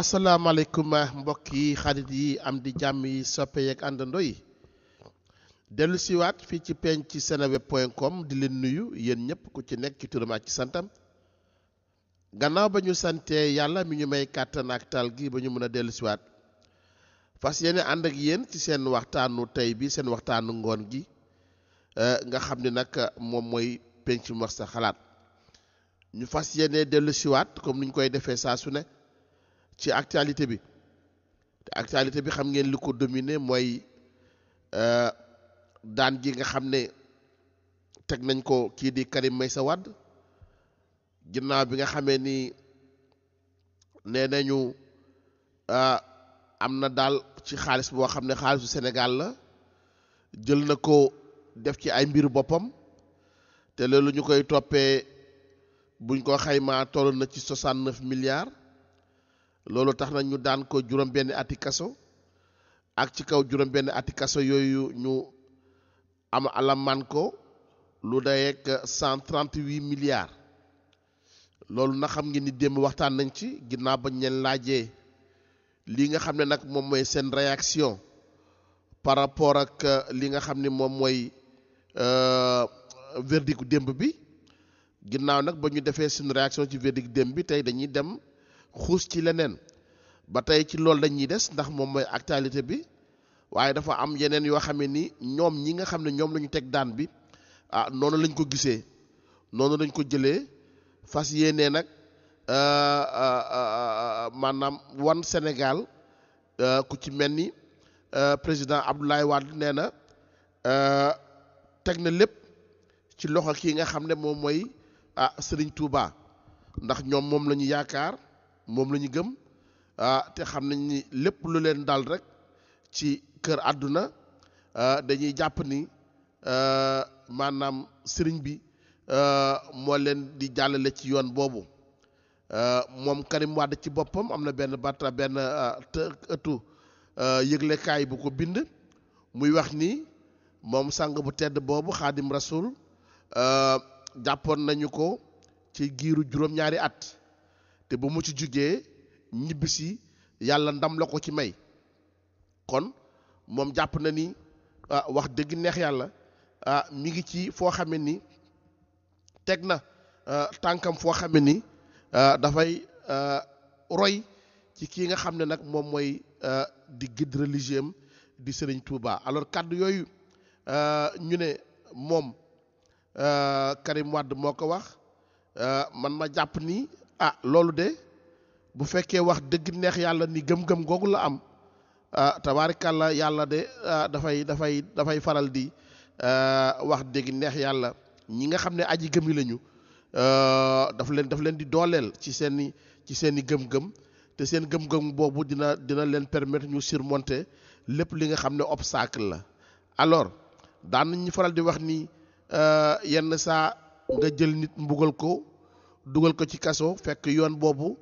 asalaamaaleykum mbokk yi xarit yi am di jàmm yi soppe yeeg àndandoo yi dellusiwaat fii ci penc ci seneweb point com di leen nuyu yéen ñëpp ku ci nekk ci turam ak ci santam gannaaw ba ñu santee yàlla mi ñu may kàttan ak taal gi ba ñu mën a dellu siwaat fas yéene ànd ak yéen ci seen waxtaanu tey bi seen waxtaanu ngoon gi euh, nga xam ne nag moom mooy penc mu wax sa xalaat ñu fas yéene dellusiwaat comme ni ñu koy defee saa su ne ci actualité bi te actualité bi xam ngeen li ko dominé mooy euh, daan ji nga xam ne teg nañ ko kii di Karim sa wadd ginnaaw bi nga xamee ni nee nañu euh, am na daal ci xaalis boo xam ne xaalisu Sénégal la jël na ko def ci ay mbiru boppam te loolu ñu koy toppee buñ koo xaymaa toll na ci soixante-neuf milliards loolu tax na ñu daan ko juróom benn ati kaso ak ci kaw juróom benn ati kaso yooyu ñu am alamaan ko lu dayeek cent trente-huit milliards loolu na xam ngeen ni démb waxtaan nañ ci ginnaaw bañ leen laajee li nga xam ne nag moom mooy seen réaction par rapport ak euh, li nga xam ni moom mooy euh, verdict démb bi ginnaaw nag ba ñu defee seen réaction ci verdict démb bi tey dañuy dem xuus ci leneen ba tey ci loolu dañuy des ndax moom mooy actualité bi waaye dafa am yeneen yoo xam ne ni ñoom ñi nga xam ne ñoom la ñu teg daan bi ah noonu lañ ko gisee noonu lañ ko jëlee fas yéenee nag euh, euh, euh, maanaam wan Sénégal ku ci mel ni président Abdoulaye Wade nee na teg na lépp ci loxo kii nga xam ne moom mooy ah Serigne ndax ñoom moom la ñu yaakaar moom la ñu gëm ah te xam nañ ni lépp lu leen daal rek ci kër àdduna ah, dañuy jàpp ni ah, maanaam sëriñ bi ah, moo leen di jàllale ci yoon boobu moom Karim Wade ci boppam am na benn bata benn ëttu yëglekaay bu ko bind muy wax ni moom sang bu tedd boobu xaadim rasul jàppoon nañu ko ci giiru juróom-ñaari at te bu mu ci jugee ñibbisi yàlla ndam la ko ci may kon moom jàpp na ni ah, wax dëgg neex yàlla ah, mi ngi ci foo xame ni teg na ah, tànkam foo xame ni dafay roy ci kii nga xam ne nag moom mooy di guide religieux am di Serigne Touba alors kàddu yooyu ñu ne moom Karim Wade moo ko wax man ma jàpp nii ah loolu de bu fekkee wax dëgg neex yàlla ni gëm-gëm googu la am ah tabaarikàlla yàlla de ah, dafay dafay dafay faral di ah, wax dëgg neex yàlla ñi nga xam ne aji gëm yi lañu ah, daf leen daf leen di dooleel ci seeni ci seeni gëm-gëm te seen gëm-gëm boobu dina dina leen permettre ñu surmonter lépp li nga xam ne obstacle la alors daan nañu faral di wax ni yenn saa nga jël nit mbugal ko. dugal ko ci kaso fekk yoon boobu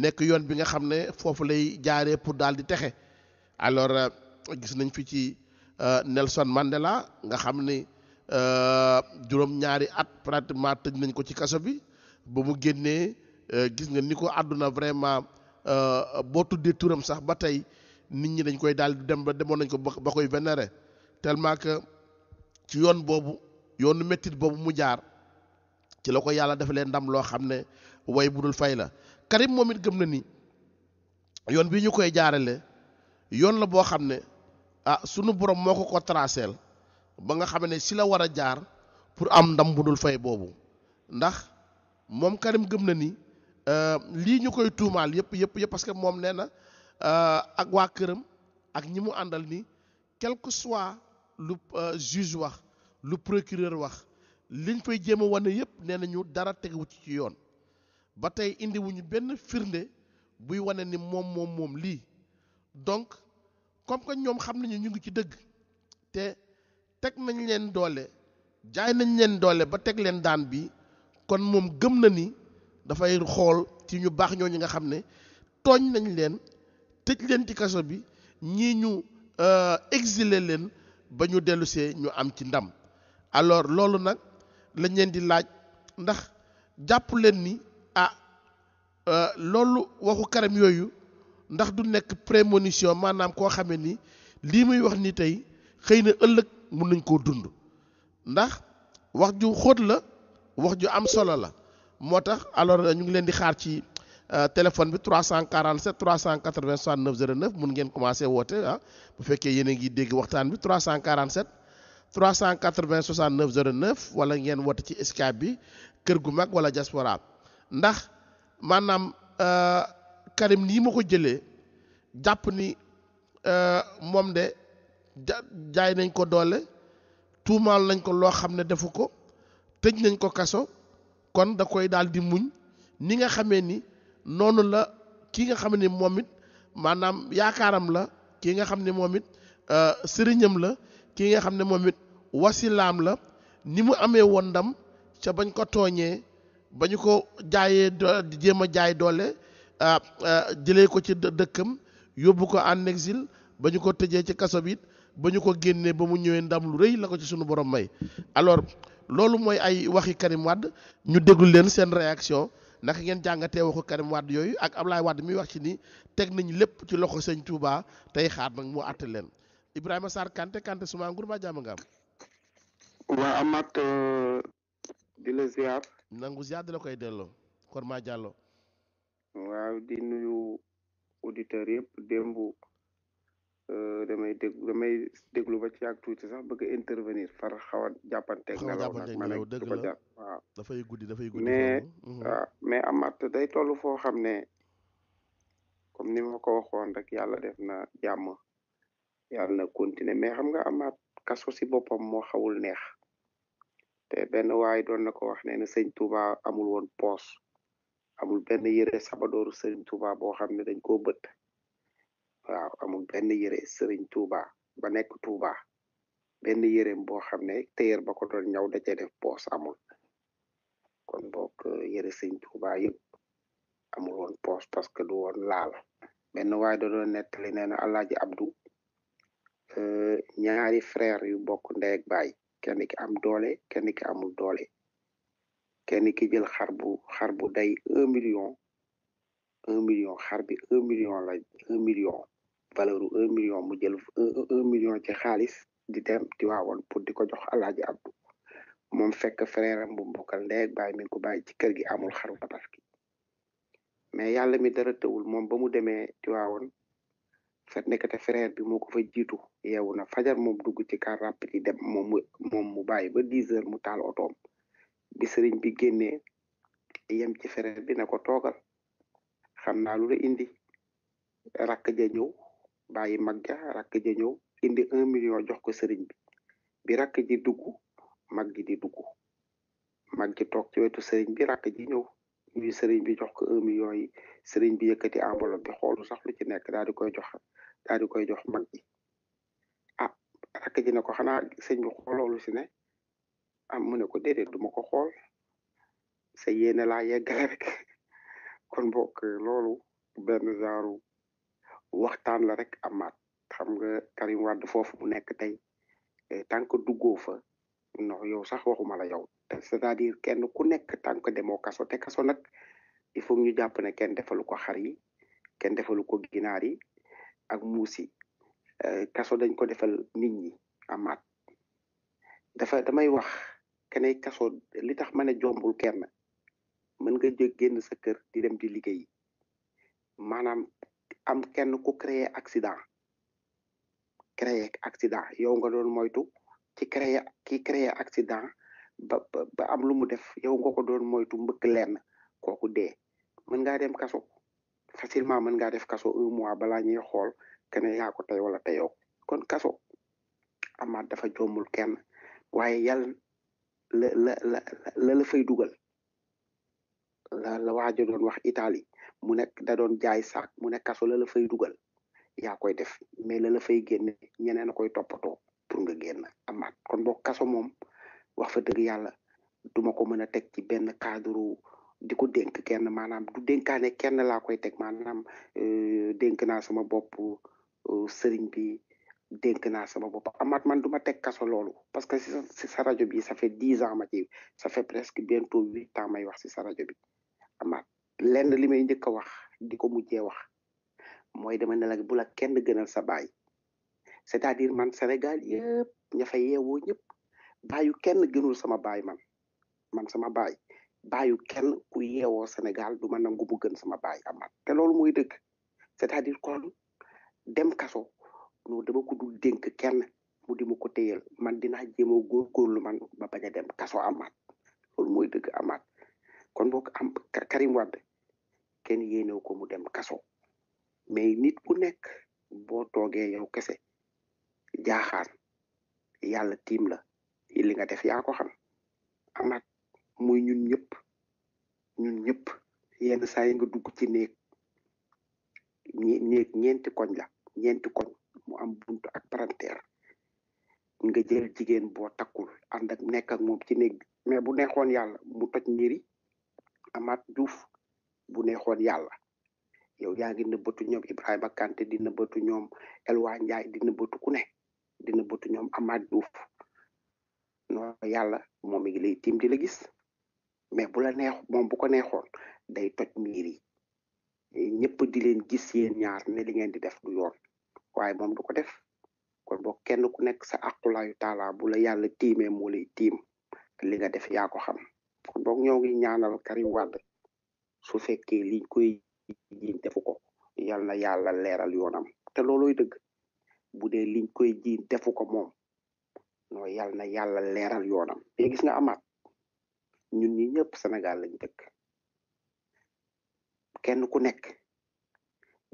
nekk yoon bi nga xam ne foofu lay jaaree pour daal di texe alors euh, gis nañ fi ci euh, Nelson Mandela nga xam ni euh, juróom-ñaari at pratiquement tëj nañ ko ci kaso bi ba mu génnee gis nga ni ko àdduna vraiment boo tuddee turam sax ba tey nit ñi dañ koy daal di dem ba demoon nañ ko ba koy vénérer tellement que ci yoon boobu yoonu méttit boobu mu jaar ci la ko yàlla defalee ndam loo xam ne way bu budul fay la Karim moom it gëm na ni yoon bi ñu koy jaarale yoon la boo xam ne ah sunu borom moo ko ko traceel ba nga xam ne si la war a jaar pour am ndam bu budul fay boobu ndax moom Karim gëm na ni euh, lii ñu koy tuumaal yëpp yëpp yëpp parce que moom nee na euh, ak waa këram ak ñi mu àndal nii quelque que soit lu euh, juge wax lu procureur wax liñ fay jéem a wane yëpp nee nañu dara tegewu ci yoon ba tey indiwuñu benn firnde buy wane ni moom moom lii donc comme que ñoom xam nañu ñu ngi ci dëgg te teg nañ leen doole jaay nañ leen doole ba teg leen daan bi kon moom gëm na ni dafay xool ci ñu baax ñoo ñi nga xam ne tooñ nañ leen tëj leen ci kaso bi ñii ñu euh, exiler leen ba ñu dellusee ñu am ci ndam alors loolu nag lañ leen di laaj ndax jàpp leen ni ah euh, loolu waxu karam yooyu ndax du nekk prémonition maanaam koo xamee ni lii muy wax ni tey xëy na ëllëg mun nañ koo dund ndax wax ju xóot la wax ju am solo la moo tax alors ñu ngi leen di xaar ci euh, téléphone bi 347 380 69 09 mun ngeen commencé woote ah. bu fekkee yéen a ngi dégg waxtaan bi cent 347. 380 69 09 wala ngeen woote ci Skype bi kër gu mag wala diaspora ndax maanaam euh, Karim nii ma ko jëlee jàpp ni euh, moom de jaay nañ ko doole tuumaal nañ ko loo xam ne defu ko tëj nañ ko kaso kon da koy daal di muñ ni nga xamee ni noonu la ki nga xam ne moom it maanaam yaakaaram la ki nga xam ni moom it euh, sëriñam la kii nga xam ne moom it wasilaam la ni mu amee woon ndam ca bañ ko tooñee ba ko jaayee jéem a jaay doole ah, ah, jëlee ko ci dëkkam yóbbu ko en exil ba ñu ko tëjee ci kaso bi it ba ñu ko génnee ba mu ñëwee ndam lu rëy la ko ci sunu borom may alors loolu mooy ay waxi Karim Wade ñu déglu leen seen réaction naka ngeen jàngatee waxu Karim Wade yooyu ak Ablaye Wade mi wax ci ni teg nañ lépp ci loxo sëñ Touba tey xaar nag moo àtte leen Ibrahima Sarr Kanté Kanté suma nguur maa jàmm nga am. waa euh, di la nangu ziar la koy delloo kon maa jàllo. waaw di nuyu auditeurs yëpp démb euh, damay dég damay déglu ba ci ak tuuti sax bëgg a intervenir far xaw a jàppanteeg. xaw a jàppanteeg nelaw nag dafay guddi dafay guddi. mais mhm. waaw mais Amath day toll foo xam ne comme ni ma ko waxoon rek yàlla def na jàmm. yàlla na continuer mais xam nga amaat kaso si boppam moo xawul neex te benn waay doon na ko wax nee na sëñ Touba amul woon poos amul benn yëre sabadooru sëriñ Touba boo xam ne dañ koo bët waaw amul benn yëre sëriñ Touba ba nekk Touba benn yëreem boo xam ne téyër ba ko doon ñaw da cee def poos amul kon boog euh, yëre sëñ Touba yëpp amul woon poos parce que du woon laal benn waay doon nettali nee na Alaaji Abdou ñaari frère yu bokk ndey ak baay kenn ki am doole kenn ki amul doole kenn ki jël xar bu xar day un million un million xar bi un million la un million valeur un million mu jël un million ci xaalis di dem di pour di ko jox alaaji abdu moom fekk frère am bu bokkal ndey baay ko bàyyi ci kër gi amul xaru tabaski mais yàlla mi dara tëwul moom ba mu demee di fa nekkate frère bi moo ko fa jiitu yeewu na fajar moom dugg ci car rapide yi dem moom moom mu bàyyi ba dix heures mu taal otoom bi sëriñ bi génnee yem ci frère bi na ko toogal xam naa lu la indi rakk ja ñëw bàyyi mag ja rakk ja ñëw indi un million jox ko seriñ bi bi rakk ji dugg mag ji di dugg mag ji toog ci wetu sëriñ bi rakk ji ñëw ñu sëriñ bi jox ko un million yi sëriñ bi yëkkati enveloppe xoolu sax lu ci nekk daal di koy jox daal di koy jox mag bi ah rakk ji ne ko xanaa sëñ bi si ne am ah, mu ne ko du duma ko xool sa yéene laa yeggale rek kon bokk loolu benn genre waxtaan la rek amaat xam nga Karim Wade foofu mu nekk tey eh, tant que duggoo fa ndox yow sax waxuma la yow c'est-à-dire kenn ku nekk tànk demoo kaso te kaso nag il faut ñu jàpp ne kenn defalu ko xar yi kenn defalu ko ginaar yi ak muus yi euh, kaso dañ ko defal nit ñi amaat dafa damay wax kene kaso li tax ma ne jombul kenn mën nga jóg génn sa kër di dem di liggéey maanaam am kenn ku créer accident créer accident yow nga doon moytu ci créer ki créer accident ba ba am lu mu def yow nga doon moytu mbëkk leen kooku de mën ngaa dem kaso facilement mën ngaa def kaso un mois balaa ñuy xool kene yaa ko tey wala teyoo kon kaso amaat dafa joomul kenn waaye yàlla la la la la dugal la la waajo doon wax itali mu nekk da doon jaay saak mu nekk kaso la la fay dugal yaa koy def mais lala la fay génne ñeneen a koy toppatoo pour nga génn amaat kon boo kaso moom wax fa dëgg yàlla duma ko mën a teg ci benn cadre di ko dénk kenn maanaam du dénkaane kenn laa koy teg maanaam euh, dénk naa sama bopp euh, sëriñ bi dénk naa sama bopp amaat man du ma teg kaso loolu parce que si sa rajo bi ça fait dix ans ma ci ça fait presque bientôt huit ans may wax si sa rajo bi amaat lenn li may njëkk a wax di ko mujjee wax mooy dama ne la bu a kenn gënal sa baay c'est-à-dire man Sénégal yëpp ña fa yeewoo ñëpp baayu kenn gënul sama baay man man sama baay baayu kenn ku yeewoo Sénégal du ma nangu bu gën sama baay amat te loolu mooy dëgg c'est-à-dire kon dem kaso non dem ko dul dénk kenn mu dimu ko téyel man dinaa jéemoo góorgóorlu man ba bañ a dem kaso amat loolu mooy dëgg amat kon boo am Karim Wade kenn yéenew ko mu dem kaso mais nit ku nekk boo toogee yow kese jaaxaan yàlla tiim la li nga def yaa ko xam ak muy ñun ñëpp ñun ñëpp yenn saa nga dugg ci néeg néeg ñeenti koñ la ñeenti koñ mu am bunt ak paranteer nga jël jigéen boo takkul ànd ak nekk ci néeg bi mais bu neexoon yàlla mu toj ñiri amaat juuf bu neexoon yàlla yow yaa ngi nëbbatu ñoom Ibrahima Kanté di nëbbatu ñoom Elwa Ndiaye di nëbbatu ku ne di nëbbatu ñoom amaat juuf no yàlla moom mi ngi lay tiim di la gis mais bu la neex moom bu ko neexoon day toj miir yi ñëpp di leen gis yéen ñaar ne li ngeen di def du yoon waaye moom du ko def kon boo kenn ku nekk sa aqulaayu taala bu la yàlla tiime moo lay tiim li nga def yaa xam kon boog ñoo ngi ñaanal Karim Wade su fekkee liñ koy jiiñ defu ko yal na yàlla leeral yoonam te looloy dëgg bu liñ koy jiiñ defu ko moom no yàll na yàlla leeral yoonam mais gis nga amaat ñun ñi ñëpp Sénégal lañ dëkk kenn ku nekk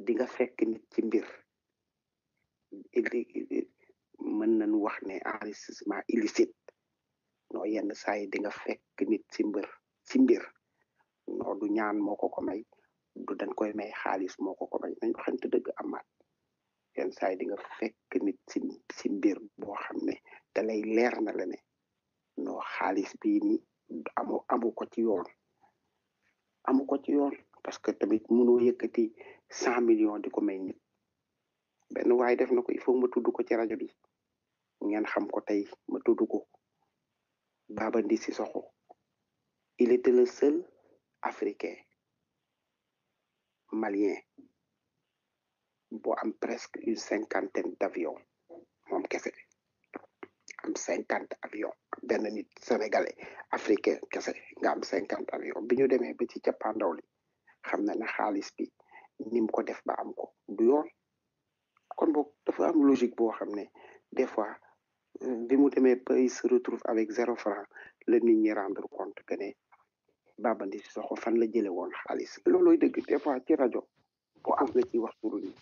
di nga fekk nit ci mbir mën nañu wax ne enrichissement illicite no yenn saay dinga di nga fekk nit ci mbir ci du ñaan moo ko ko may du dañ koy may xaalis moo ko ko may nañ dëgg amaat yenn saa yi di fekk nit ci mbir boo xam ne dalay leer na la ne no xaalis bii ni amu ko ci yoon amu ko ci yoon parce que tamit mënoo yëkkati cent millions di ko may nit benn waaye def na ko il faut ma tudd ko ci rajo bi ngeen xam ko tey ma tudd ko Baba Ndi Sissoko il était le seul africain malien boo am presque une cinquantaine d' avions moom kese am cinquante avion benn nit sénégalais africain kese nga am cinquante avion bi ñu demee ba ci cappaandaw li xam na ne xaalis bi nim ko def ba am ko du yoon kon boog dafa am logique boo xam ne des fois euh, bi mu demee pays se retrouve avec zéro franc la nit ñi rendre compte que ne Babandi Sisoko fan la jële woon xaalis loolooy dëgg des fois ci rajo boo am la ciy wax turu ni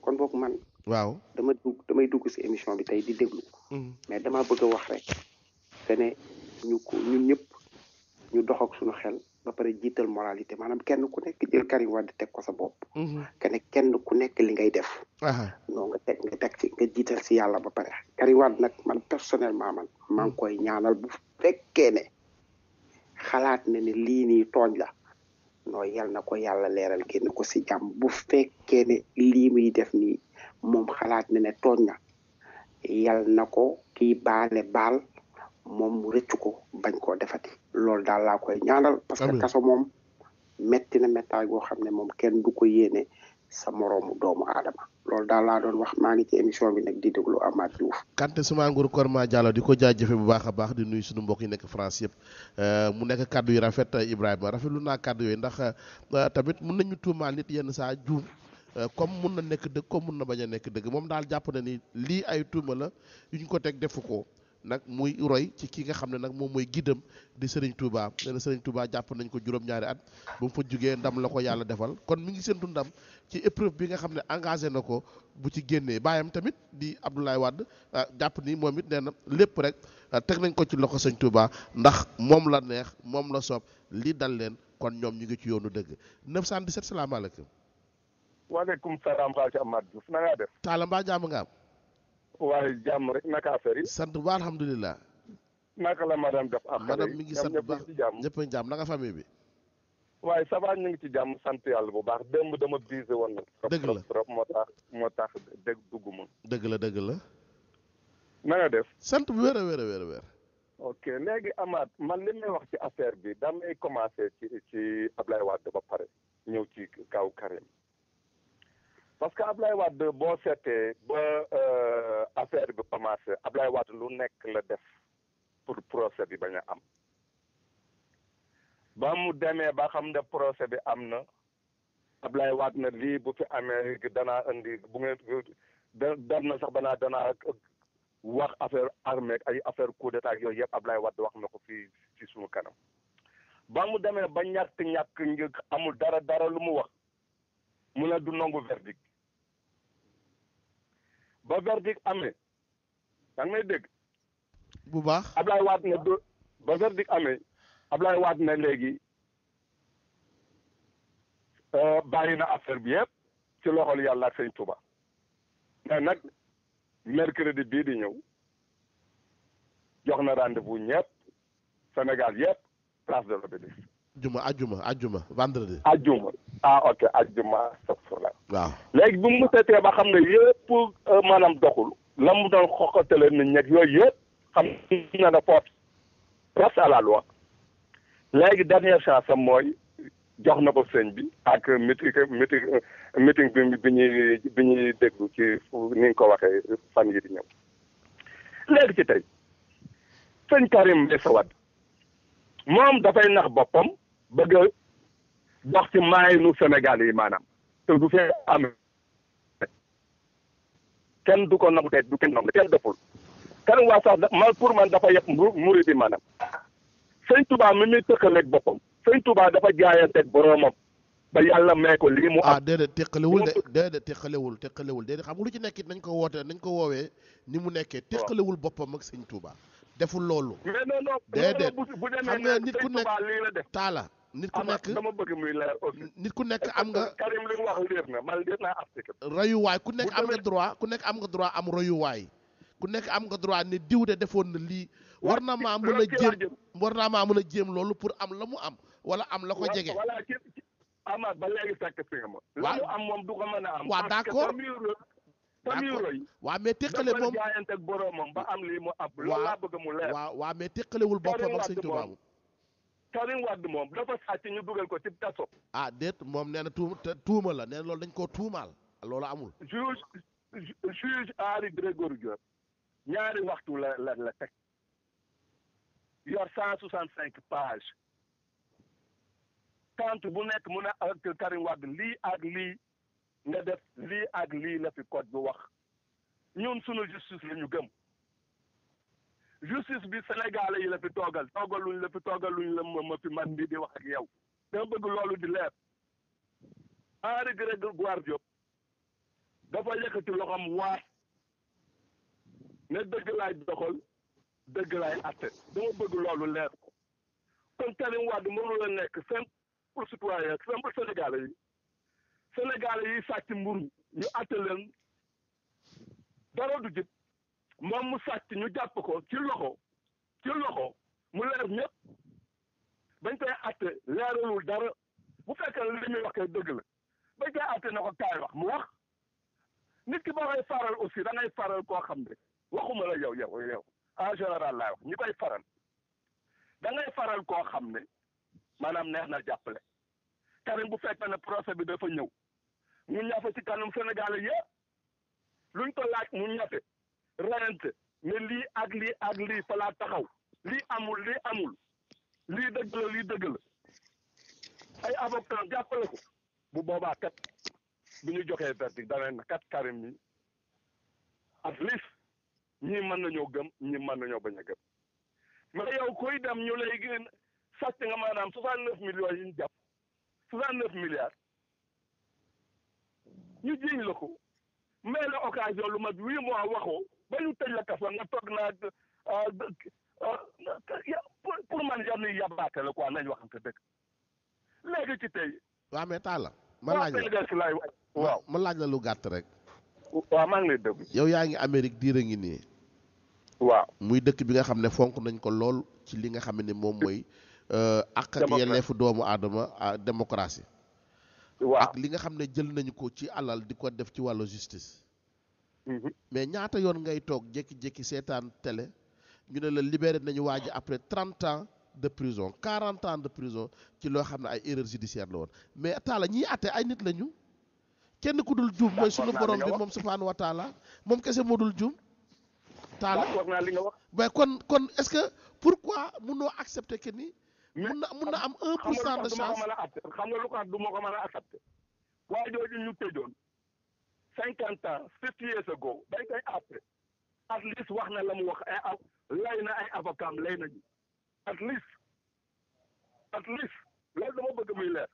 kon boog man waaw dama dugg damay dugg si émission bi tey di déglu. Mm. mais dama bëgg a wax rek. te ñu ko ñëpp ñu dox ak suñu xel ba pare jiital moralité maanaam kenn ku nekk jël Karim Wade teg ko sa bopp. Mm-hmm. que kenn ku nekk li ngay def. non nga teg teg ci nga jiital si yàlla ba pare. Karim Wade nag man personnellement man maa ngi koy ñaanal bu fekkee ne xalaat na ne lii nii tooñ la. non yal na ko yàlla leeral kenn ko si jàmm bu fekkee ne lii muy def nii moom xalaat na ne tooñ na yal na ko kii baale baal moom mu rëccu ko bañ koo defati loolu daal laa koy ñaanal parce que kaso moom metti na mettaay goo xam ne moom kenn du ko yéene sa moroomu doomu aadama loolu daal laa doon wax maa ngi ci émission bi nag di déglu Amath Diouf. Kanté Soumaré Korma Diallo di ko jaajëfe bu baax a baax di nuy suñu mbokk yi nekk France yëpp euh, mu nekk kàddu yu rafet Ibrahima rafetlu naa kàddu yi ndax euh, tamit mun nañu tuumaal nit yenn saa Euh, comme mun na nekk dëgg comme mun na bañ a nekk dëgg moom daal jàpp na ni lii ay tuuma la yu ñu ko teg defu ko nag muy roy ci kii nga xam ne nag moom mooy giddam di Serigne Touba nee na Serigne jàpp nañ ko juróom-ñaari at ba mu fa jugee ndam la ko yàlla defal kon mu ngi séntu ndam ci épreuve bi nga xam ne engagé na ko bu ci génnee baayam tamit di Abdoulaye Wade ah, jàpp ni moom it nee na lépp rek ah, teg nañ ko ci loxo sëñ Touba ndax moom la neex moom la soob li dal leen kon ñoom ñu ngi ci yoonu dëgg 917 salaamaaleykum. waaleykum salaam Baye Amath Diouf na ngaa jàmm waaye jàmm rek naka affaire yi. sant bu baax def. ak madame mi ngi sant ñëpp a jàmm naka famille bi. waaye ça va ñu ngi ci jàmm sant yàlla bu baax démb dama biise woon nag. dëgg la moo tax dégg dëgg la dëgg la. na def. sant bu wér a wér a wér a wér. ok léegi Amath man li may wax ci affaire bi damay commencé ci ci Ablaye Wade ba pare ñëw ci kaw Karim. parce que Ablaye Wade boo seetee ba euh, affaire bi commencé Ablaye Wade lu nekk la def pour procès bi bañ a am ba mu demee ba xam ne procès bi am na Ablaye Wade na lii bu fi amee danaa indi bu ngeen dem na sax ba banaa danaa wax affaire armée ay affaire coup d'état ak yooyu yëpp ab Ablaye Wade wax na ko fii ci suñu kanam ba mu demee ba ñàkk ñàkk njëkk amul dara dara lu mu wax mu ne du nangu verdict ba verdict amee da may dégg. bu baax Ablaye Wade ne do ba verdict amee Ablaye Wade ne léegi euh, bàyyi na affaire bi yëpp ci loxol yàlla ak sëñ Touba mais nag mercredi bii di ñëw jox na rendez-vous ñëpp Sénégal yëpp place de l'Obélisque. ajuma ajuma ajuma ah ok ajuma waaw léegi bu mu seetee ba xam ne yëpp euh, maanaam doxul la mu doon xoxatale nit ñeg yooyu yëpp xam na ne foofu face à la loi léegi dernière chance am mooy jox na ko sëñ bi ak meeting meeting bi bi ñuy bi ñuy déglu ci ni nga ko waxee fan yi di ñëw léegi ci tey sëñ Karim Meïssa Wade moom dafay nax boppam bëgg a dox ci maayinu Sénégal yi maanaam bu fee amee kenn du ko nangu te du kenn nangu kenn deful Karim Wade sax man pour man dafa yëpp murid yi maanaam sëñ Touba mi muy tëkkaleeg boppam sëñ Touba dafa jaayanteeg boroomam ba mu. ah déedéet teqalewul de teqalewul teqalewul xam lu ci nekkit nañ ko woote nañ ko woowee ni mu nekkee. teqalewul boppam ak sëñ Touba deful loolu. déedéet xam nga nit ku nekk taala nit ku nekk dama bëgg muy leer nit ku nekk am nga Karim li na man rayuwaay ku nekk am nga droit ku nekk am nga droit am royuwaay ku nekk am nga droit ne diw de defoon na lii war na maa mën a jéem war na maa mën a jéem loolu pour am la mu am wala am la ko jege voilà amaat ba léegi fekk ma la mu am moom du ko mën a am waaw d'accord waaw mais teqale moom jaayante ak boroomam ba am lii mu mu Karim Wade moom dafa sàcc ñu dugal ko ci kaso. ah déet moom nee na tuuma tuuma la nee na loolu dañ koo tuumaal loolu amul. juge juge Henri Grégoire ñaari waxtu la la la teg yor cent soixante cinq page tant bu nekk mu a ak Karim lii ak lii nga def lii ak lii la fi code bi wax ñun sunu justice la ñu gëm. justice bi sénégalais yi la fi toogal toogaluñ la fi toogaluñ la ma ma fi man mii di wax ak yow dama bëgg loolu di leer Henri Grégoire Diop dafa yëkkati loxoom waat ne dëgg laay doxal dëgg laay atte dama bëgg loolu leer ko kon Karim Wade mënu la nekk simple citoyen simple sénégalais yi sénégalais yi sàcc mburu ñu atte leen dara du jëpp moom mu sàcc ñu jàpp ko ci loxo ci loxo mu leer ñëpp bañ koy àtte leeralul dara bu fekkee li ñuy wax kay dëgg la bañ koy àtte na ko kaay wax mu wax nit ki ba koy faral aussi da ngay faral koo xam ne waxuma la yow yow yow en général laay wax ñi koy faral dangay faral koo xam ne maanaam neex na jàppale Karim bu fekkee ne procès bi dafa ñëw mu ñafe ci kanam Sénégal yëpp luñ ko laaj mu ñafe reyante ne lii ak lii ak taxaw lii amul lii amul lii dëgg la lii dëgg la ay avocat jàppale bu boobaa kat bu ñu joxee verdict danañ na kat Karim at least ñii mën nañoo gëm ñii mën nañoo bañ a gëm mais yow kuy dem ñu lay gën sàcc nga maanaam soixante neuf yi ñu jàpp soixante neuf ñu jiiñ la ko mais occasion lu mat huit mois waxoo ba ñu tëj la kaso nga toog naa ah, ah, ah, pour man yenn yi yabaate la quoi nañ waxante dëgg léegi ci tey. waaw mais ma laaj la lu gàtt rek. yow yaa ngi Amérique diire ngi nii. waaw muy dëkk bi nga xam ne fonk nañ ko lool ci li nga xam ne moom mooy. Euh, ak ak yelleefu doomu aadama démocratie. waaw ak li nga xam ne jël nañu ko ci alal di ko def ci wàllu justice. Mhm. mais ñaata yoon ngay toog jékki-jékki seetaan tele ñu ne la libéré nañu waa ji après trente ans de prison quarante ans de prison ci loo xam ne ay erreur judiciaire la woon mais taala ñiy atte ay nit lañu kenn ku dul juum mooy sunu borom bi moom subhaanahu wa taala moom kese moo dul juum taala ba kon kon est-ce que pourquoi mënoo accepter que ni mun na mun na am un pour cent de chance xam a ñu tëjoon cinquante ans fifty years ago dañ koy àtte at least wax na la mu wax eh, ay lay na ay avocat lay nañu at least at least loolu dama bëgg muy leer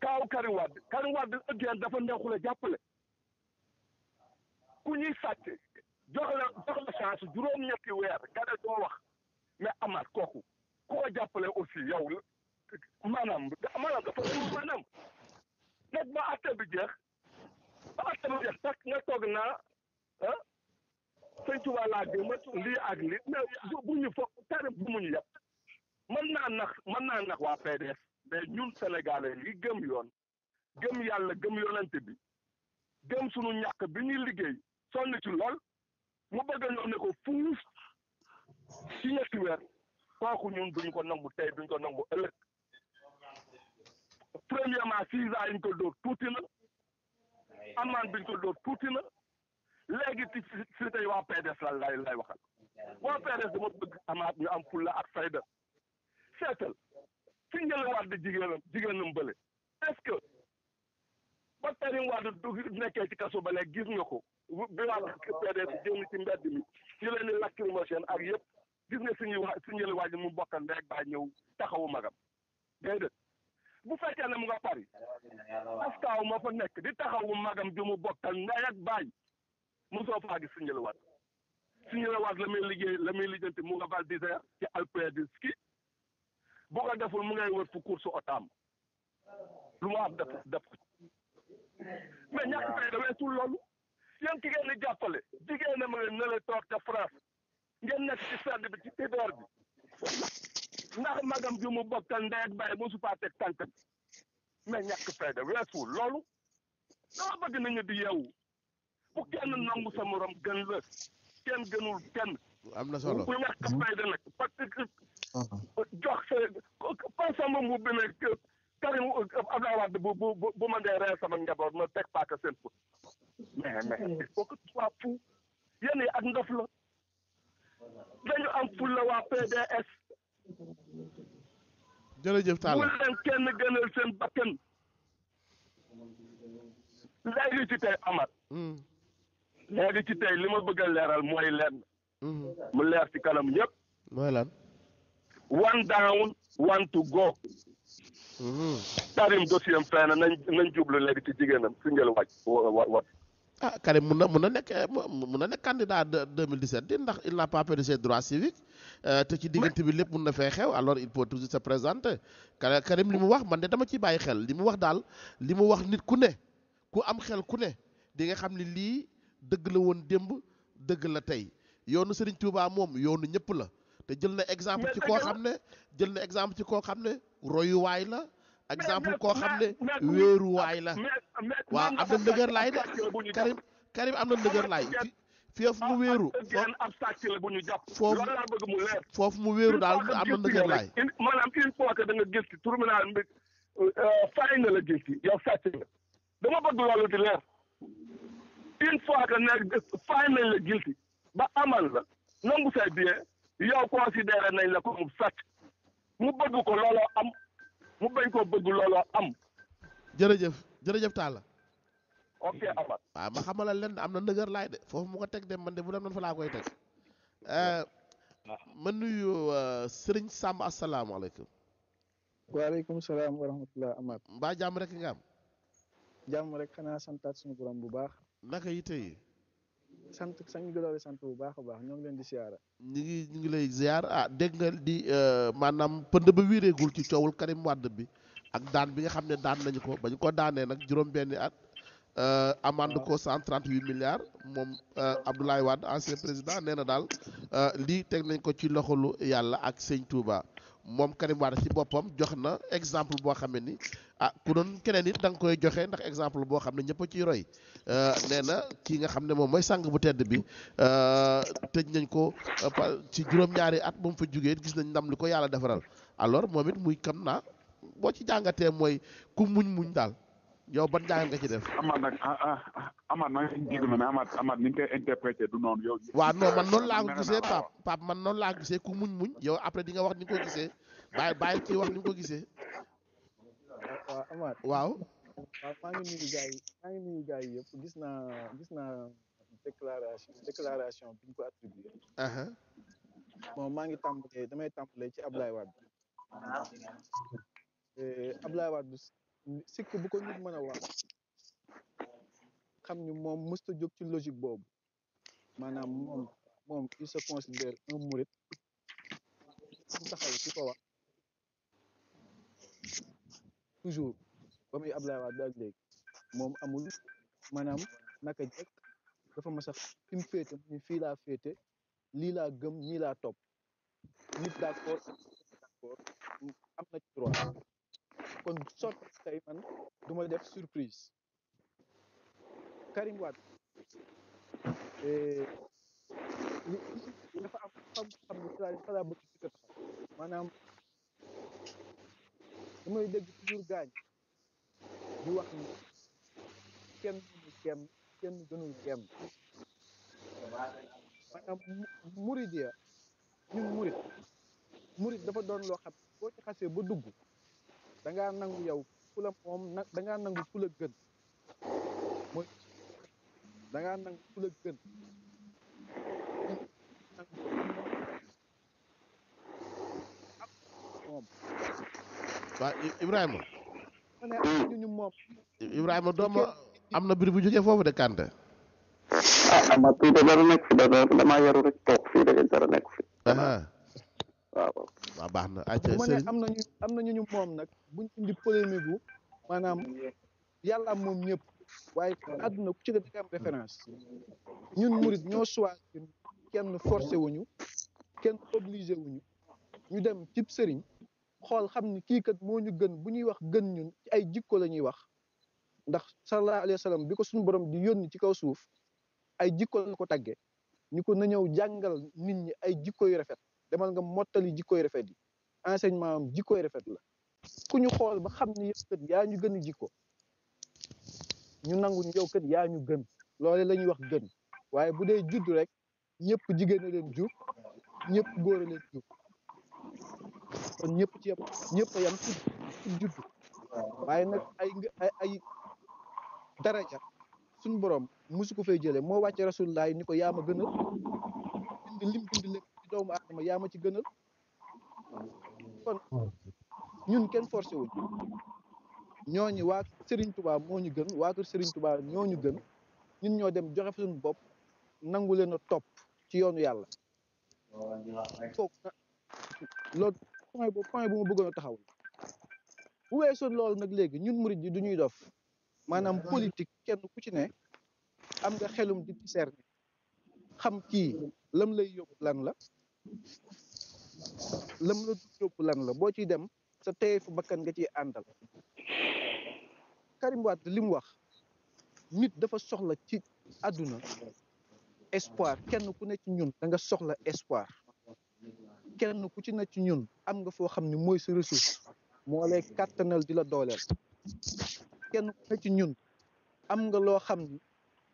kaaw Karim Wade Karim Wade again dafa neexul a jàppale ku ñuy sàcc jox la jox la chance juróom-ñetti weer nga doo wax mais amaat kooku ku ko jàppale aussi yow maanaam maanaam dafa maanaam nag ba àtte bi jeex ba toog naa ah sëñ Tuba laa gëm lii ak lii bu ñu foog tarif bu mu ñu yàpp mën naa nax mën naa nax waa PDS mais ñun sénégalais yi gëm yoon gëm yàlla gëm yonante bi gëm sunu ñàkk bi ñuy liggéey sonn ci lool mu bëgg ñoo ne ko fuuf ci ñetti weer kooku ñun duñ ko nangu tey duñ ko nangu ëllëg premièrement six ans yi ñu ko dóor tuuti na amende ko dóor tuuti na léegi ci si tey waa PDS la lay lay waxal waa PDS dama bëgg amaat ñu am fulla ak fayda seetal fi Ndella Wade jigéenam jigéenam bële est-ce que ba Karim Wade du nekkee ci kaso ba gis nga ko bi waa PDS génn ci mbedd mi ñu leen di lacrymogène ak yëpp gis nga suñuy waa si Ndella Wade mu bokkal ndeg baa ñëw taxawu magam déedéet bu fekkee ne mu nga Paris askaaw moo fa nekk di taxawu magam ju mu bokkal ndey ak baay mosoo faa gis Sindiéla Wade Sindiéla Wade la muy liggéey la muy lijjanti mu nga Val d'Isère ci Alpes du ski bu ko deful mu ngay wër fu course otam lu mu am def def ko mais ñàkk fay da weesul loolu yéen ki ngeen di jàppale jigéen ne la toog ca France ngeen nekk ci sedd bi ci hiver bi ndax magam ju mu bokkal ndey ak baay mosu faa teg tànk bi mais ñàkk fayda weesuwul loolu dama bëgg nañu di yeewu bu kenn nangu sa gën la kenn gënul kenn. am na solo bu ñàkk fayda nag parce que. jox sa par sama mbubb bi nag Karim Abdoulaye Wade bu ma dee ree sama njaboot ma teg paaka seen fët mais mais il faut que tu sois ak ndof la dañu am ful la waa PDS. jërëjëf Talla bu leen kenn gënal seen bakkan léegi ci tey Amar. Hmm. léegi ci tey li ma bëgg leeral mooy lenn. Hmm. mu leer ci kanam ñëpp. mooy lan. one down one to go. Hmm. Karim dossier am fenn nañ jublu léegi ci jigéenam su ngeen wàcc wa ah Karim mun na mun na nekk eh, mun na nekk candidat de 2017 di ndax il n'a pas perdu ses droits civiques eh, te ci diggante bi lépp mun na fee xew alors il peut toujours se présenter Karim li mu wax man de dama ci bàyyi xel li mu wax daal li mu wax nit ku ne ku am xel ku ne di nga xam ne lii dëgg la woon démb dëgg la tey yoonu Serigne Touba moom yoonu ñëpp la te jël na exemple ci koo xam ne jël na exemple ci koo xam ne royuwaay la exemple ko xam ne wéeruwaay la waaw am na ndëgër laay de Karim Karim am na ndëgër laay mu ah, wéeru ah, foofu foofu mu wéeru daal am na ndëgër laay maanaam une fois que da nga gis ci tribunal bi euh, fay na la gis ci yow sàcc nga dama bëgg loolu di leer une fois que nag fay nañ la guilty ba amal la nangu say bien yow considéré nañ la ko mu sàcc mu bëgg looloo am mu bañ koo bëgg looloo am. jërëjëf jërëjëf Talla. ok Amath. waaw ma xamalal leen am na ndëgër laay de foofu mu ko teg dem man de bu dem noonu fa laa koy teg. Euh, ma nuyu euh, Serigne Samb asalaamaaleykum. waaleykum salaam wa rahmatulah mbaa jàmm rek nga jàmm rek xanaa santaat suñu borom bu baax. naka yi tey. sant sang ñu gënoon sant bu baax a baax ñoo ngi leen di siyaara. ñu ngi ñu ngi lay ziar ah dégg nga di euh, maanaam pënd ba wiireegul ci coowul Karim Wade bi ak daan bi nga xam ne daan nañu ko bañ ko daanee nag juróom-benni at. Euh, amande ko cent trente huit milliards moom euh, Abdoulaye Wade ancien président nee na daal lii teg nañ ko ci loxolu yàlla ak sëñ Touba moom Karim Wade ci boppam jox na exemple boo xam ne ni ah ku doon keneen it da koy joxe ndax exemple boo xam ne ñëpp a ciy roy euh, nee na kii nga xam ne moom mooy sàng bu tedd bi euh, tëj nañ ko euh, ci juróom-ñaari at moom fa jugee gis nañ ndam li ko yàlla defaral alors moom it muy kam naa boo ci jàngatee mooy ku muñ muñ daal yow ban jàngat nga ci def. amaat nag ah, ah, ah, amaat nag jiitu na mais amaat amaat ni nga koy interprété du noonu yow. waaw non man noonu laa ko gisee Pape man noonu laa ko gisee ku muñ muñ yow après di nga wax ni nga ko gisee bàyyi ci wax ni ko gisee. waaw Amath. waaw. waaw maa ngi nuyu gars yi maa ngi nuyu gars yi yëpp gis naa gis naa déclaration déclaration biñ ñu ko attribué. bon maa ngi tàmbalee damay tàmbalee ci Ablaye Wade. Eh, Ablaye Wade sikk bu ko nit mën a wax xam ni moom mësta jóg ci logique boobu maanaam moom moom il se considère un mouride su taxaw ci ko wax toujours ba muy Ablaye Wade ak léegi moom amul maanaam naka jekk dafa ma sax fi mu féete mu fii laa féete lii laa gëm ñii laa topp nit d' am na ci droit kon sot tey man du def surprise Karim Wade eh, dafa am damay dégg toujours gaañ di wax ni kenn gënul kenn kenn ya ñun murid murid dafa doon loo xam boo ci ba dugg da nangu yow ku la moom na nangu ku la gën mooy nangu ku la gën waaw Ibrahima. Ibrahima doom am na mbir bu jógee foofu de Kanté. Ah, baax na. bu ne am nañu am nañu ñu nag indi polémique bu maanaam yàlla moom ñëpp waaye àdduna ku ci def am référence ñun murit ñoo choisir kenn forcé wuñu kenn obligé wuñu ñu dem cib sëriñ xool xam ni kii kat moo ñu gën bu ñuy wax gën ñun ci ay jikko la ñuy wax ndax sallallahu alayhi wa bi ko suñu borom di yónni ci kaw suuf ay jikko la ko tàggee ñu ko na ñëw jàngal nit ñi ay jikko yu rafet demal nga mottali jikko yu rafet yi enseignement am jikko yu rafet la ku ñu xool ba xam ni yow yaa ñu gën jikko ñu nangu ñu yow kat yaa ñu gën loole lañuy wax gën waaye bu dee judd rek ñëpp jigéen a leen jur ñëpp góor a leen jur kon ñëpp ci yem ñëpp a yem ci ci waaye nag ay ay ay daraja suñ borom musu ko fay jëlee moo wàcce rasulullah ni ko yaa ma gënal bind lim bind lépp ci doomu aadama yaa ci gënal kon ñun kenn forcé ñoo ñooñu waa sëriñ tubaab moo ñu gën waa kër Serigne Touba ñoo ñu gën ñun ñoo dem joxe suñu bopp nangu leen a topp ci yoonu yàlla. loolu point boobu point bu ma bëggoon a taxaw bu weesoo loolu nag léegi ñun murid yi du ñuy dof maanaam politique kenn ku ci ne am nga xelum di discerner xam kii lam lay yóbbu lan la lam la du yóbbu lan la boo ciy dem sa tey fu bakkan nga ciy àndal Karim Wade li mu wax nit dafa soxla ci àdduna espoir kenn ku ne ci ñun da nga soxla espoir kenn ku ci na ci ñun am nga foo xam ni mooy sa ressource moo lay kàttanal di la dooleel kenn ku ne ci ñun am nga loo xam ne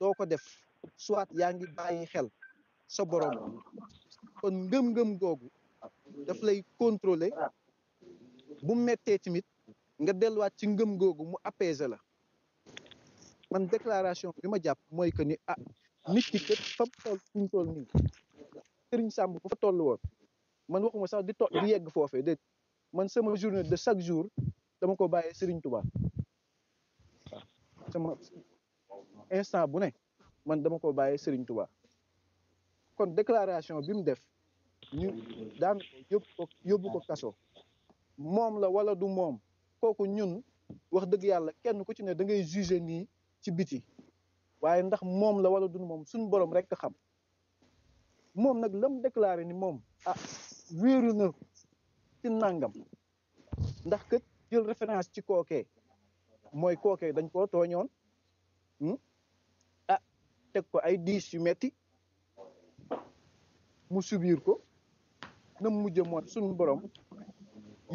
doo ko def soit yaa ngi bàyyi xel sa borom kon ngëm-ngëm googu daf lay contrôler bu mettee tamit nga delluwaat ci ngëm googu mu apaiser la man déclaration bi ma jàpp mooy que ni ah nit ki kët fam toll fuñ toll nii sëriñ sàmb bu fa toll woon man waxuma sax di to di yegg foofee déet man sama journée de chaque jour dama ko bàyyee Serigne Touba sama instant bu ne man dama ko bàyyee Serigne Touba kon déclaration bi mu def ñu daan yóbbu ko yóbbu ko kaso moom la wala du moom kooku ñun wax dëgg yàlla kenn ku ci ne da ngay juger nii ci biti waaye ndax moom la wala du moom suñu boroom rek a xam moom nag lam déclaré ni moom ah, wéeru na ci ndax kët jël référence ci kookee mooy kookee dañ koo tooñoon hmm? ah teg ko ay diis yu metti mu subiir ko na mujj moon suñu borom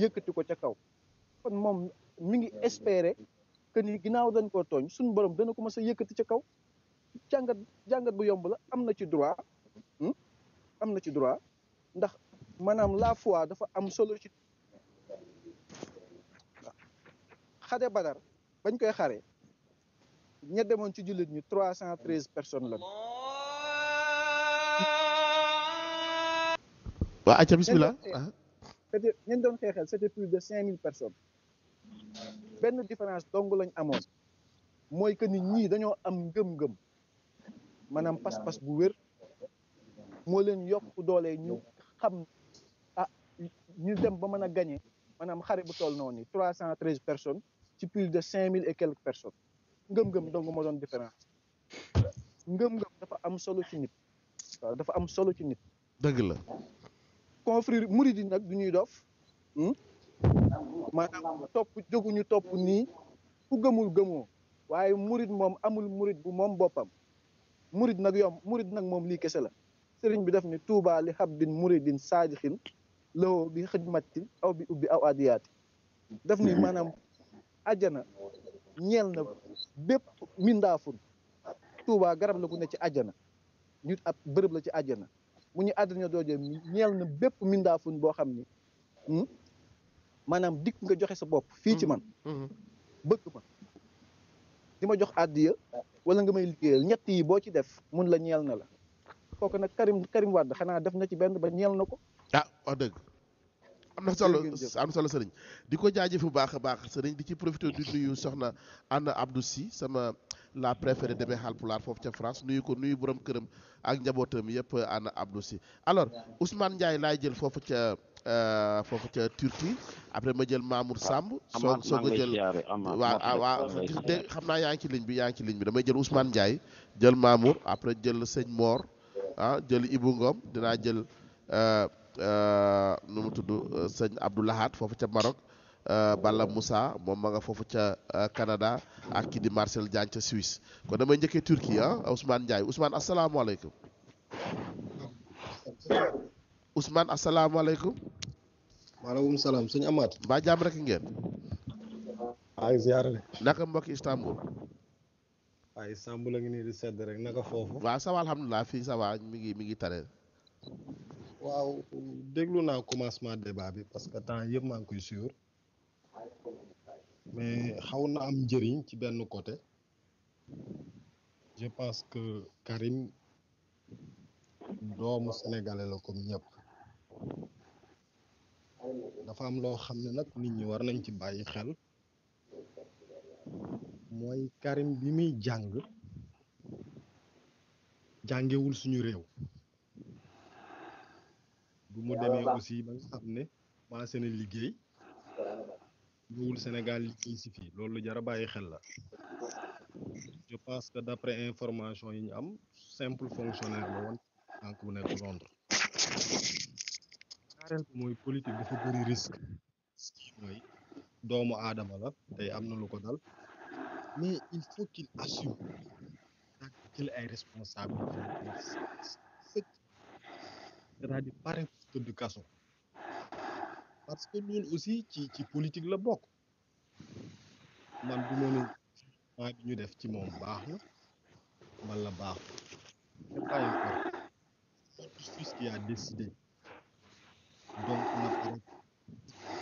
yëkkati ko ca kaw kon moom mu ngi espérer que ni ginnaaw dañ koo tooñ suñu borom dana ko mës a yëkkati ca kaw jàngat jàngat bu yomb la am na ci droit hmm? am na ci droit ndax maanaam la fois dafa am solo ci xare badar bañ koy xare ña demoon ci jullit ñu trois cent treize personnes la waa acca bismillah c'était ñeen doon xeexel c'était plus de cinq mille personnes benn différence dong lañ amoon mooy que nit ñii dañoo am ngëm-ngëm maanaam pas-pas bu wér moo leen yokk doole ñu xam ñu dem ba mën a gagné maanaam xare bu toll noonu trois cent treize personnes ci plus de cinq mille et quelques personnes ngëm-ngëm dong moo doon différence ngëm-ngëm dafa am solo ci nit waaw dafa am solo ci nit. dëgg la. confrérie murid nag du ñuy dof hmm? maanaam topp jóguñu topp nii ku gëmul gëmoo waaye murid moom amul murid bu moom boppam murid nag yomb murid nag moom lii kese la sëriñ bi def ni Touba li habdin muridin saadixin lawoo bi xidmatin aw bi ubbi aw adiyaati daf ni mhm. maanaam ajjana ñeel na bépp mindaafun tuubaa garab la ku ne ci ajjana ñu ab bërëb la ci ajjana mu ñu àddina doojee ñeel na bépp mindaafun boo xam ni hmm, maanaam dikk nga joxe sa bopp fii ci man mhm. Mhm. bëgg ma di ma jox àddiya wala nga may liggéeyal ñett yi boo ci def mun la ñeel na la kooku nag Karim Karim Wade xanaa def na ci benn ba ñeel na ko ah wax dëgg am na solo solo sëriñ di ko jaajëf bu baax a baax sëriñ di ci profité di nuyu soxna ànd Abdou sama la préférée demee Haalpulaar foofu ca France nuyu ko nuyu borom këram ak njabootam yëpp Anna Abdou Sy alors Ousmane Ndiaye laay jël foofu ca euh, foofu ca Turquie après ma jël Mamour ah, Samb soo soog a jël ah, xam naa yaa ngi ci ligne bi yaa ngi ci ligne bi damay jël Ousmane Ndiaye jël Mamour après jël sëñ Mor ah jël Ibou Ngom dinaa jël euh, nu mu tudd euh, sëñ Abdou foofu ca Maroc euh, bala musa moom ma nga foofu ca euh, Canada ak kii di Marcel Diagne ca Suisse kon damay njëkkee Turquie ah Ousmane Ndiaye Ousmane asalaamaaleykum Ousmane asalaamaaleykum. maaleykum salaam sëñ Amath. mbaa jàmm rek ngeen. ay ziar naka mbokki Istanbul. waaw Istanbul alhamdulilah fii ça mi ngi mi ngi tane. waaw déglu naa commencement débat bi parce que temps yëpp maa ngi koy suivre mais xaw na am njëriñ ci benn côté je pense que Karim doomu sénégalais la comme ñëpp dafa am loo xam ne nag nit ñi war nañ ci bàyyi xel mooy Karim bi muy jàng jàngewul suñu réew. bu mu demee aussi ba nga xam ne maa seen liggéey ñëwul Sénégal liggéey si loolu jara bàyyi xel la je pense que d'après information yi ñu am simple fonctionnaire la woon tànk bu nekk Londres ñaareel ko mooy politique dafa bëri risque doomu aadama la tey am na lu ko dal mais il faut qu'il assume jël ay responsabilités cest pare tëdd kaso parce que loolu aussi ci ci politique la bokk man du ma ne bi ñu def ci moom baax na wala baax c'est justice qui a décidé donc na arrêté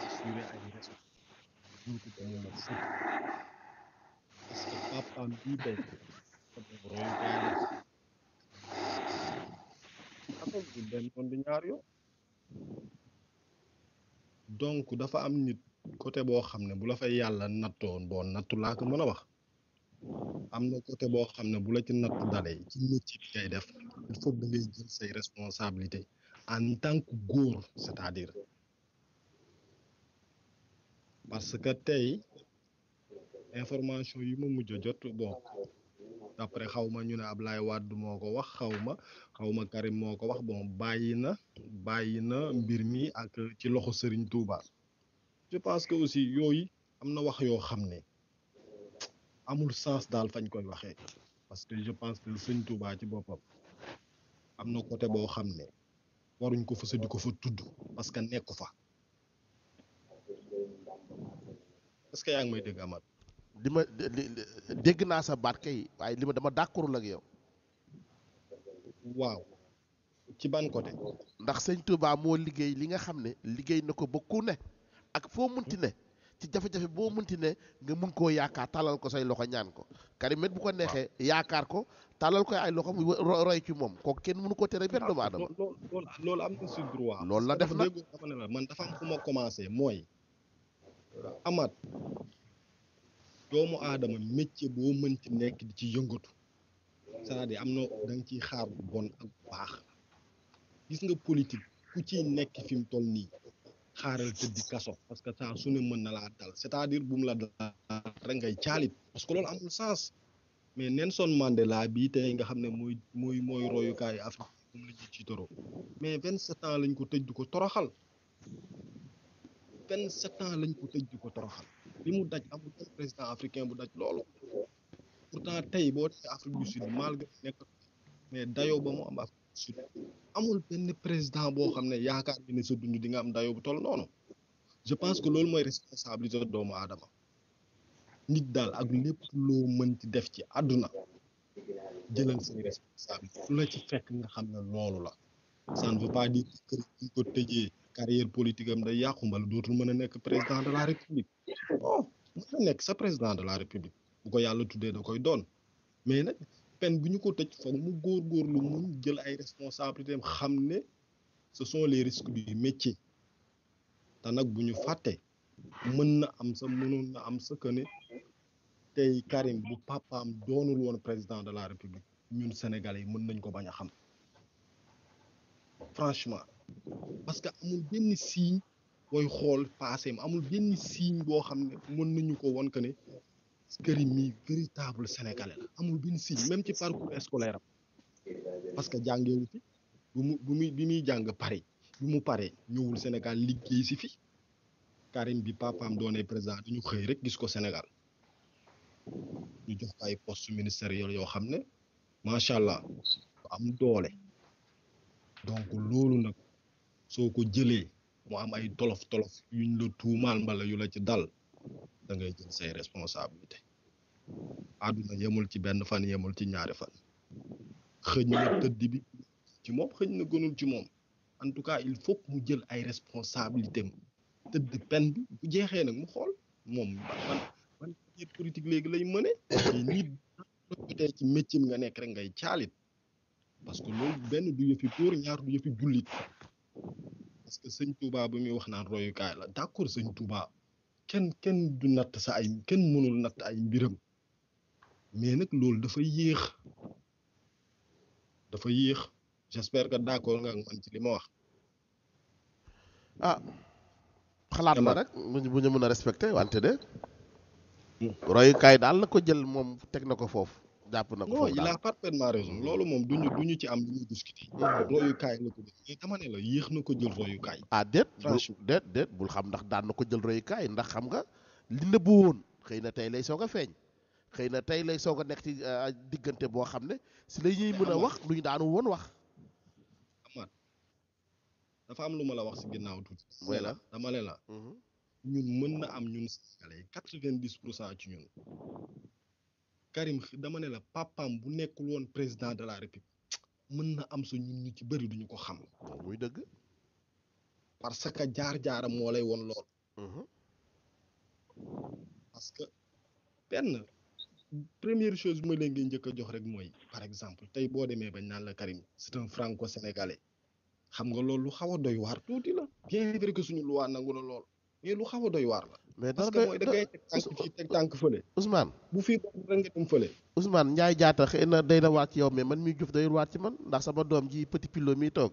assuré ay responsabilités ko sëkk parce que papaam bii tey la. xam nga donc dafa am nit côté boo xam ne bu la fay yàlla nattoon boo nattu laa ko mën a wax am na côté boo xam ne bu la ci nattu dalee ci métier bi ngay def il faut da jël say responsabilité en tant que góor c'est-à-dire parce que tey information yi ma mujj a jot bokk après xaw ma ñu ne Ablaye Wade moo ko wax xaw ma xaw ma Karim moo ko wax bon bàyyi na bàyyi na mbir mi ak ci loxo Serigne Touba je pense que aussi yooyu am na wax yoo xam ne amul sens daal fañ koy waxee parce que je pense que Serigne Touba ci boppam am na côté boo xam ne waruñ ko fa sa di ko fa tudd parce que nekku fa parce que yaa ngi may dégg Amath li ma dégg naa sa baat kay waaye li ma dama d'accordul ak yow. waaw ci ban côté. ndax sëñ Touba moo liggéey li nga xam ne liggéey na ko ba ku ne ak foo munti ne ci jafe-jafe boo munti ne nga mun koo yaakaar tàllal ko say loxo ñaan ko Karim bu ko neexee yaakaar ko tàllal ko ay loxo mu roy ci moom kooku kenn mënu ko tere benn doomu aadama. loolu am loolu la def nag man dafa am fu ma commencé mooy. Amath doomu aadama métier boo ci nekk di ci yëngatu cest am na da nga ciy xaar bu bon ak baax gis nga politique ku ciy nekk fi mu toll nii xaaral tëdd kaso parce que saa su ne mën na laa dal c'est-à-dire bu mu la dal rek ngay caalit parce que loolu amul sens mais Nelson Mandela bii tey nga xam ne mooy muy mooy royukaayu Afrique moom la ci toro mais vingt-sept ans lañ ko tëj di ko toroxal vingt-sept ans lañ ko tëj ko toroxal li mu daj amul président africain bu daj loolu pourtant tey boo dee Afrique du Sud malgré nekk mais dayo ba mu am Afrique du Sud amul benn président boo xam ne yaakaar bi ne sa dund di nga am dayoo bu toll noonu je pense que loolu mooy responsabilité doomu aadama nit daal ak lépp loo mën ci def ci àdduna jëlal say responsabilité su la ci fekk nga xam ne loolu la ça ne dire que ko tëjee carrière politique am day yàqu mbala dootul mën a nekk président de la république bon oh, mën a nekk sa président de la république bu ko yàlla tuddee da koy doon mais nag peine bu ñu ko tëj foog mu góorgóorlu muñ jël ay responsabilités am xam ne ce sont les risques du métier te nag bu ñu fàtte mën na am sa mënoon na am sa que ne tey Karim bu papaam doonul woon président de la république ñun sénégalais yi mën nañ ko bañ a xam parce que amul benn signe booy xool passé amul benn signe boo xam ne mën nañu ko won que ne Karim mi véritable sénégalais la amul benn signe même ci parcours scolaire am parce que jàngewu fi bu mu bi muy jàng Paris bi mu paree ñëwul Sénégal liggéey si fi Karim bi papaam doonee président dañu xëy rek gis ko Sénégal ñu jox ko ay poste ministériel yoo xam ne macha allah am doole donc loolu nag soo ko jëlee mu am ay tolof tolof yuñ la tuumaal mbala yu la ci dal da ngay jël say responsabilité àdduna yemul ci benn fan yemul ci ñaari fan xëñ na tëdd bi ci moom xëñ na gënul ci moom en tout cas il faut mu jël ay responsabilité tëdd pen bi bu jeexee nag mu xool moom ban ban léegi lay mëne nit tey ci métier nga nekk rek ngay caalit parce que loolu benn du yëfi pour ñaar du yëfi jullit parce que sëñ Touba bu muy wax naan royukaay la d'accord sëñ Touba kenn kenn du natt sa ay kenn mënul natt ay mbiram mais nag loolu dafa yéex dafa yéex j'espère que d'accord nga man ci li ma wax. ah. xalaat la rek bu ñu mën a respecte wante de. Hmm. royukaay daal la ko jël moom teg na ko foofu. jàpp na ko non il a parfaitement mm. loolu moom du ñu ci am lu ñuy discuter. Mm. Ah, ko mais ne la yéex na ko jël royukaay. ah déet déet bul xam ndax daan na ko jël royukaay ndax xam nga li nëbbu woon xëy na tey lay soog a feeñ xëy na tey lay soog a nekk ci euh, diggante boo xam ne si lay ñuy mën a wax lu ñu daanu woon wax. Amath dafa am lu ma la wax si ginnaaw tuuti. mooy dama ne la. Mm-hmm. ñun mën na am ñun Sénégalais quatre-vingt-dix pour cent ci ñun. Karim dama ne la papaam bu nekkul woon président de la république mën na am sa ñun ñu ci bëri duñu ko xam. muy dëgg. parce que jaar-jaaram moo lay woon lool. Mhm. parce que benn première chose bi ma leen ngi njëkk jox rek mooy par exemple tey boo demee bañ naan la Karim c'est un franco-sénégalais xam nga loolu lu xaw a doy waar tuuti la. bien vrai que suñu loi nangu na lool. mais xaw a doy waar mais dara parce teg tànk fii teg fële. Ousmane bu fii da nga dem fële. Ousmane Ndiaye jaata xëy na day la waat ci yow mais man miy juf day waar ci man ndax sama doom ji petit pilo mi toog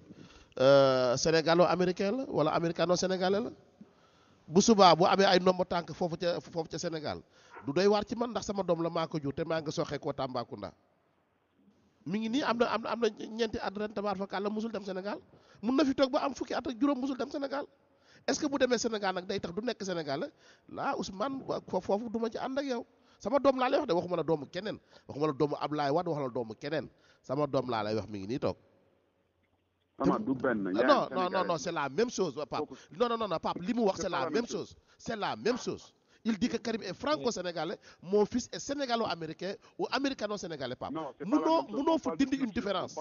euh, sénégalo américain la wala américano sénégalais bu subaa bu amee ay nomba tànk foofu ca foofu ca Sénégal du doy waar ci man ndax sama doom la maako ko jur te maa ngi soxee koo Tambacounda mu ngi nii am na am na ñeenti at ren tabaar fa kàlla dem Sénégal mun na fi toog am fukki at ak juróom musul dem Sénégal. est-ce que bu demee Sénégal nag day tax du nekk Sénégal la Ousmane foofu du ma ci ànd ak yow sama doom laa lay wax de waxuma la doomu keneen waxuma la doomu Ablaye Wade waxuma la doomu keneen sama doom laa lay wax mi ngi nii toog. sama ah, du benn ah, c'est la même chose Pape non non non Pape li mu wax c'est la même chose c'est la même chose. il dit que Karim franco-sénégalais mon fils est sénégalo-américain ou américano-sénégalais Pape munoo munoo fa dindi une différence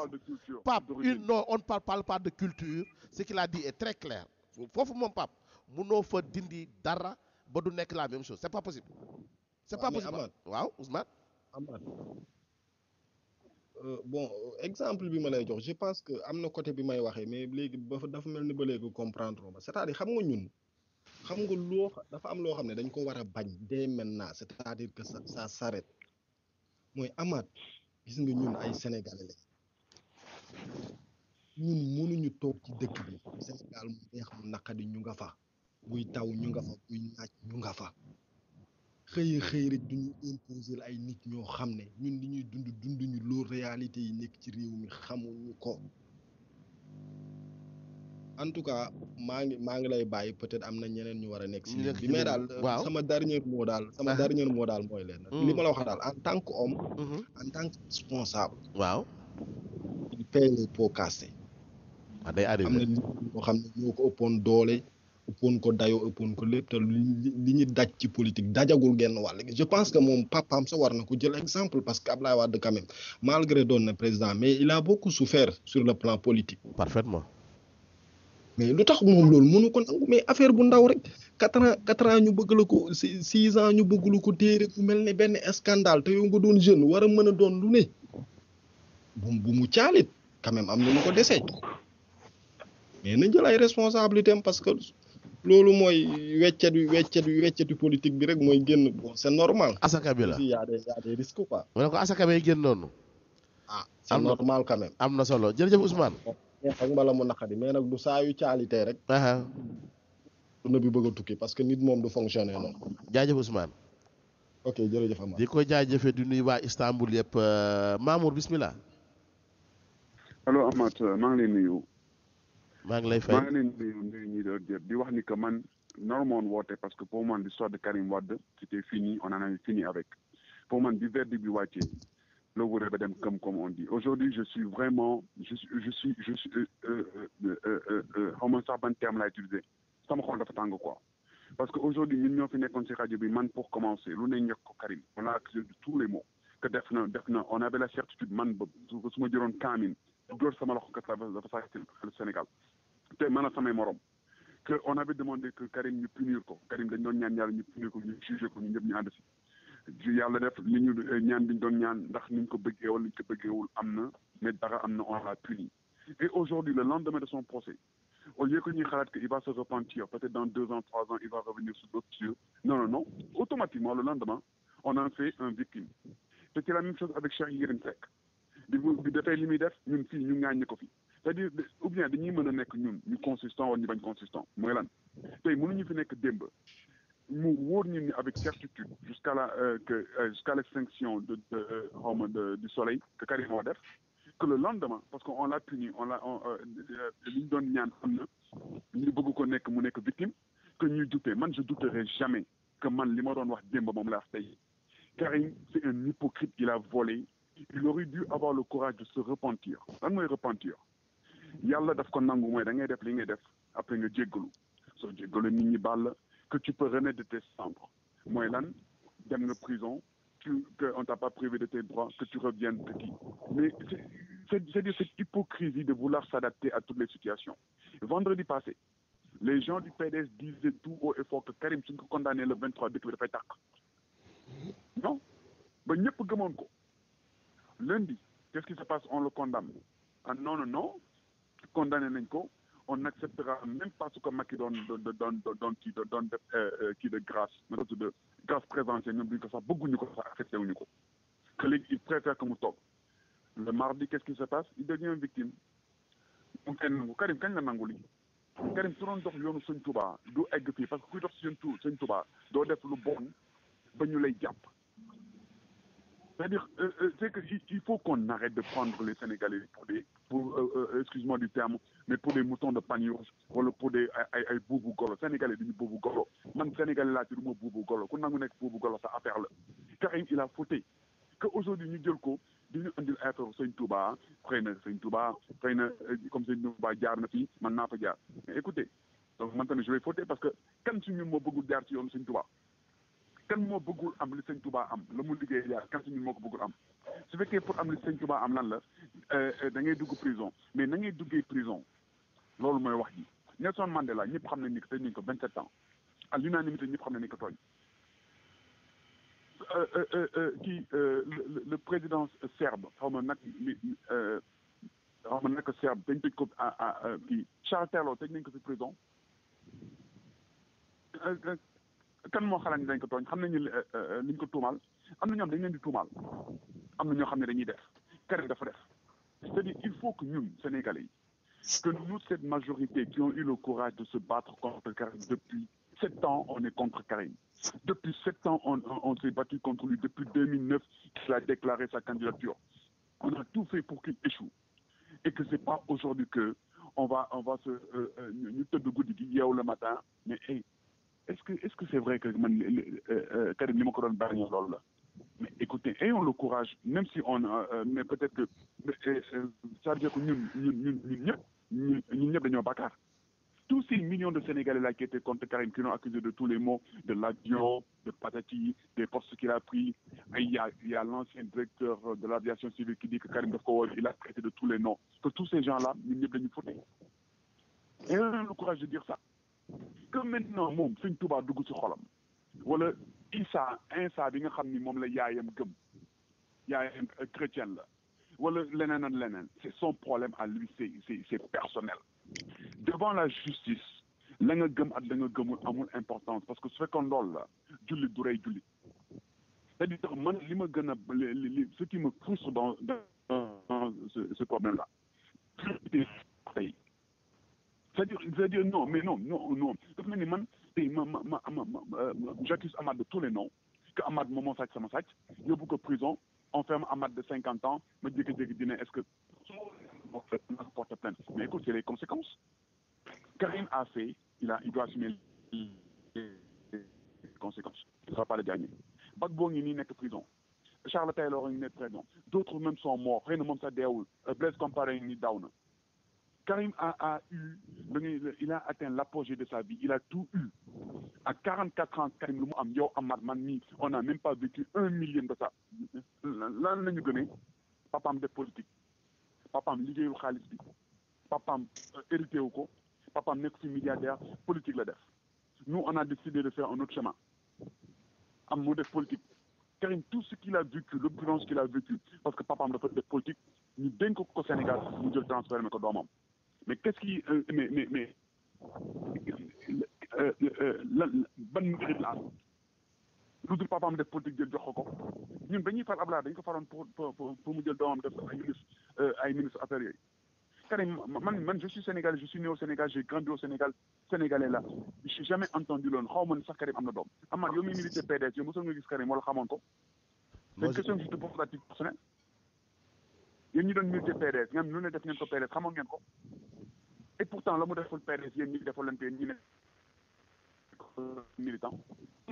Pape une non on ne parle culture ce foofu moom Pape munoo fa dindi dara ba du nekk la même chose c'est pas possible. c'est pas ah, possible waaw Ousmane. Amath euh, bon exemple bi ma lay jox je pense que am na côté bi may waxee mais léegi ba dafa mel ni ba léegi comprendre ma c'est-à-dire xam nga ñun. xam nga loo dafa am loo xam ne dañ ko war a bañ dès maintenant c'est-à-dire que ça ça mooy Amath gis nga ñun ay sénégalais ñun mënuñu toog ci dëkk bi Sénégal mu neex mu naqadi ñu nga fa buy taw ñu nga fa mm. buy naaj ñu nga fa xëy xëy rek duñu imposer ay nit ñoo xam ne ñun li ñuy dund dunduñu loolu réyalité yi nekk ci réew mi xamuñu ko en tout cas maa ngi maa ngi lay bàyyi peut-être am na ñeneen ñu war a nekk si bi mais daal sama dernier mot daal sama dernier moo daal mooy leen mm. li ma la wax daal en tant que homme mm-hmm. en tant que responsable waaw waaw day arrivé am na koo xam ne ñoo ko ëppoon doole ëppoon ko dayoo ëppoon ko lépp te li ñu daj ci politique dajagul genn wàll je pense que moom papaam sa war na ko jël exemple parce que Ablaye Wade quand même malgré doon na président mais il a beaucoup souffert sur le plan politique. parfaitement. mais lu tax moom loolu mënu ko nangu mais affaire bu ndaw rek quatre ans quatre ans ñu bëgg la ko six ans ñu bëgg la ko téere ku mel ne benn scandale te yow nga doon jeune war a mën a doon lu ne bu mu caalit quand am na lu ko dese. mais nañ jël ay responsabilité am parce que loolu mooy weccet wi weccet wi weccetu politique bi rek mooy génn bon c'est normal. asaka bi la y a des y a des risques génn noonu. ah c'est normal quand am na solo jërëjëf Ousmane. ak mbala mu naqari mais nag du saa yu caalitee rek. Ah, ah. bi bëgg tukki parce que nit moom du fonctionner noonu. jaajëf Ousmane. ok jërëjëf Amady. di ko jaajëfee di nuyu waa Istanbul yëpp euh, Mamour bismillah. allo Amath maa ngi lay maa ngi lay fay maa ngi leen di di wax ni que man normal woon woote parce que pour man l'histoire de Karim Wade c'était fini on en a fini avec pour man bi verdict bi wàccee loolu rek dem comme comme on dit aujourd'hui je suis vraiment je suis je suis je suis euh, euh, euh, xaw ma sax ban terme laa utiliser sama xol dafa tàng quoi parce que aujourd'hui ñun ñoo fi nekkoon si rajo bi man pour commencer lu ne ñekk ko Karim on l'a accusé de tous les maux que def na def na on avait la certitude man ba su ma jëloon kaamin door sama loxo kat dafa saa si te mën a samay morom que on avait demandé que Karim ñu punir ko Karim dañ doon ñaan yàlla ñu punir ko ñu jugé ko ñu ñëpp ñu ànd yàlla def eh, ñaan biñ doon ñaan ndax niñ ko bëggee wala niñ ko bëggeewul am na mais dara am na on l'a puni et aujourd'hui le lendemain de son procès au lieu que xalaat que il va se repentir peut dans deux ans trois ans il va revenir sous d'autres cieux non non non automatiquement le lendemain on en fait un victime te la même chose avec li muy def ñun fii ñu ngaañ ko fi c'est-à-dire ou bien dañuy mën a nekk ñun ñu consistant wala ñu bañ consistant mooy lan tey mënuñu fi nekk démb mu wóor ñu ni avec certitude jusqu'à la euh, euh, l'extinction de de xaw euh, ma du soleil que Karim Wade def que le lendemain parce que on l'a puni on l'a li ñu doon ñaan am na ñu bëgg ko nekk mu nekk victime que ñuy douter man je douterai jamais que man li ma doon wax démb moom laa tey Karim c'est un hypocrite il a volé il aurait dû avoir le courage de se repentir lan mooy repentir yàlla daf ko nangu mooy da ngay def li ngay def après nga jéggalu soo jéggalu nit ñi baal la que tu peux renaître de tes cendres mooy lan dem nga prison tu que on t'a pas privé de tes droits que tu reviennes petit mais c'est cest dire cette hypocrisie de vouloir s'adapter à toutes les situations vendredi passé les gens du PDS disaient tout haut et fort que Karim suñ ko condamné le 23 dëkk bi dafay tàkk non ba ñëpp gëmoon ko lundi qu'est-ce qui se passe le condamne ah non non condamné nañ ko on n'acceptera même pas que ko Macky doon doon doon kii doon def euh, euh, kii de grâce na de grâce présidentielle ñoom duñu ko sax bëgguñu ko sax accepté wuñu ko que léegi il préfère que mu toog le mardi qu'est-ce qui se passe il devient victime mu ngi koy nangu Karim kañ la nangu lii Karim su doon dox yoonu Sëñ Tuubaa du egg fii parce que kuy dox si yoonu Sëñ Tuubaa doo def lu bon ba ñu lay jàpp c'est-à-dire euh, c'est que il faut qu'on arrête de prendre les Sénégalais pour des pour euh, euh, excuse-moi du terme mais pour des moutons de pagne wala pour des ay ay buubu golo sénégalais du buubu golo man sénégalais laa ci du ma buubu golo ku nangu nekk buubu golo sa affaire la Karim il a fauté que aujourd'hui ñu jël ko di ñu andil ay affaire sëñ Touba xëy na sëñ Touba xëy na euh, comme sëñ Touba jaar na fi man naa fa jaar mais écoutez donc man tamit je parce que kan si ñun moo bëggul jaar ci yoonu sëñ Touba kan moo bëggul am li sëñ Touba am la mu liggéey jaar kan moo ko bëggul am su fekkee pour am li sëñ Tuubaa am lan la euh, euh, da ngay dugg prison mais na duggee prison loolu mooy wax ji Nelson Mandela ñëpp xam nañ ni que tëj nañ ko 27 ans à l'unanimité ñëpp xam nañ ni ko tooñ euh, kii le président serbe xaw ma nag ma nag serbe dañ tëj ko kii Charles nañ ko si prison moo xalaat ni dañ ko tooñ xam nañu liñ ko tuumaal am na ñoom dañ leen di tuumaal am na ñoo xam ne dañuy def Karim dafa def cest il faut que ñun Sénégalais yi que nous cette majorité qui ont eu le courage de se battre contre Karim depuis sept ans on est contre Karim depuis sept ans s'est battu contre lui depuis qu'il a déclaré sa candidature on a tout fait pour qu'il échoue et que c'est pas aujourd'hui que on va on va se euh, euh, ñu tëdd guddi gi yeewu le matin mais est-ce que est-ce que c'est vrai que man euh, Karim li ma ko doon bàyyi loolu la mais écoutez ayons le courage même si on euh, mais peut-être que euh, euh, ça veut dire que ñun ñun ñun ñun ñëpp ñun ñun ñëpp dañoo tous ces millions de Sénégalais là qui étaient contre Karim qui l'ont accusé de tous les maux de l'avion de patati des postes qu'il a pris il y a il y a l'ancien directeur de l'aviation civile qui dit que Karim daf ko woo il a traité de tous les noms que tous ces gens là ñun ñëpp dañu ayons le courage de dire ça que maintenant moom Sëñ Tuubaa dugg ci xolam wala Isa Isa bi nga xam ni moom la yaayam gëm yaayam euh, chrétienne la wala leneen an leneen c'est son problème à lui c'est c'est c'est personnel devant la justice la nga gëm ak la nga gëmul amul importance parce que su fekkoon la jullit du rey jullit cest dire man li ma gën a li ce qui me frustre dans dans ce ce problème cest dire non mais non non non daf mel ni man tey ma ma ma ma euh, j'accuse Amath de tous les noms que Amath moom moo sàcc sama sàcc yóbbu ko prison enferme Amath de cinquante ans ma jékki-jékki est-ce que ma porte plainte mais écoute c'est les conséquences Karim a fait il a il doit assumer les conséquences il ne sera pas le dernier Gbagbo ngi nii nekk prison Charles Taylor ngi nekk prison d'autres même sont morts xëy na moom sax deewul euh, Blaise Compaoré ngi nii daw na Karim a, a eu il a atteint l'apogée de sa vie il a tout eu à 44 ans Karim lu mu am yow Amath man mii on n'a même pas vécu un millième de ça lan la ñu gënee papaam def politique papaam liggéeyu xaalis bi papaam euh, hérité wu ko papaam nekk ci milliardaire politique la def nous on a décidé de faire un autre chemin am mu def politique Karim tout ce qu'il a vécu l'opulence qu'il a vécu parce que papaam dafa def politique ñu dénk ko Sénégal mu jël transfert ko doomam mais qu'est-ce qui euh, mais mais mais euh, euh, lan ban mérite def politique jël jox ko ko ñun dañuy fal laa dañ ko faroon pour pour mu jël doomam def ay ministre ay ministre affaires yooyu Karim man man je suis sénégalais je suis né au Sénégal j'ai grandi au Sénégal sénégalais la j'ai jamais entendu loolu xaw ma ne sax Karim am na doom Amath yow miy milité PDS yow mosoon nga gis Karim wala xamoon ko c'est question que je te pose à personnel yéen ñi doon milité PDS ngeen lu def ngeen ko PDS xamoon ngeen ko et pourtant la mu deful PDS yéen ñi defal leen ñu ne militants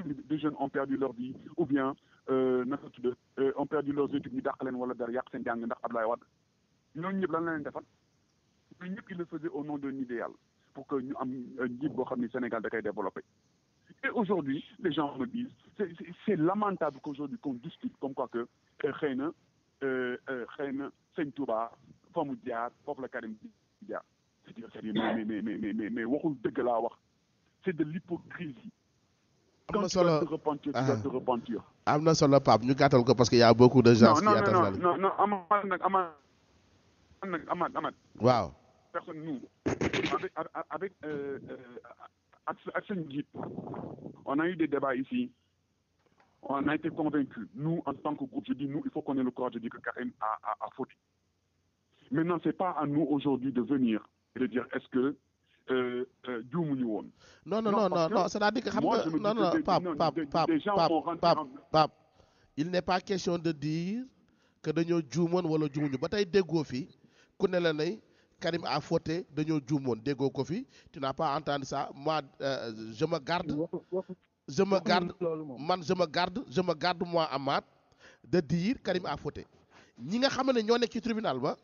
des jeunes ont perdu leur vie ou bien euh, naka tudd euh, ont perdu leurs études ñu dàq leen wala dara yàq seen jàng ndax Abdoulaye Wade ñooñu ñëpp lan la leen defal ñooñu ñëpp il le faisait au nom d'un idéal pour que ñu am euh, njiit xam ni Sénégal da kay développé et aujourd'hui les gens me disent c'est c'est lamentable qu'aujourd'hui qu'on discute comme quoi que xëy na xëy na sëñ Touba mu jaar foofu la Karim c'est-à-dire mais mais mais mais mais waxul dëgg laa wax c'est de l'hypocrisie am na solo de repentir ah. de repentir am na solo Pape ñu gàttal ko parce que y a beaucoup de gens qui attendent non non non amaat nag amaat nag amaat amaat waaw personne nous avec avec euh, euh, ak seen njiit on a eu des débats ici on a été convaincus nous en tant que groupe je dis nous il faut qu'on ait le courage de dire que Karim a a a fauté maintenant c'est pas à nous aujourd'hui de venir et de dire est-ce que euh, euh, juumuñu woon. non non non non non c'est-à-dire que xam nga non non Pape Pape Pape Pape Pape il n'est pas question de dire que dañoo juumoon wala juumuñu ba tey déggoo fi ku ne la ne Karim a fauté dañoo juumoon déggoo ko fi tu n'as pas entendu ça moi euh, je me garde. je me garde man je me garde je me garde moi Amath de dire Karim a fauté ñi nga xam ne ñoo nekk ci tribunal ba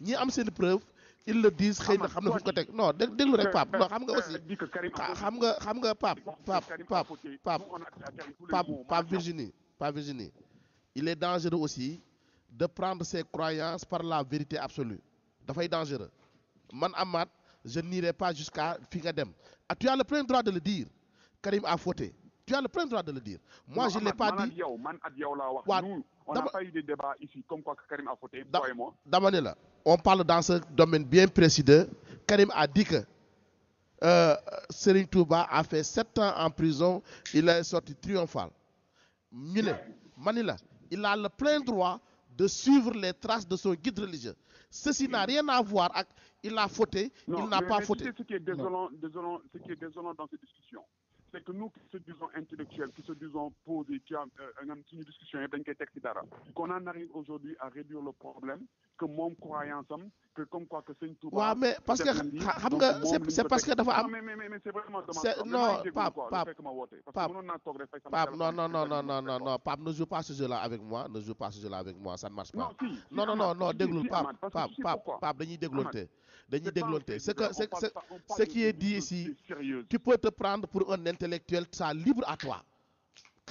ñi am seen preuve. il le disent xëy na xam na fu ñu ko teg non dé déglu rek Pape non xam nga aussi xam nga xam nga Pape Pape Pape Pape Pape Virginie Pape Virginie il est dangereux aussi de prendre ses croyances par la vérité absolue dafay dangereux man Amath je n'irai pas jusqu'à fi nga dem ah tu as le droit de le dire Karim à fauté tu as le plein droit de le dire. moi non, je l'ai pas man dit on n'a pas eu de débat ici comme quoi Karim a fauté toi dama la on parle dans ce domaine bien précis de Karim a dit que euh, Serigne Touba a fait sept ans en prison il est sorti triomphal ñu ne ma la il a le plein droit de suivre les traces de son guide religieux ceci n'a rien à voir il a fauté. il n'a pas fauté c'est que nous qui se disons intellectuels, qui se disons posés, qui avons euh, une discussion, etc., qu'on en que mon croyance, c'est parce que, c'est parce Non, mais, mais, mais pas ce jeu-là avec moi, ne joue pas ce jeu-là avec moi, ça ne pas. Non, non, non, non, dégloule, pape, pape, pape, pape, dañuy déglonté. Dañuy déglonté. Ce qui est dit ici, tu peux te prendre pour un intellectuel. intellectuel, ça libre à toi.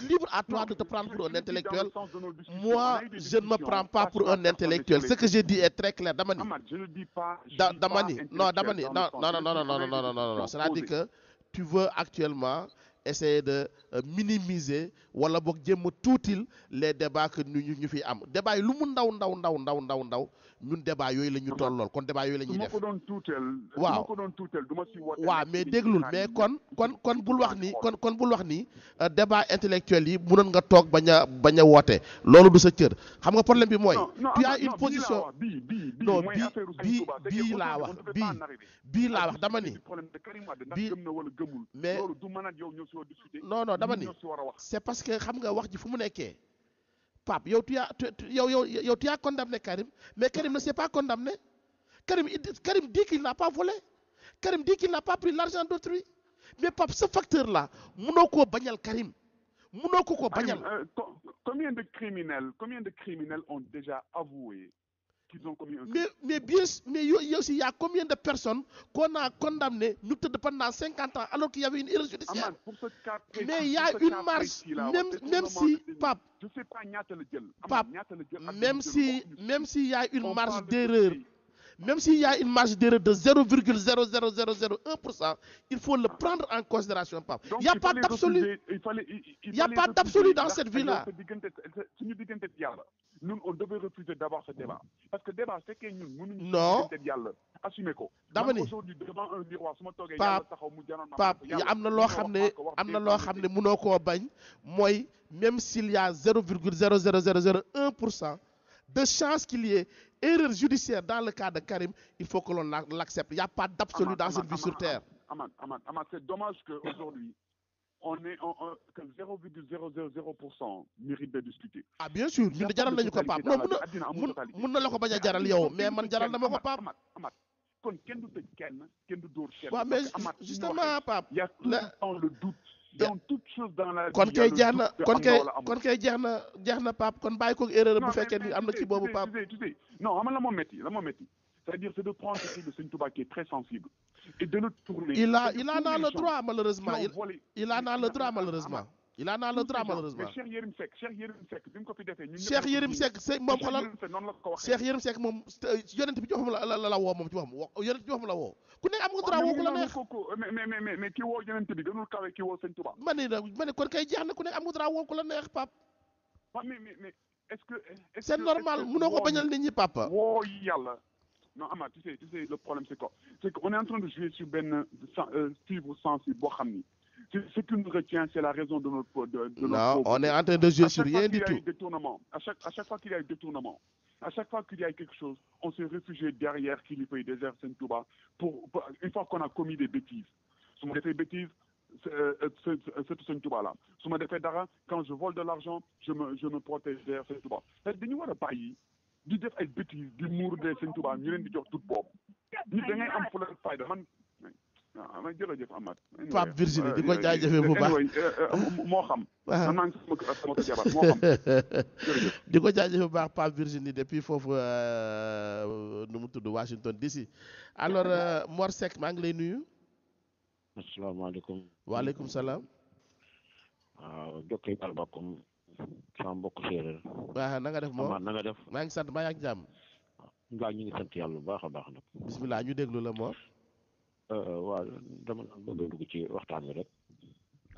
Libre à toi non, de te prendre pour un intellectuel. Moi, je ne me prends pas pour un intellectuel. Ce que j'ai dit est très clair. Damani. Je ne dis Non, Damani. Non, non, non, non, non, non, C'est-à-dire que tu veux actuellement essayer de euh, minimiser wala book jéem a tuutil les débats que ñu ñu fi am débat yi lu mu ndaw ndaw ndaw ndaw ndaw ndaw. ñun débat yooyu la ñu tollool kon débat yooyu la ñuy def waaw waa mais déglul mais kon kon kon bul wax ni kon kon bul wax ni euh, débat intellectuel yi munoon nga toog bañ a bañ a woote loolu du sa cër xam nga problème bi mooy tu as une position non bi bi bii laa wax bi bii laa wax dama ni bi mais non non dama ni c'est parce que xam nga wax ji fu mu nekkee Pape yow tu as yow yow yow tu as condamné Karim mais Karim ne s'est pas condamné Karim Karim n'a pas volé Karim dit n'a pas pris l'argent d'autrui mais Pape ce facteur là mënoo koo bañal Karim mënoo ko ko bañal. Euh, combien de criminels combien de criminels ont déjà avoué qu'ils ont commis un crime. Mais, bien, mais il y, y, y, de personnes ko a condamnées, nous te pendant ans, alors qu'il y avait une erreur mais il a une marche, même, même si, pape, je sais pas, une marge d'erreur, même si y a une marge d'erreur de 0,00001 pour cent il faut le prendre en considération Pape il y a pas d'absolu il y a pas d'absolu dans cette vie là suñu diggante ak yàlla ko dama ma toogee yàlla taxaw mu am na loo xam ne am na loo xam ne mënoo koo bañ mooy même s'il y a un pour cent de chance qu'il y ait erreur judiciaire dans le cas de il faut que l'on l'accepte. Il n'y a pas d'absolu dans cette vie sur Terre. Amad, Amad, Amad, c'est dommage qu'aujourd'hui, on est on, on, discuter. Ah bien sûr, ñun de jaral nañu ko Pape. non na la ko bañ a jaral yow mais man jaral na ma ko Pape. kon kenn du tëj kenn kenn du dóor kenn. justement Pape. a tout donc toute chose dans la kon kay jeex na kon kay jeex na jeex na Pape kon bàyyi ko erreur bu fekkee ni am na ci boobu Pape non xam nga la moo métti la moo métti c'est-à-dire c'est de prendre ce fil de Sëñ Touba il a il en droit malheureusement il en a le droit malheureusement mais Cheikh Yérim Seck Cheikh Yérim Seck bi mu ko fi defee. ñun Cheikh Yérim moom xoolal Cheikh Yérim Seck moom yonent bi ci waxam la la woo moom ci waxam la woo. ku nekk am nga droit woo ku la neex mais mais mais kon kay jeex na ku nekk am nga droit woo ku la neex Pape. waaw mais est-ce que. c'est normal munoo ko bañal nit ñi Papa. woo yàlla. non Amar euh, euh, xam ni ce qui nous retient, c'est la raison de notre, de, non, on est en train de jouer sur rien du tout. À chaque, fois qu'il y a un détournement, à chaque fois qu'il y a quelque chose, on se réfugie derrière qu'il y désert Saint-Touba pour, une fois qu'on a commis des bêtises. Si on bêtises, quand je vole de l'argent, je me, je me protège derrière Saint-Touba. C'est des nouveaux pays, du du mour de Saint-Touba, ñu leen di jox tout bob. Ñu da ngay am fula waaw ah, ah, man jërëjëf Amath. Pape Virginie di ko eh, eh, jaajëfee bu eh, moo xam. di ko jaajëfee bu baax Pape Virginie depuis foofu euh, nu mu tudd Washington DC alors euh, Mor maa ngi lay nuyu. asalaamaaleykum. waaleykum salaam. waaw Jokalante Baal ba comme mbokk séeréer. waaw na nga def moom na nga def. maa ngi sant maa ngi ak jàmm. waaw ñu ngi sant yàlla bu baax a baax nag. bisimilah ñu déglu la Mor. Euh, waaw dama doon bëgg a dugg ci waxtaan wi rek.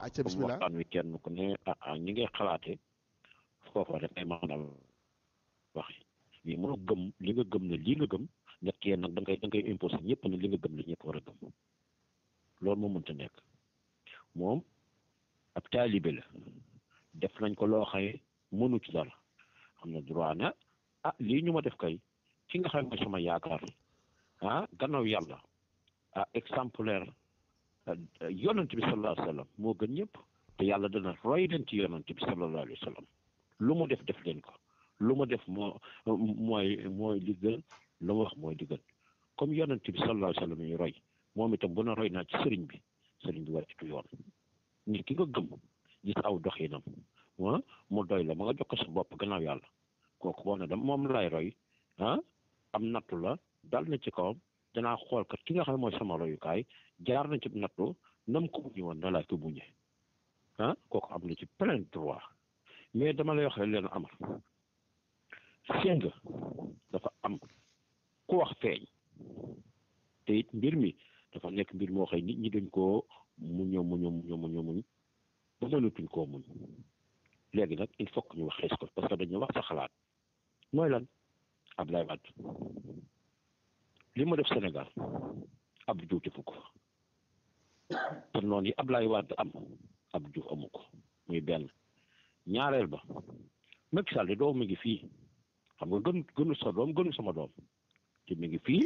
ayca bisimilah waxtaan wi kenn ku ne ah, ah ñi ngay xalaate foofa rek ay maanaam wax lii mënoo gëm li nga gëm ne lii nga gëm nag da ngay da ñëpp ne li nga gëm la ñëpp war a gëm loolu moo mënta nekk moom ab taalibe la def nañ ko loo xaye mënu ci dara xam na droit na ah lii ñu ma def kay ki nga xam ne mooy sama yaakaar ah yàlla. Euh, exemplaire euh, yonent bi sallallahu alayhi wa sallam moo gën ñëpp te yàlla dana roy leen ci yonent bi sallallahu alayhi wa sallam lu mu def def leen ko lu mu def moo mooy mooy li lu mu wax mooy li comme yonent bi sallallahu alayhi wa sallam ñu roy moom itam bu na roy naa ci sëriñ bi sëriñ bi wàccitu yoon nit ki nga gëm gis aw doxinam ah, mu doy la ma nga jox ko sa bopp gannaaw yàlla kooku boo ne dam moom lay roy ah am nattu la dal na ci kawam danaa xool kat ki nga xam ne mooy sama royukaay jaar na ci nattu nam ko buñu woon na laa ko buñe ah kooku am na ci plein droit mais dama lay wax rek leen amar séng dafa am ku wax feeñ te it mbir mi dafa nekk mbir moo xëy nit ñi dañ koo muñoo muñoo muñoo muñoo muñ ba mënatuñ koo muñ léegi nag il faut que ñu waxees ko parce que dañu wax sa xalaat mooy lan Abdoulaye Wade li ma def Sénégal ju Diouf defu ko te noonu yi Ablaye Wade am Abdou Diouf amu ko muy benn ñaareel ba Macky Sall di doom mi ngi fii xam nga gën gënu sa doom gënu sama doom te mi ngi fii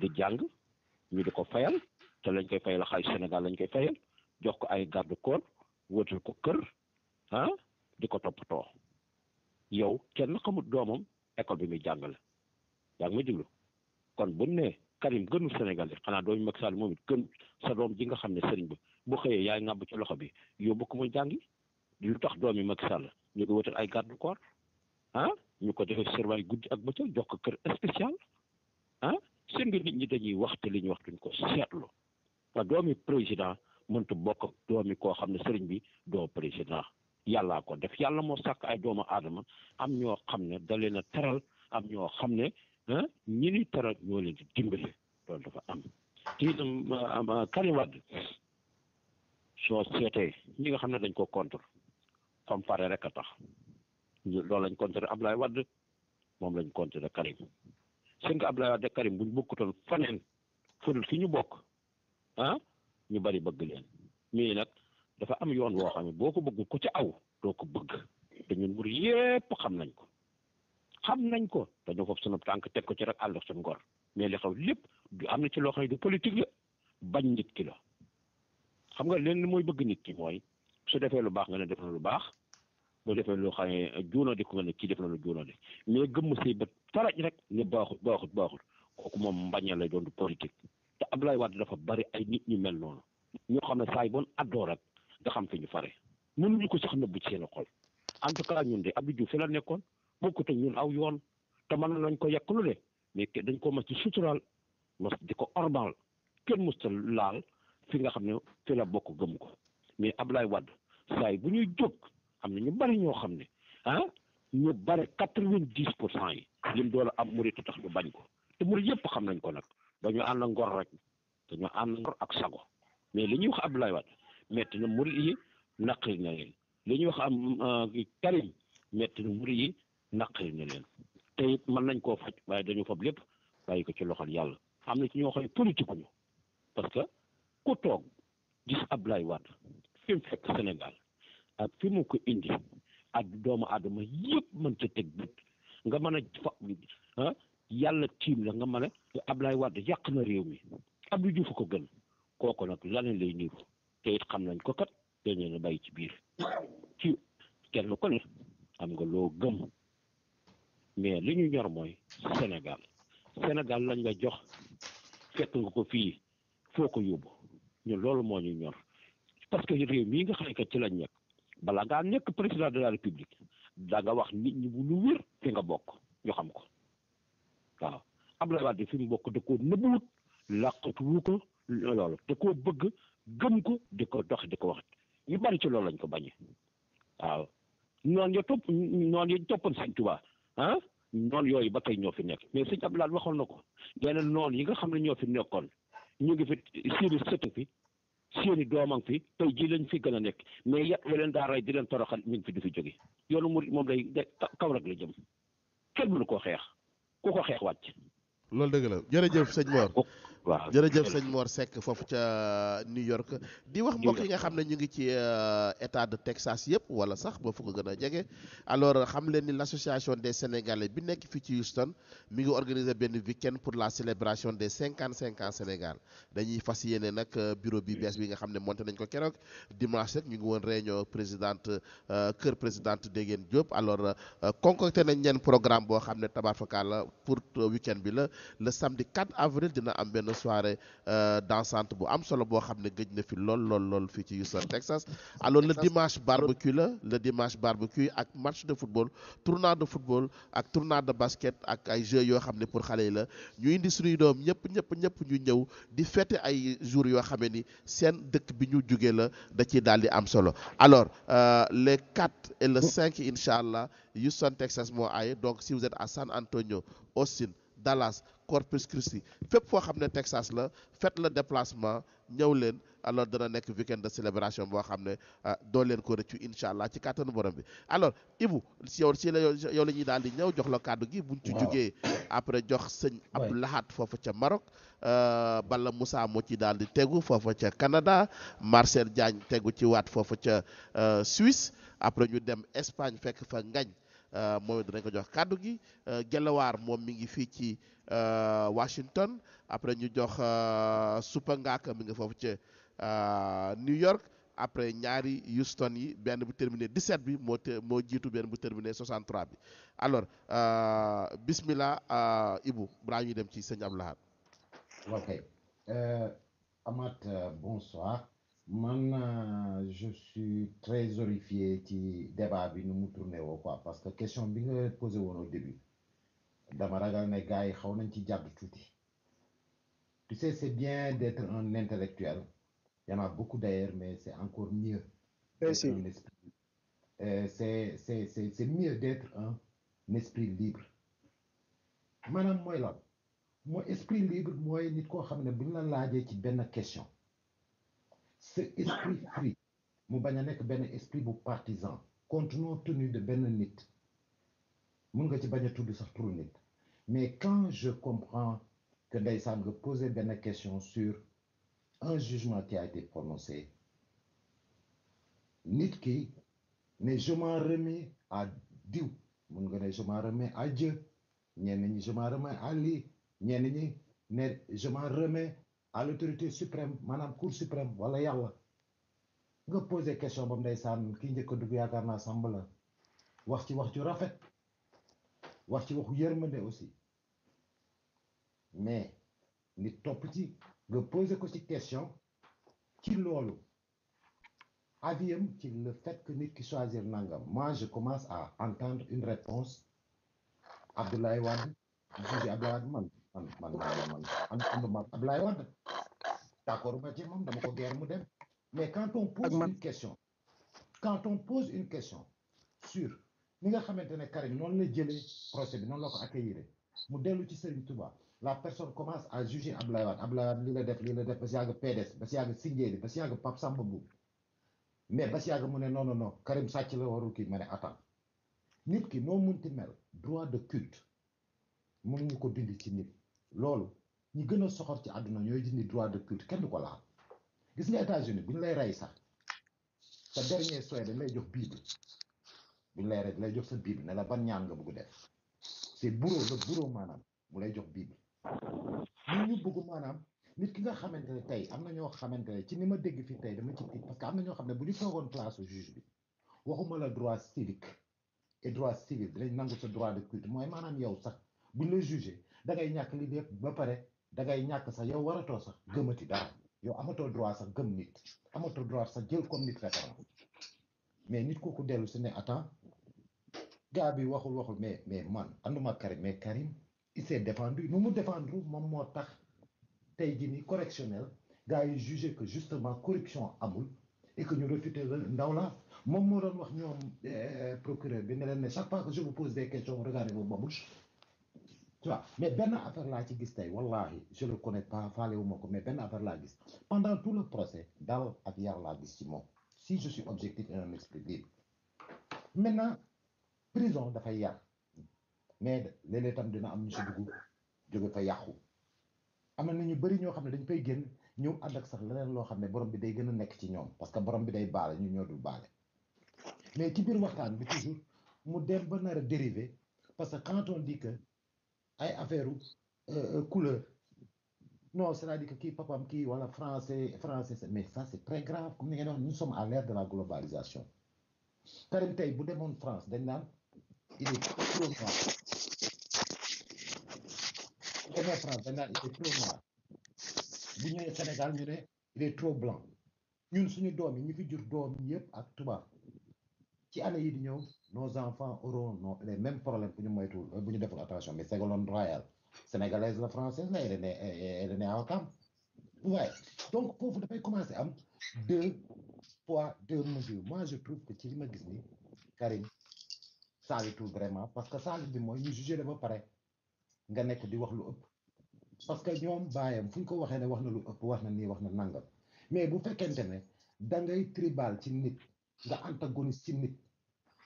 di jàng ñu di ko fayal te lañ koy fayal xaalis Sénégal lañ koy fayal jox ko ay garde corps wëtal ko kër ah, di ko toppatoo yow kenn xamut doomam école bi muy jàngale yaa ngi ma jublu kon bu ne Karim gënul Sénégalais xanaa doomu Macky Sall moom it gën sa doom ji nga xam ne sëriñ ba bu xëyee yaay ŋàbb ci loxo bi yóbbu ko mu jàngi lu tax doomi Macky Sall ñu ko wëtal ay garde corps ah, ñu ko defee surveille guddi ak bëccëg jox ko kër spécial ah seen nga nit ñi dañuy waxte li ñuy wax duñ ko seetlu te doomi président mënta bokk ak doomi koo xam ne sëriñ bi doo président yàllaa ko def yàlla moo sàkk ay doomu aadama am ñoo xam ne da na a teral am ñoo xam ne ah ñi ni toroot ñoo leen di dimbale loolu dafa am te itam ah, ah, ah, Karim Wade soo seetee ñi nga xam ne dañ koo contre comparé rek a tax loolu lañ contre Ablaye wadd moom lañ contre Karim sëñ ko Ablaye Wade Karim buñ bokkutoon faneen fëdul fi ñu bokk ah ñu bari bëgg leen mais nag dafa am yoon woo xam ne boo ko bëggul ku ci aw doo ko bëgg te ñun yépp xam nañ ko xam nañ ko dañoo foofu sunu tànk teg ko ci rek àll suñu ngor mais li xaw lépp du am na ci loo xam ne du politique la bañ nit ki la xam nga leen mooy bëgg nit ki mooy su defee lu baax nga ne def na lu baax boo defee loo xam ne juunoo di ko nga ne kii def na lu juunoo di mais gëmm si bët taraj rek ne baaxut baaxut baaxut kooku moom mbañee lay doon du politique te Abdoulaye Wade dafa bari ay nit ñu mel noonu ñoo xam ne saay bon addoo rek nga xam fi ñu fare ñu ko sax nëbbu seen xol en tout cas de Abdou la nekkoon bokkut ak ñun aw yoon te mën nañ ko yekk lu ne mais dañ ko mas di suturaal mas di ko ormal kenn ta laal fi nga xam ne fi la bokk gëm ko mais Ablaye Wade saay bu ñuy jóg am na ñu bari ñoo xam ne ah ñu bari quatre-vingt-dix pour cent yi lim doole am te tax ñu bañ ko te murit yëpp xam nañ ko nag dañu ànd ak ngor rek dañu ànd ngor ak sago mais li ñuy wax Ablaye Wade metti na murit yi naqari na leen li ñuy wax am euh, Karim metti na murit yi naqari na leen te it mën nañ koo faj waaye dañu fab lépp waaye ko ci loxol yàlla am na ci ñoo xam ne politique ñu parce que ku toog gis Ablaye Wade fi mu fekk Sénégal ak fi mu ko indi ak doomu aadama yëpp mën ca teg bët nga mën a fa ah, yàlla tiim la nga mën a Ablaye Wade yàq na réew mi Abdou Diouf ko gën kooku nag laneen lay niru te it xam nañ ko kat dañ leen bàyyi ci biir ci kenn ko ne am nga loo gëm mais li ñu ñor mooy Sénégal Sénégal lañ la jox fekk nga ko fii foo ko yóbbu ñun loolu moo ñu ñor parce que réew mii nga xam ci lañ nekk bala ngaa nekk président de la république da nga wax nit ñi bu lu wér fi nga bokk ñu xam ko waaw Abdoulaye Wade fi mu bokk da koo nëbbuwut làqatuwu ko loolu da koo bëgg gëm ko di ko dox di ko wax ñu bari ci loolu lañ ko bañee waaw noonu ya topp noonu ya toppoon Sëñ Tuubaa ah noon yooyu ba tey ñoo fi nekk mais sëñ Abdoulaye waxoon na ko yeneen noon yi nga xam ne ñoo fi nekkoon ñu ngi fi seeni sëtu fi seeni doomam fi tey jii lañ fi gën a nekk mais yat wi leen daa rey di leen toroxal mi ngi fi di fi jóge yoonu murit moom day day kaw rek la jëm kenn mënu koo xeex ku ko xeex wàcc. loolu dëgg la jërëjëf sëñ Mor. waaw jërëjëf sëñ Mor Seck foofu ca euh, New York. di wax mbokk yi nga xam ne ñu ngi ci euh, état de Texas yëpp wala sax boo fu ko gën a jege. alors xam leen ni l' association des sénégalais bi nekk fii ci Houston mi ngi organiser benn week-end pour la célébration des cinquante cinq ans Sénégal dañuy fas yéene nag euh, bureau bi bees bi nga xam ne monté nañ ko keroog dimanche rek ñu ngi woon réunion présidente kër présidente Dégène Diop alors concocté nañ leen programme boo xam ne tabaar fakala pour week-end bi la le samedi dina am benn. soirée euh, dansante bu am solo boo xam ne gëj na fi lool lool lool fii ci Houston Texas alors le dimanche barbecue la le dimanche barbecue ak match de football tournoi de football ak tournoi de basket ak ay jeux yoo xam ne pour xale yi la ñu indi suñuy doom ñëpp ñëpp ñëpp ñu ñëw di fête ay jours yoo xamee ni seen dëkk bi ñu jugee la da ciy daal di am solo alors euh, les 4 le 5 incha allah Houston Texas moo aaye donc si vous êtes à San Antonio Austin Dallas Corpus Christi fépp foo xam ne Texas la fet la déplacement ñëw leen alors dana nekk weekend de célébration boo xam ne ah, doo leen ko rëccu incha allah ci kàttanu borom bi alors Ibou si yow si la yow la ñuy daal di ñëw jox la kàddu gi. buñ ci jugee après jox sëñ Abdou Lahad foofa ca Maroc. Euh, bala Moussa moo ci daal di tegu foofa ca Canada Marcel Diagne tegu ci waat foofa ca euh, Suisse après ñu dem Espagne fekk fa Ngañ. Euh, moom it dinañ ko jox kàddu gi euh, Gelawaar moom mi ngi fii ci euh, Washington après ñu jox Supa Ngaaka mi nga foofu ca New York après ñaari Houston yi benn bu terminé 17 bi moo te moo jiitu benn bu terminé bi alors bismillah Ibou balaa ñuy dem ci sëñ Abdoul Ahad ok bonsoir. man eh, je suis très horrifié ci débat bi nu mu tourné woo parce que question bi nga posé woon au début dama ragal ne gars yi xaw nañ ci jàdd tuuti tu sais c'est bien d'être un intellectuel il y beaucoup d'ailleurs mais c'est encore mieux merci un esprit eh, c'est c'est c'est c'est mieux d'être un esprit libre maanaam mooy lan mooy esprit libre mooy nit koo xam ne bu ñu la laajee ci benn question ce esprit free mu bañ a nekk benn esprit bu partisan compte tenu de benn nit mun nga ci bañ a tudd sax turu nit mais quand je comprends que ndeysaan nga poser benn question sur un jugement qui a été prononcé nit ki ne je m'en remets à diw mun nga ne je m'en remets à Dieu ñenn ñi je m'en remets à lii ñenn ñi ne à l'autorité suprême maanaam cour suprême wala yàlla nga posé question ba mu ndeysaan kii njëkk a dugg yaakaar naa sàmb wax ci wax ju rafet wax ci waxu yërmande aussi mais nit topp ci nga posé ko ci question ci loolu aviam ci le fait que nit ki choisir nangam moi je commence à entendre une réponse Abdoulaye Wade jugé Abdoulaye Wade man man man man man ànduma Abdoulaye Wade ma ci moom dama ko guerre mu dem mais quand on pose une question quand on pose une question sur ni nga xamante ne Karim noonu la jële procès bi noonu la ko accueillir mu dellu ci Serigne Touba la personne commence à juger ab Wade Abdoulaye Wade lii la def lii la def ba si yàgg PDS ba si yàgg Sindiély ba si yàgg Pape Samba Mboup mais ba si yàgg mu ne non non non Karim sàcc la warul kii ma ne attends nit ki noo munti mel droit de culte mënuñu ko dindi ci nit loolu ñi gën a soxor ci àdduna ñooy dindi droit de culte kenn du ko laal gis nga États-Unis bu ñu lay rey sax sa dernier souhait dañ lay jox bible bu ñu lay rey dañ lay jox sa bible ne la ban ñaan nga bëgg def c'est bureau la bureau maanaam mu lay jox bible ñun ñu bëgg maanaam nit ki nga xamante ne tey am na ñoo xamante ne ci ni ma dégg fii tey dama ci tiit parce que am na ñoo xam ne bu ñu toogoon place juge bi waxuma la droit civique et droit civil dinañ nangu sa droit de culte mooy maanaam yow sax buñ la jugé dangay ñàkk li lépp ba pare dangay ñàkk sax yow waratoo sax gëmati dara yow amatoo droit sax gëm nit amatoo droit sax jël comme nit référence mais nit kooku dellu si ne attends gars bi waxul waxul mais mais man anduma Karim mais Karim il s'est défendu nu mu défendre moom moo tax tey jii nii correctionnel gars yi jugé que justement corruption amul et que ñu refuté ndaw la moom moo doon wax ñoom eh, procureur bi ne leen ne chaque fois que je pose des questions tu mais benn affaire laa ci gis tey wallahi je le connais pas faale wu ko mais benn affaire laa gis pendant tout le procès dal ak yar laa gis ci moom si je suis objectif et un esprit libre maintenant prison dafay yar mais léeg tam dina am ñu si dugg jóge fa yàqu am na ñu bëri ñoo xam ne dañ fay génn ñëw ànd ak sax leneen loo xam ne borom bi day gën a nekk ci ñoom parce que borom bi day baale ñu ñoo dul baale mais ci biir waxtaan bi toujours mu ba nar a dérivé parce que quand on dit ay affaire euh, euh, couleur non c'est-à-dire que kii papam kii wala français français mais ça c'est très grave comme ni ngeen wax nous sommes à l'ère de la globalisation Karim tey bu demoon France dañ naan il est trop noir bu demee ñëwee Sénégal ñu ne il est trop blanc ñun suñu doom yi ñu fi jur doom yëpp ak tubaab ci année yi di ñëw nos enfants auront non, les mêmes problèmes bu ñu deful attention mais Ségolène Royal sénégalaise la française la elle est née elle est née à waaye donc foofu dafay commencer am deux poids deux mesures moi je trouve que ci li ma gis ni Karim saalitul vraiment parce que saalit bi mooy ñu jugé la ba pare nga nekk di wax lu ëpp parce que ñoom bàyyam fu ñu ko waxee ne wax na lu ëpp wax na nii wax na nangam mais bu fekkente ne da tribal ci nit nga antagoniste ci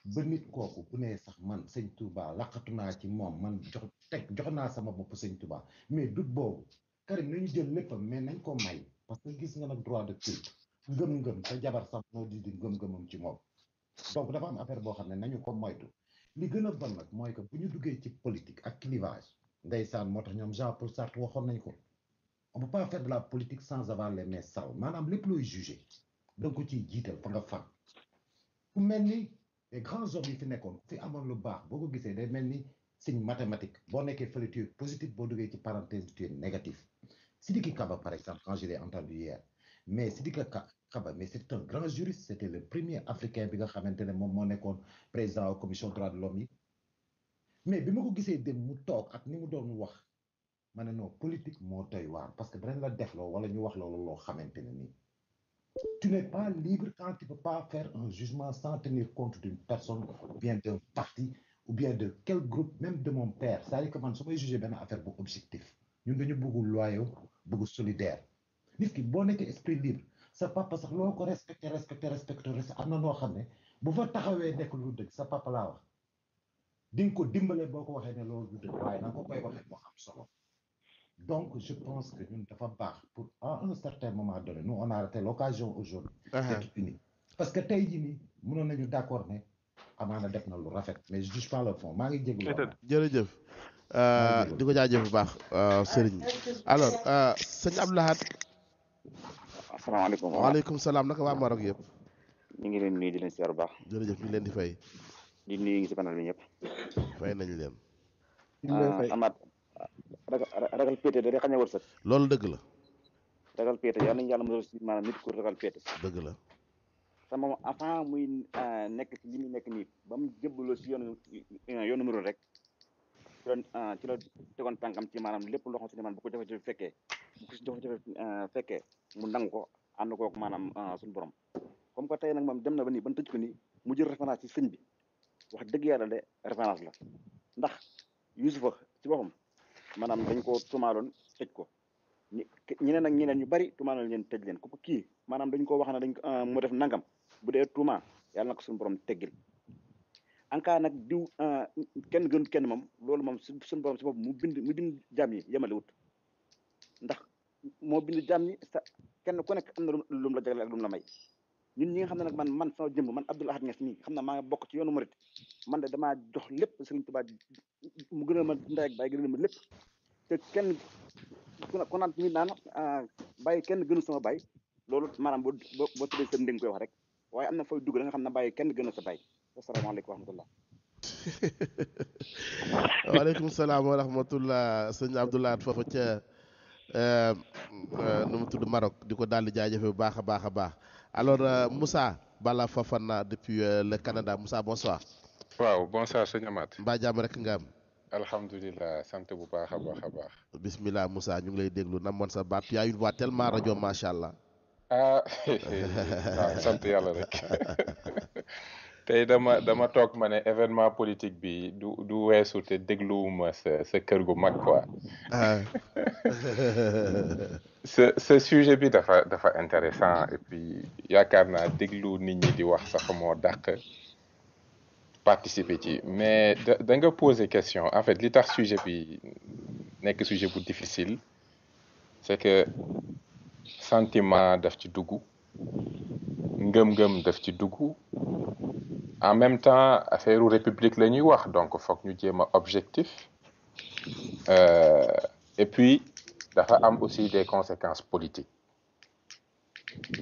ba nit kooku bu nee sax man sëñ Touba laqatu naa ci moom man jox teg jox naa sama bopp sëñ Touba mais dut boobu Karim nañu jël léppam mais nañ ko may parce que gis nga nag droit de culte ngëm-ngëm sa jabar sax noo di di ngëm-ngëmam ci moom donc dafa am affaire boo xam ne nañu ko moytu li gën a bon nag mooy que bu ñu duggee ci politique ak clivage ndeysaan moo tax ñoom Jean Paul Sartre waxoon nañ ko bu peut pas de la politique sans avoir les mains sales maanaam lépp looy jugé da nga ko jiital fa nga far les grands hommes yi fi nekkoon fi amoon lu baax boo ko gisee day mel ni signe mathématique boo nekkee fële tu positif boo duggee ci parenthèse tu es négatif Sidiki Kaba par exemple quand je l'ai entendu hier mais Sidiki Kaba mais c'est grand juriste c'était le premier africain bi nga xamante ne moom moo nekkoon président commission droits de l'homme yi mais bi ma ko gisee dem mu toog ak ni mu doon wax ma ne non politique moo doy waar parce que danañ la def wala ñu wax loolu loo xamante ne nii Tu n'es pas libre quand tu ne pas faire un jugement sans tenir compte d'une personne, ou bien d'un parti, ou bien de quel groupe, même de mon père. C'est-à-dire que man su may jugé benn affaire bu objectif ñun dañu bëgg loyaux bëgg solidaire nit ki boo nekkee esprit libre sa papa sax loo ko respecté respecté respecté am na noo xam ne bu fa taxawee nekk lu dëgg sa papa laa wax di nga ko dimbalee boo ko waxee ne loolu du dëgg waaye ko koy waxee moo am solo. Donc, je pense que nous devons part pour, à un certain moment donné, nous, on a raté l'occasion aujourd'hui ah ah. d'être unis. Parce que Taïdini, nous sommes d'accord, mais amaana def na lu rafet mais je juge pas le fond maa ngi jégalu. jërëjëf euh, di ko jaajëf bu baax euh, ah, Serigne alors euh, sëñ Abdou Lahad. asalaamaaleykum waaleykum salaam naka waa Maroc yëpp. ñu ngi leen nuyu di leen siyaar bu baax. jërëjëf ñu ngi leen di fay. di nuyu ngi si fay nañu leen. amaat ragal péete da day xañ a wërsëg loolu dëgg la ragal péete yal nañu yàlla mos si maanaam nit ku ragal péete dëgg la te moom avant muy euh, nekk ci li muy nekk nii ba mu jëbbaloo si yoonu yoonu murid rek ci la euh, ci la tegoon tànkam ci maanaam lépp loo xam si ne maanaam bu ko jafe-jafe fekkee bu ko si jafe-jafe euh, fekkee mu nangu ko ànd koog maanaam suñu borom comme que tey nag moom dem na ba nii ban tëj ko nii mu jël référence ci sëñ bi wax dëgg yàlla de référence la ndax Yusufa ci boppam maanaam dañ ko tumaaloon tëj ko ñeneen ak ñeneen ñu bari tumaaloon leen tëj leen ku kii maanaam dañ ko wax ne dañ ko ah, moo def nangam bu dee tuuma yàlla na ko suñu borom teggil en nag diw ah, kenn gënut kenn moom loolu moom suñu borom si bopp mu bind mu bind jaam yi yemale ndax moo bind jaam yi sa kenn ku nekk am na lu la jagleel ak lu mu la may ñun ñi nga xam ne nag man man soo jëmm man Abdoul Ahad Niass mii xam ne maa ngi bokk ci yoonu murit man de damaa jox lépp Sëriñ Tuubaa mu gënal ma ndey ak bàyyi gënal ma lépp te kenn ah, kenn gënu sama bàyyi loolu maanaam boo boo koy wax rek waaye na fooy dugg da nga xam ne bàyyi kenn gënu sa bàyyi asalaamaaleykum wa rahmatullah waaleykum salaam wa rahmatullah sëñ Abdoul Ahad foofu eh, eh, mu tudd Maroc di ko daal di jaajëfe bu baax a baax a baax alors euh, Moussa Bala Fofana depuis euh, le Canada Moussa bonsoir. waaw bonsoir sëñ Amath. mbaa jàmm rek nga sant bu baax a baax a baax. bismillah Moussa ñu ngi lay déglu namoon sa baat yaa une voix tellement rajo macha allah. ah sant yàlla rek. tey dama dama toog ma ne événement politique bi du du weesu te dégluwuma sa sa kër gu mag quoi. Ah. ce ce sujet bi dafa dafa intéressant et puis yaakaar naa déglu nit ñi di wax sax moo dàq participer ci mais da da nga poser question en fait li tax sujet bi nekk sujet bu difficile c'est que sentiment def ci dugg. ngëm-ngëm daf ci duggu en même temps affaire république la ñuy wax donc foog ñu jéem a objectif euh, et puis dafa am aussi des conséquences politiques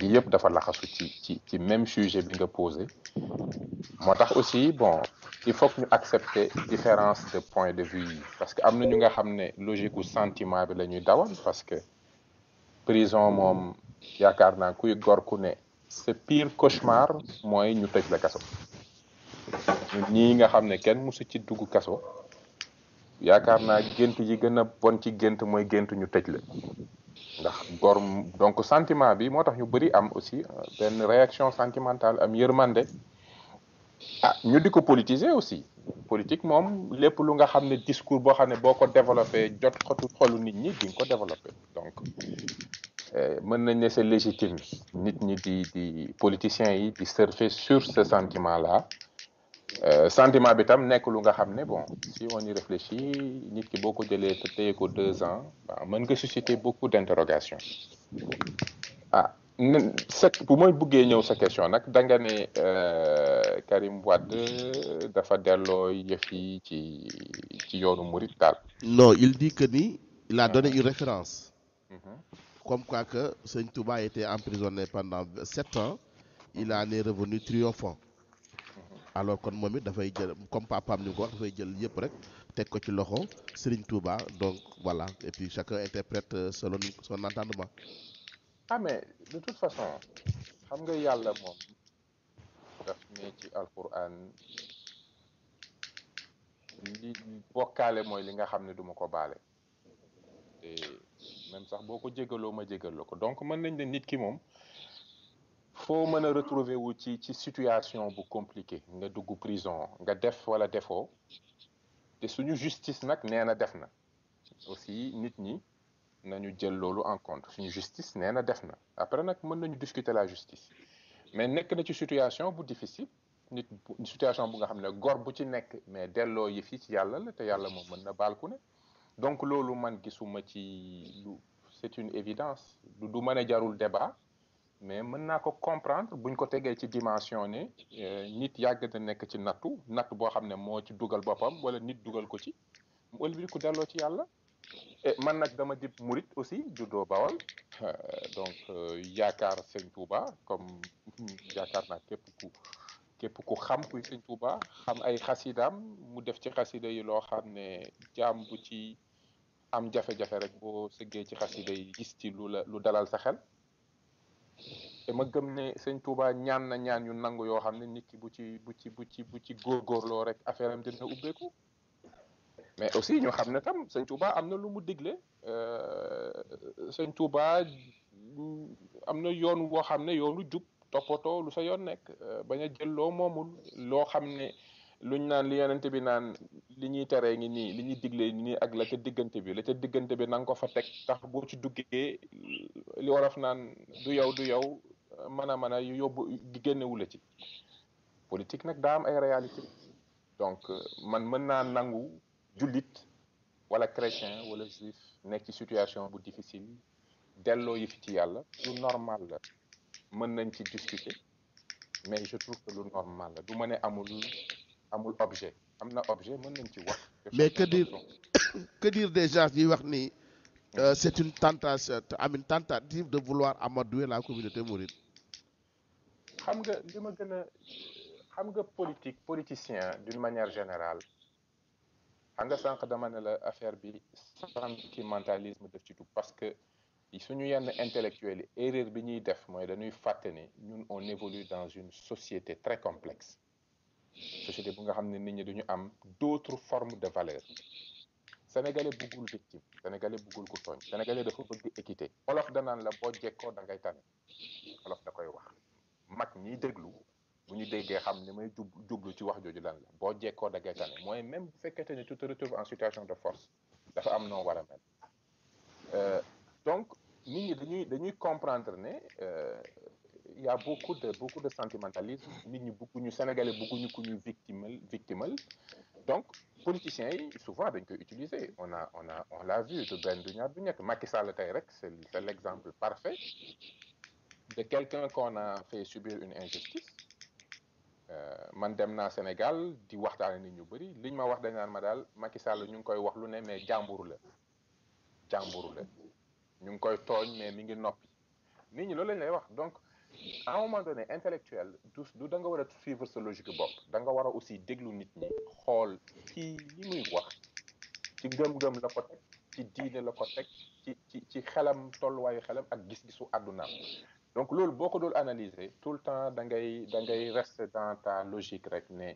yi yëpp dafa laxasu ci ci ci même sujet bi nga posé moo tax aussi bon il faut que ñu accepter différence de point de vue yi parce que am na ñu nga xam ne logique ou sentiment bi la ñuy dawal parce que prison moom yaakaar naa kuy gor ku ne sa pire cauchemar mooy ñu tëj la kaso ñii nga xam ne kenn mosu ci dugg kaso yaakaar naa gént yi gën a bon ci gént mooy gént ñu tëj la ndax gor donc sentiment bi moo tax ñu bëri am aussi euh, benn réaction sentimentale am yërmande ah ñu di ko politiser aussi politique moom lépp lu nga xam ne discours boo xam ne boo ko développé jot xotu xolu nit ñi di ko développé donc Eh, mën nañ ne c'est légitime nit ñi di di politiciens yi di surfer sur ce sentiment là eh, sentiment bi tam nekk lu nga xam ne bon si on y réfléchit nit ki boo ko jëlee te téye ko deux ans mën nga susciter beaucoup d'interrogations ah sa bu mooy buggee ñëw sa question nag da nga ne eh, Karim Wade dafa delloo yëf yi ci ci yoonu murit daal non il dit que ni il a donné ah. une référence mhm. comme quoi que Seigne Touba était emprisonné pendant sept ans il revenu triomphant alors kon moom it dafay jël comme papaam ni mu ko wax dafay jël yëpp rek teg ko ci loxo Serigne Touba donc voilà et puis chacun interprète euh, selon son entendement. ah mais de toute façon xam nga yàlla moom daf ne ci alquran li bokkaale mooy li nga xam ne duma ko baale même sax boo ko jégaloo ma jégal la ko donc mën nañ ne nit ki moom foo mën a retrouver wu ci ci situation bu compliquée nga dugg prison nga def wala defoo te suñu justice nag nee na def na aussi nit ñi ñu jël loolu en compte suñu justice nee na def na après nag mën nañu discuter la justice mais nekk na ci situation bu difficile nit situation bu nga xam ne gor bu ci nekk mais delloo yëf yi ci yàlla la te yàlla moom mën na baal ku ne donc loolu man gisuma ci lu c'est une évidence du du mën a jarul débat mais mën naa ko comprendre buñ ko tegee ci dimension ne euh, nit yàgg na nekk ci nattu natt boo xam ne moo ci dugal boppam wala nit dugal ko ci mu ëlbiri ku ci yàlla man nag dama dib murit aussi juddoo bawal euh, donc euh, yaakaar sëñ Touba comme yaakaar naa képp ku képp ku xam kuy sëñ Touba xam ay xasidaam mu def ci xasida yi loo xam ne jaam bu ci am jafe-jafe rek boo sëggee ci xasida yi gis ci lu la lu dalal sa xel te ma gëm ne sëñ Touba ñaan na ñaan yu nangu yoo xam ne nit bu ci bu ci bu ci bu ci góorgóorloo rek affaire am dina ubbeeku mais aussi ñoo xam ne tam sëñ Touba am na lu mu digle euh, sëñ Touba am na yoon woo xam ne yoonu jub toppatoo lu sa yoon nekk euh, bañ a jël loo moomul loo xam ne luñ naan li yonente bi naan li ñuy teree ngi nii li ñuy diglee nii ak la ca diggante bi la ca diggante bi na nga ko fa teg tax boo ci duggee li waraf naan du yow du yow mën a mën a yóbbu génnewu la ci politique nag daa am ay réalité donc man mën naa nangu jullit wala chrétien wala juif nekk ci situation bu difficile delloo yi fi ci yàlla lu normal la mën nañ ci discuter mais je trouve que lu normal la du ma ne amul amul objet am na objet mën nañ ci wax. mais que dire que dire des gens yi wax ni euh, mm. c'est une tentation am une tentative de vouloir amadouer la communauté mouride. xam nga li ma gën a xam nga politique politicien d'une manière générale xam nga sànq dama ne la affaire bi sentimentalisme def ci dugg parce que suñu yenn intellectuels yi erreur bi ñuy def mooy dañuy fàtte ni ñun on évolue dans une société très complexe. société bu nga xam ne nit ñi duñu am d'autres formes de valeur sénégalais bëggul victime sénégalais bëggul ku tooñ sénégalais dafa bëgg équité olof danaan la boo jekkoo da ngay tane olof da koy wax mag ñiy déglu bu ñu déggee xam ni may jub jublu ci wax jooju lan la boo jekkoo da ngay tane mooy même bu fekkente ne tu te retrouves en situation de force dafa am noo war mel euh, donc nit ñi dañuy dañuy comprendre ne euh, il y a beaucoup de beaucoup de sentimentalisme nit ñi bëgguñu sénégalais bëgguñu ku ñu victimal victimal donc politiciens yi souvent dañ koy utiliser on a on a on l'a vu du benn du ñaar du ñett Macky Sall tey rek c'est c'est l'exemple parfait de quelqu'un qu'on a fait subir une injustice euh, man dem naa Sénégal di waxtaan waxtaane nit ñu bëri liñ ma wax dañ naan ma daal Macky Sall ñu ngi koy wax lu ne mais jàmbur la jàmbur la ñu ngi koy tooñ mais mi ngi noppi nit ñi loolu lañ lay wax donc à un moment donné intellectuel du danga da war a suivre sa logique bopp danga nga war a aussi déglu nit ñi xool ci li muy wax ci gëm-gëm la ko teg ci diine la ko teg ci ci ci xelam tolluwaayu xelam ak gis-gisu àddunaam donc loolu boo ko dul analyser tout le temps da ngay da ngay rester dans ta logique rek ne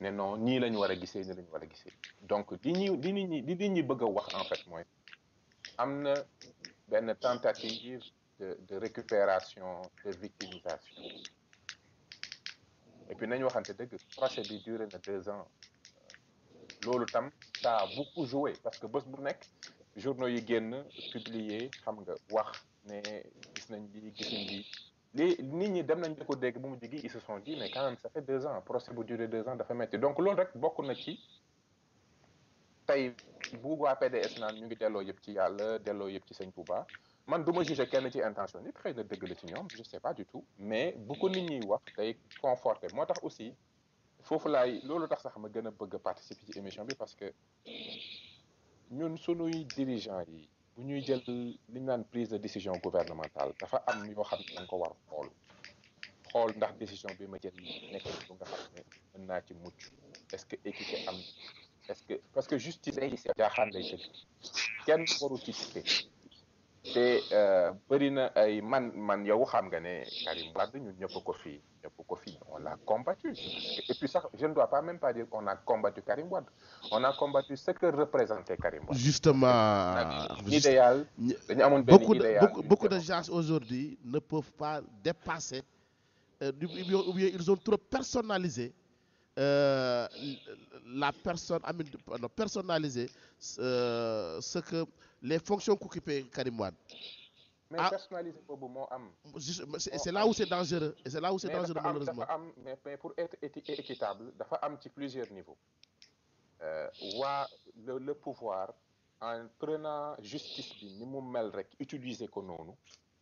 ne non nii la ñu war a gisee nii la ñu war a gisee donc di ñuy li ñii ñi li nit bëgg a wax en fait mooy am na benn tentative de, de récupération de victimisation et puis nañu waxante dëgg procès bi duré na deux ans loolu tam ça a beaucoup joué parce que bés bu nekk journaux yi génn publier xam nga wax ne gis nañ lii gis nañ lii lii nit ñi dem nañ di ko dégg bu mu jigi ils se sont dit mais quand même ça fait deux ans procès bu duré deux ans dafa metti donc loolu rek bokk na ci tey bu waa PDS naan ñu ngi delloo yëpp ci yàlla delloo yëpp ci sañ Touba man du ma jugé kenn ci intention nit xëy na dëgg la ci ñoom je sais pas du tout mais bu ko nit ñuy wax day conforté moo tax aussi foofu laay loolu tax sax ma gën a bëgg a participer ci émission bi parce que ñun sunuy dirigeant yi bu ñuy jël li ñu naan prise de décision gouvernementale dafa am yoo xam ne da ko war xool xool ndax décision bi ma jël nekk bu nga xam ne naa ci mucc est-ce que équité am est-ce que parce que justice jaaxaan lay dëgg kenn waru ci te eh, bëri na ay man man yow xam nga ne Karim Wade ñun ñëpp ko fi ñëpp ko fi on l'a combattu et puis sax je ne dois pas même pas dire on a combattu Karim Wade on a combattu ce que représentait Karim Wade. justement idéal dañu amoon benn idéal beaucoup beaucoup de gens aujourd'hui ne peuvent pas dépasser euh, ou bien ils ont trop personnalisé. euh, la personne Amin non, personnaliser euh, ce que les fonctions qu'occupait Karim Wade. mais ah, moo am. c'est là où c'est dangereux et c'est là où c'est dangereux malheureusement. dafa mais pour être équitable dafa am ci plusieurs niveaux. Euh, waa le, pouvoir en prenant justice bi ni mu mel rek utiliser ko noonu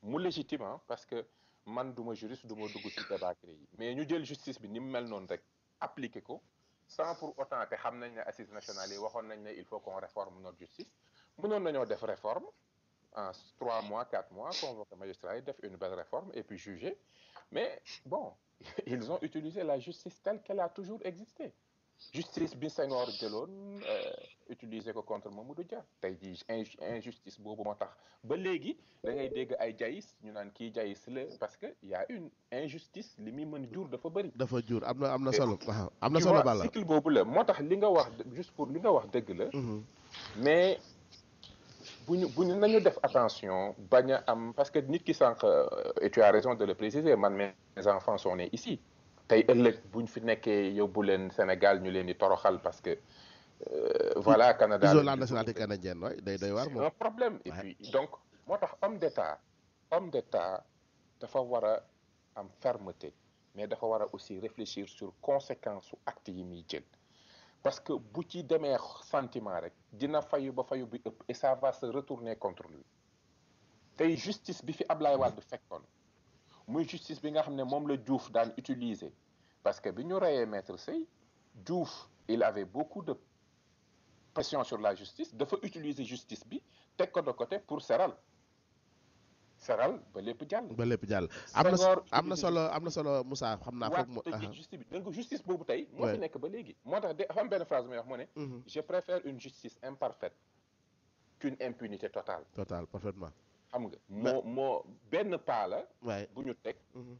mu légitimement parce que man duma juriste duma dugg ci débat yi mais ñu jël justice bi ni mu mel noonu rek. appliquer ko sans pour autant que xam nañ ne assises nationales yi waxoon nañ ne il faut qu'on réforme notre justice mënoon nañoo def réforme en trois mois quatre mois convoqué magistrat yi def une belle réforme et puis juger mais bon ils ont utilisé la justice telle qu'elle a toujours existé justice bi Senghor jëloon euh, utiliser ko contre moom Mamadou Dia tey jii injustice boobu moo tax ba léegi da dégg ay jayis ñu naan kii jayis la parce que y a une injustice li muy mën jur dafa bëri. dafa jur am na am na solo. am na solo bala cycle boobu la moo tax li nga wax juste pour li nga wax dëgg la. Mhm. mais bu ñu bu nañu def attention bañ a am parce que nit ki sànq euh, et tu raison de le préciser man mes enfants sont nés ici. tey ëllëg ñu fi nekkee yóbbu leen Sénégal ñu leen di toroxal parce que euh, voilà Canada la nationalité canadienne waay day doy waar moom un problème et donc moo tax homme d'état homme d'état dafa war a am fermeté mais dafa war a aussi réfléchir sur conséquence su acte yi muy jël parce que bu ci demee sentiment rek dina fayu ba fayu bi ëpp et ça va se retourner contre lui tey justice bi fi Ablaye Wade fekkoon muy justice bi nga xam ne moom la Diouf daan utiliser parce que bi ñu reyee maître Sey Diouf il avait beaucoup de pression sur la justice dafa utiliser justice bi teg ko de côté pour seral seral ba lépp jàll. ba lépp jàll am na am na solo am na solo Moussa xam naa. foog mu waaw justice boobu tey. moo fi nekk ba léegi. moo tax de xam benn phrase may wax moo ne. Mhm. je préfère une justice imparfaite qu'une impunité totale. parfaitement. xam nga moo moo benn pas la. bu ñu teg. Mhm.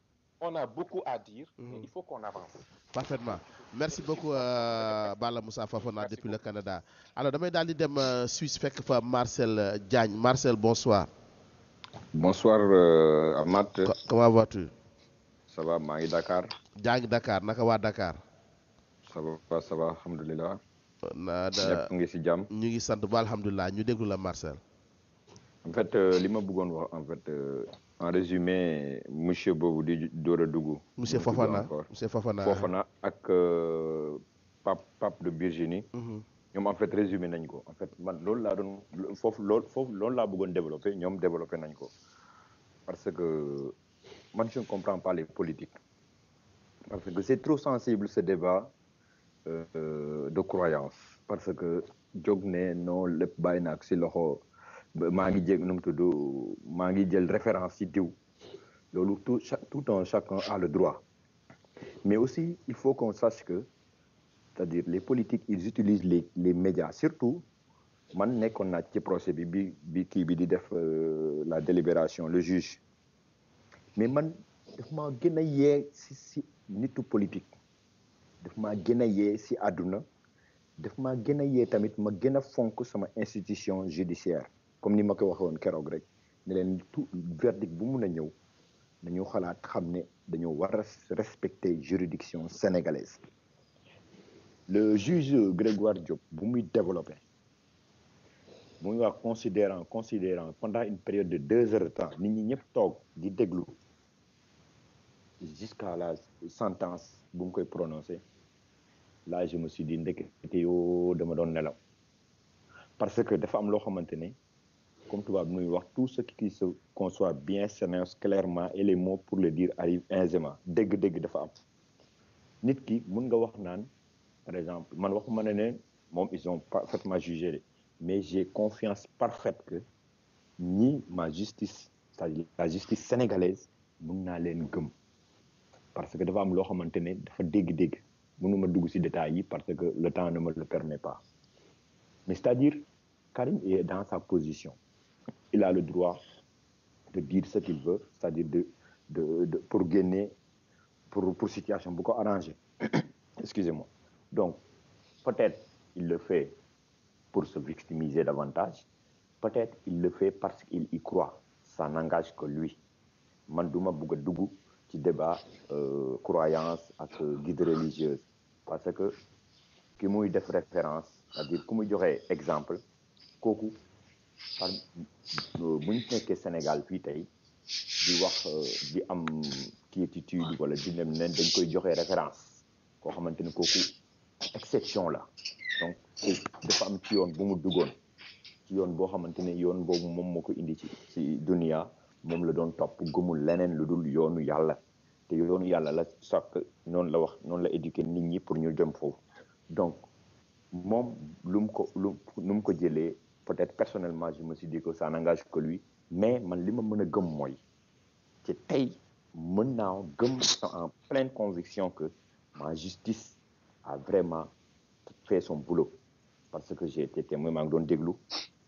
a beaucoup mhm. parfaitement merci beaucoup euh, Balla Moussa Fafana depuis le Canada. alors damay daal di dem euh, Suisse fekk fa Marcel euh, Diagne Marcel bonsoir. bonsoir Amath. comment vas-tu. ça va maa ngi Dakar. Diagne Dakar naka waa Dakar. ça va alhamdulilah. naa da ngi si jàmm. ñu ngi sant ba alhamdulilah ñu déglu la Marcel. en fait euh, li ma bëggoon wax en fait euh, en résumé monsieur boobu di door a dugg. monsieur Fofana monsieur Fofana ak euh, Pape Pape de Virginie. Mhm. ñoom en fait résumé nañ ko en fait man loolu la doon foofu loolu foofu loolu bëggoon développé ñoom développé nañ ko parce que man je ne comprends pas les politiques parce que c'est trop sensible ce débat de croyance parce que jog ne non lépp bàyyi na ak si loxo. maa ngi jég nu tudd maa ngi jël référence ci diw loolu tout tout un chacun a le droit mais aussi il faut qu'on sache que c'est-à-dire les politiques ils utilisent les les médias surtout man nekkoon naa ci procès bi bi bi kii bi di def euh, la délibération le juge mais man daf maa gën a yee si si nitu politique def maa gën a yee si àdduna def maa gën a yee tamit ma gën a fonk sama institution judiciaire comme ni ma ko waxee woon keroog rek ne leen tout verdict bu mun a ñëw nañu xalaat xam ne dañoo war a respecte juridiction sénégalaise le juge Grégoire Diop bu muy développé muy wax considérant considérant pendant une période de deux heures de temps nit ñi ñëpp toog di déglu jusqu'à la sentence bu mu koy prononcé là je me suis dit ndekete yoo dama doon nelaw parce que dafa am loo xamante ni comme tubaab nuy wax tout ce qui se conçoit bien semence clairement et les mots pour le dire arrivent aisément dégg-dégg dafa am nit ki mun nga wax naan par exemple man waxuma ne ne moom ils ont parfaitement jugé mais j'ai confiance parfaite que ni ma justice c'est-à-dire la justice sénégalaise mun naa leen gëm parce que dafa am loo xamante ne dafa dégg-dégg mënuma dugg ci détails yi parce que le temps ne me le permet pas mais c'est-à-dire dans sa position il a le droit de dire ce qu'il veut c'est-à-dire de pour génne pour pour situation bu ko arranger excusez-moi donc peut-être il le fait pour se victimiser davantage peut-être il le fait parce qu'il y croit sa n'engage que lui man duma bëgg a dugg ci débat euh, croyance ak euh, guide religieuse parce que ki muy def référence c'est-à-dire ku muy joxe exemple kooku par euh, bu ñu nekkee Sénégal fii tey di wax euh, di am quiétude wala di nem dañ koy joxee référence koo xamante ni kooku exception la donc dafa am ci yoon bu mu duggoon ci yoon boo xamante ne yoon boobu moom moo ko indi ci ci dunia moom la doon topp gëmul leneen lu dul yoonu yàlla te yoonu yàlla la sàkk noonu la wax noonu la éduqué nit ñi pour ñu jëm foofu donc moom lu ko lu ko jëlee peut-être personnellement je me suis dit que ça n'engage que lui mais man li ma mën a gëm mooy ci tey mën naa gëm en pleine conviction que ma justice a vraiment fait son boulot parce que j'ai été témoin maa ngi doon déglu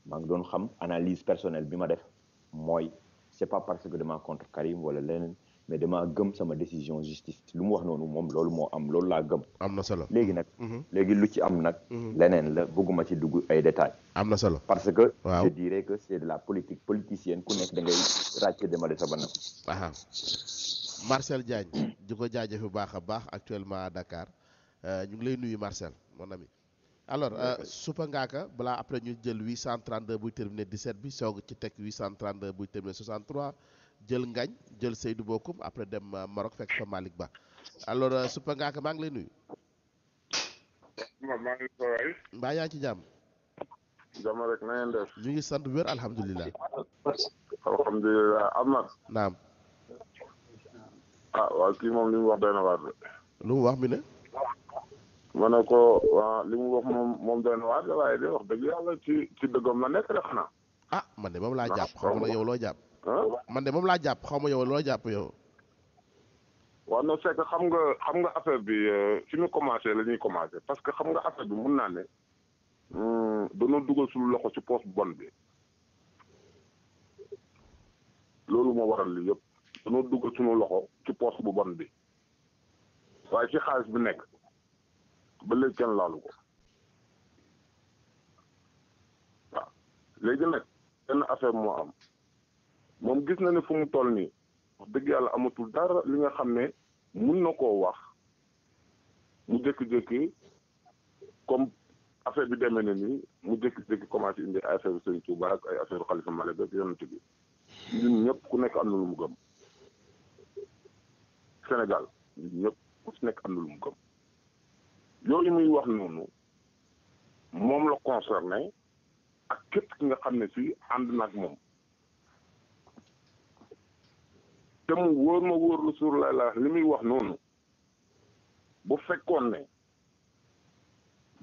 maa ngi doon xam analyse personnelle bi ma def mooy c'est pas parce que dama contre Karim wala leneen mais damaa gëm sama décision justice lu mu wax noonu moom loolu moo am loolu laa gëm. am na solo léegi nag. Mhm. léegi lu ci am nag. Mhm. leneen la bëgguma ci dugg ay détails. am na solo parce que. waaw je dirais que c' est de la politique politicienne ku nekk da ngay ràcc demale sa banam. aha Marcel Diagne di ko jaajëf bu baax a baax actuellement à Dakar euh, ñu ngi lay nuyu Marcel mon ami. alors euh, Soupa Ngaka balaa après ñu jël 832 buy terminé 17 bi soog ci teg 832 buy terminé 63. jël ngañ jël Seydou Bokoum après dem euh, Maroc fekk fa Malick Ba alors euh, Suppa Ngaaka maa ngi lay nuyu. mbaa yaa ci jàmm. jàmm rek na ngeen def. ñu ngi sant wér alhamdulilah. alhamdulilah Ahmad. naam. ah waaw kii moom li wax doy na waar de. lu mu wax mi ne. ma ne mu wax moom moom doy na waar de waaye de wax dëgg yàlla ci ci dëggam la nekk de xanaa. ah man de moom laa jàpp ah, xam nga yow loo jàpp. man de moom laa jàpp xaw ma yow loola jàpp yow. waaw non c'est xam nga xam nga affaire bi suñu euh, mu commencé la ñuy commencé parce que xam nga affaire bi mun naa ne hmm, dañoo dugal suñu loxo ci poche bon bi loolu moo waral li yëpp dañoo dugal suñu loxo ci poche bu bon bi waaye ci xaalis bi nekk ba léegi kenn laalu ko léegi nag benn affaire moo am. moom gis na ne fu mu toll nii wax dëgg yàlla amatul dara li nga xam ne mun na koo wax mu jëkk jékki comme affaire bi demee na nii mu jékki-jékki commencé indi ay affaire Sëriñ Tuuba ak ay affaire Xalifa Malik ak yonent bi ñun ñëpp ku nekk am na lu mu gëm Sénégal ñun ñëpp ku nekk am na lu mu gëm yooyu muy wax noonu moom la concerné ak képp ki nga xam ne si ànd na ak moom. te woor ma wóor lu suur lay la li muy wax noonu bu fekkoon ne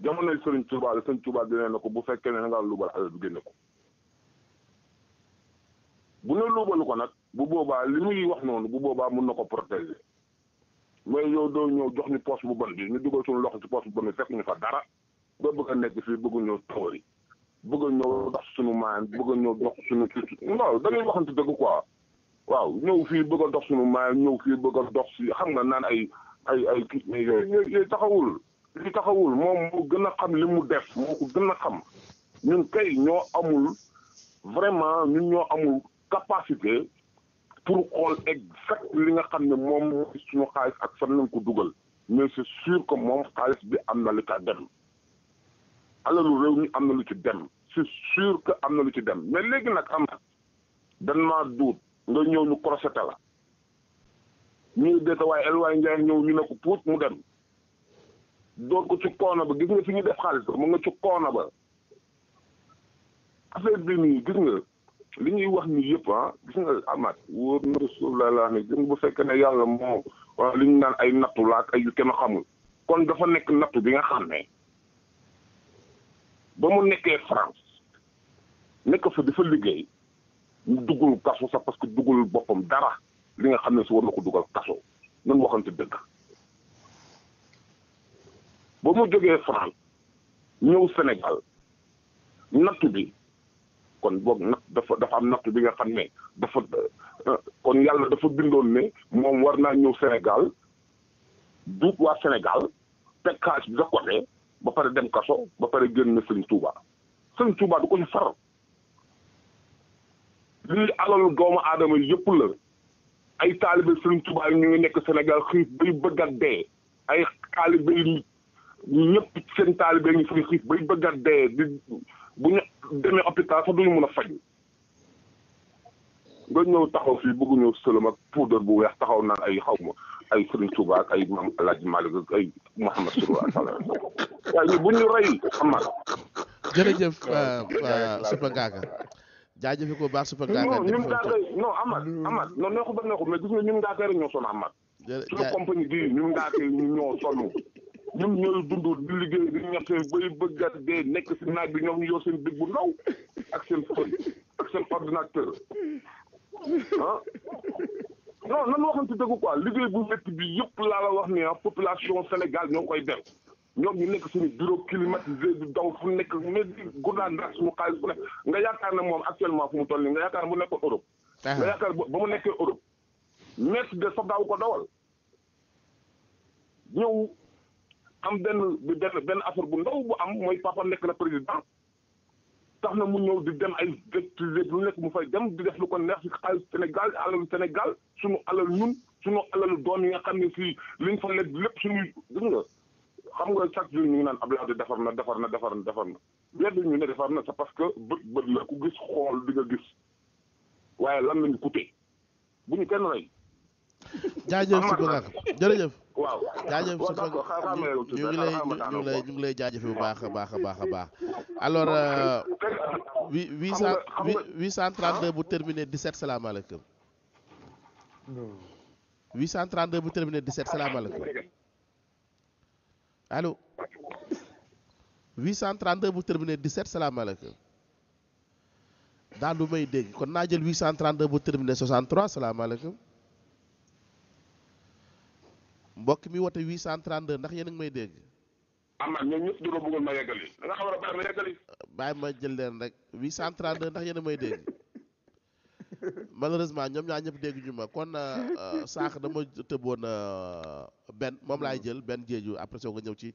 jamonoy Sëriñ Tuubaa la Sëriñ Tuubaa dina ne ko bu fekkee ne nga luubal alal du génne ko bu ne luubalu ko nag bu boobaa li muy wax noonu bu boobaa mun na ko protéger mooy yow doo ñëw jox ñu poche bu ban bi ñu dugal suñu loxo ci poche bu bon bi fekk ñu fa dara ba bëgg a nekk fii bëgg ñëw tawari bëgg ñëw sunu suñu maan bëgg ñëw dox suñu non dañuy waxante dëgg ko waaw ñëw fii bëgg a dox suñu maay ñëw fii bëgg a dox si xam nga naan ay ay ay kii mais yooyu yooyu taxawul li taxawul moom moo gën a xam li mu def moo ko gën a xam ñun kay ñoo amul vraiment ñun ñoo amul capacité pour li nga xam ne moom mooy suñu xaalis ak fan lañ ko dugal mais c'est sûr que moom xaalis bi am na lu ca dem alalu réew mi am na lu ci dem c'est sur que am na lu ci dem mais léegi nag am na dan maa duut nga ñëw ñu crocheté la ñu dégg waaye Elwaaye Ndiaye ñëw ñu ne ko puut mu dem door ko ci koona ba gis nga fi ñu def xaalis ba mu nga ci koona ba affaire bi nii gis nga li ñuy wax ni yëpp ah gis nga amaat wóor na suuf laa la ne gis bu fekkee ne yàlla moo waaw li ñu naan ay nattu la ak ay yu kenn xamul kon dafa nekk nattu bi nga xam ne ba mu nekkee France nekk fa dafa liggéey duggul kaso sax parce que duggul boppam dara li nga xam ne su war na ko dugal kaso nan waxante dëgg ba mu jógee France ñëw Sénégal nattu bi kon boog natt dafa dafa am nattu bi nga xam ne dafa euh, kon yàlla dafa bindoon ne moom war naa ñëw Sénégal du waa Sénégal teg kaas bi sa côté ba pare dem kaso ba pare génn Sëñ Touba Sëñ Touba du ko ci far lii alalu doomu aadama yépp la ay taalibe Sëriñ Tuubaa ñu ngi nekk Sénégal xiif bay bëgg dee ay taalibe ñëpp seen taalibe ñu fay xiif bay bëgg a dee bu ñu demee hôpital sax duñu mën a faj nga ñëw taxaw fii bëgg ñëw sëlëm ak poudre bu weex taxaw naan ay xaw ma ay Sëriñ Tuubaa ak ay maam El Hadj Malick ak ay Mouhamad Sula Sallam waaye ñu bu ñu rey Amar. jërëjëf Sopa Gaaga. jaajëfe ko baax su fekk daa ñun daa koy non Amath Amath non neexu ba neexu mais gis nga ñun daa koy rek ñoo sonn Amath suñu compagnie bii ñun daa koy ñoo sonn ñun ñooy dund di liggéey di ñaxte bay bëgg a dee nekk si naaj bi ñoom yor seen digg bu ndaw ak seen feuille ak seen ordinateur ah non nan waxante dëgg quoi liggéey bu métti bi yëpp laa la wax ni ah population Sénégal ñoo koy del ñoom ñu nekk suñu bureau climatisé du daw fu nekk mais di guddaan daal suñu xaalis bu nekk nga yaakaar ne moom actuellement mu toll nii nga yaakaar bu nekkoon Europe. Ah. nga ba mu nekkee Europe. mètre de ko dawal ñëw am benn benn benn affaire bu ndaw bu am mooy papa nekk na président tax na mu ñëw di dem ay vecteurs lu nekk mu fay dem di def lu ko neex ci xaalis Sénégal alalu Sénégal suñu alal ñun suñu alalu doom yi nga xam ne fii liñ fa lekk lépp suñuy gis nga. xam nga chaque jour ñu ngi naan Abdoulaye Wade defar na defar na defar na defar na léegi ñu ne defar na c'est parce que bët bët la ku gis xool di nga gis waaye lan lañu coûté bu ñu kenn rey. jaajëf Sukura jërëjëf. waaw jaajëf Sukura ñu ngi lay ñu bu baax a baax a baax a baax alors. Euh, huit huit cent huit cent trente deux bu terminé 17 salaamaaleykum. 832 bu terminé 17 salaamalekum allo 832 bu terminé 17 salaamaaleykum daal lu may dégg kon naa jël 832 bu terminé 63 salaamaaleykum mbokk mi wote 832 ndax yéen a ngi may dégg. am na ñoom ñëpp dina bëggoon ma yeggali. da nga xam ne baax na yeggali. bàyyi ma jël leen rek 832 ndax yéen a may dégg. malheureusement ñoom ñaar ñëpp dégguñu ma kon euh, euh, sànq dama tëboon euh, benn moom laay jël benn jeeju après soo nga ñëw ci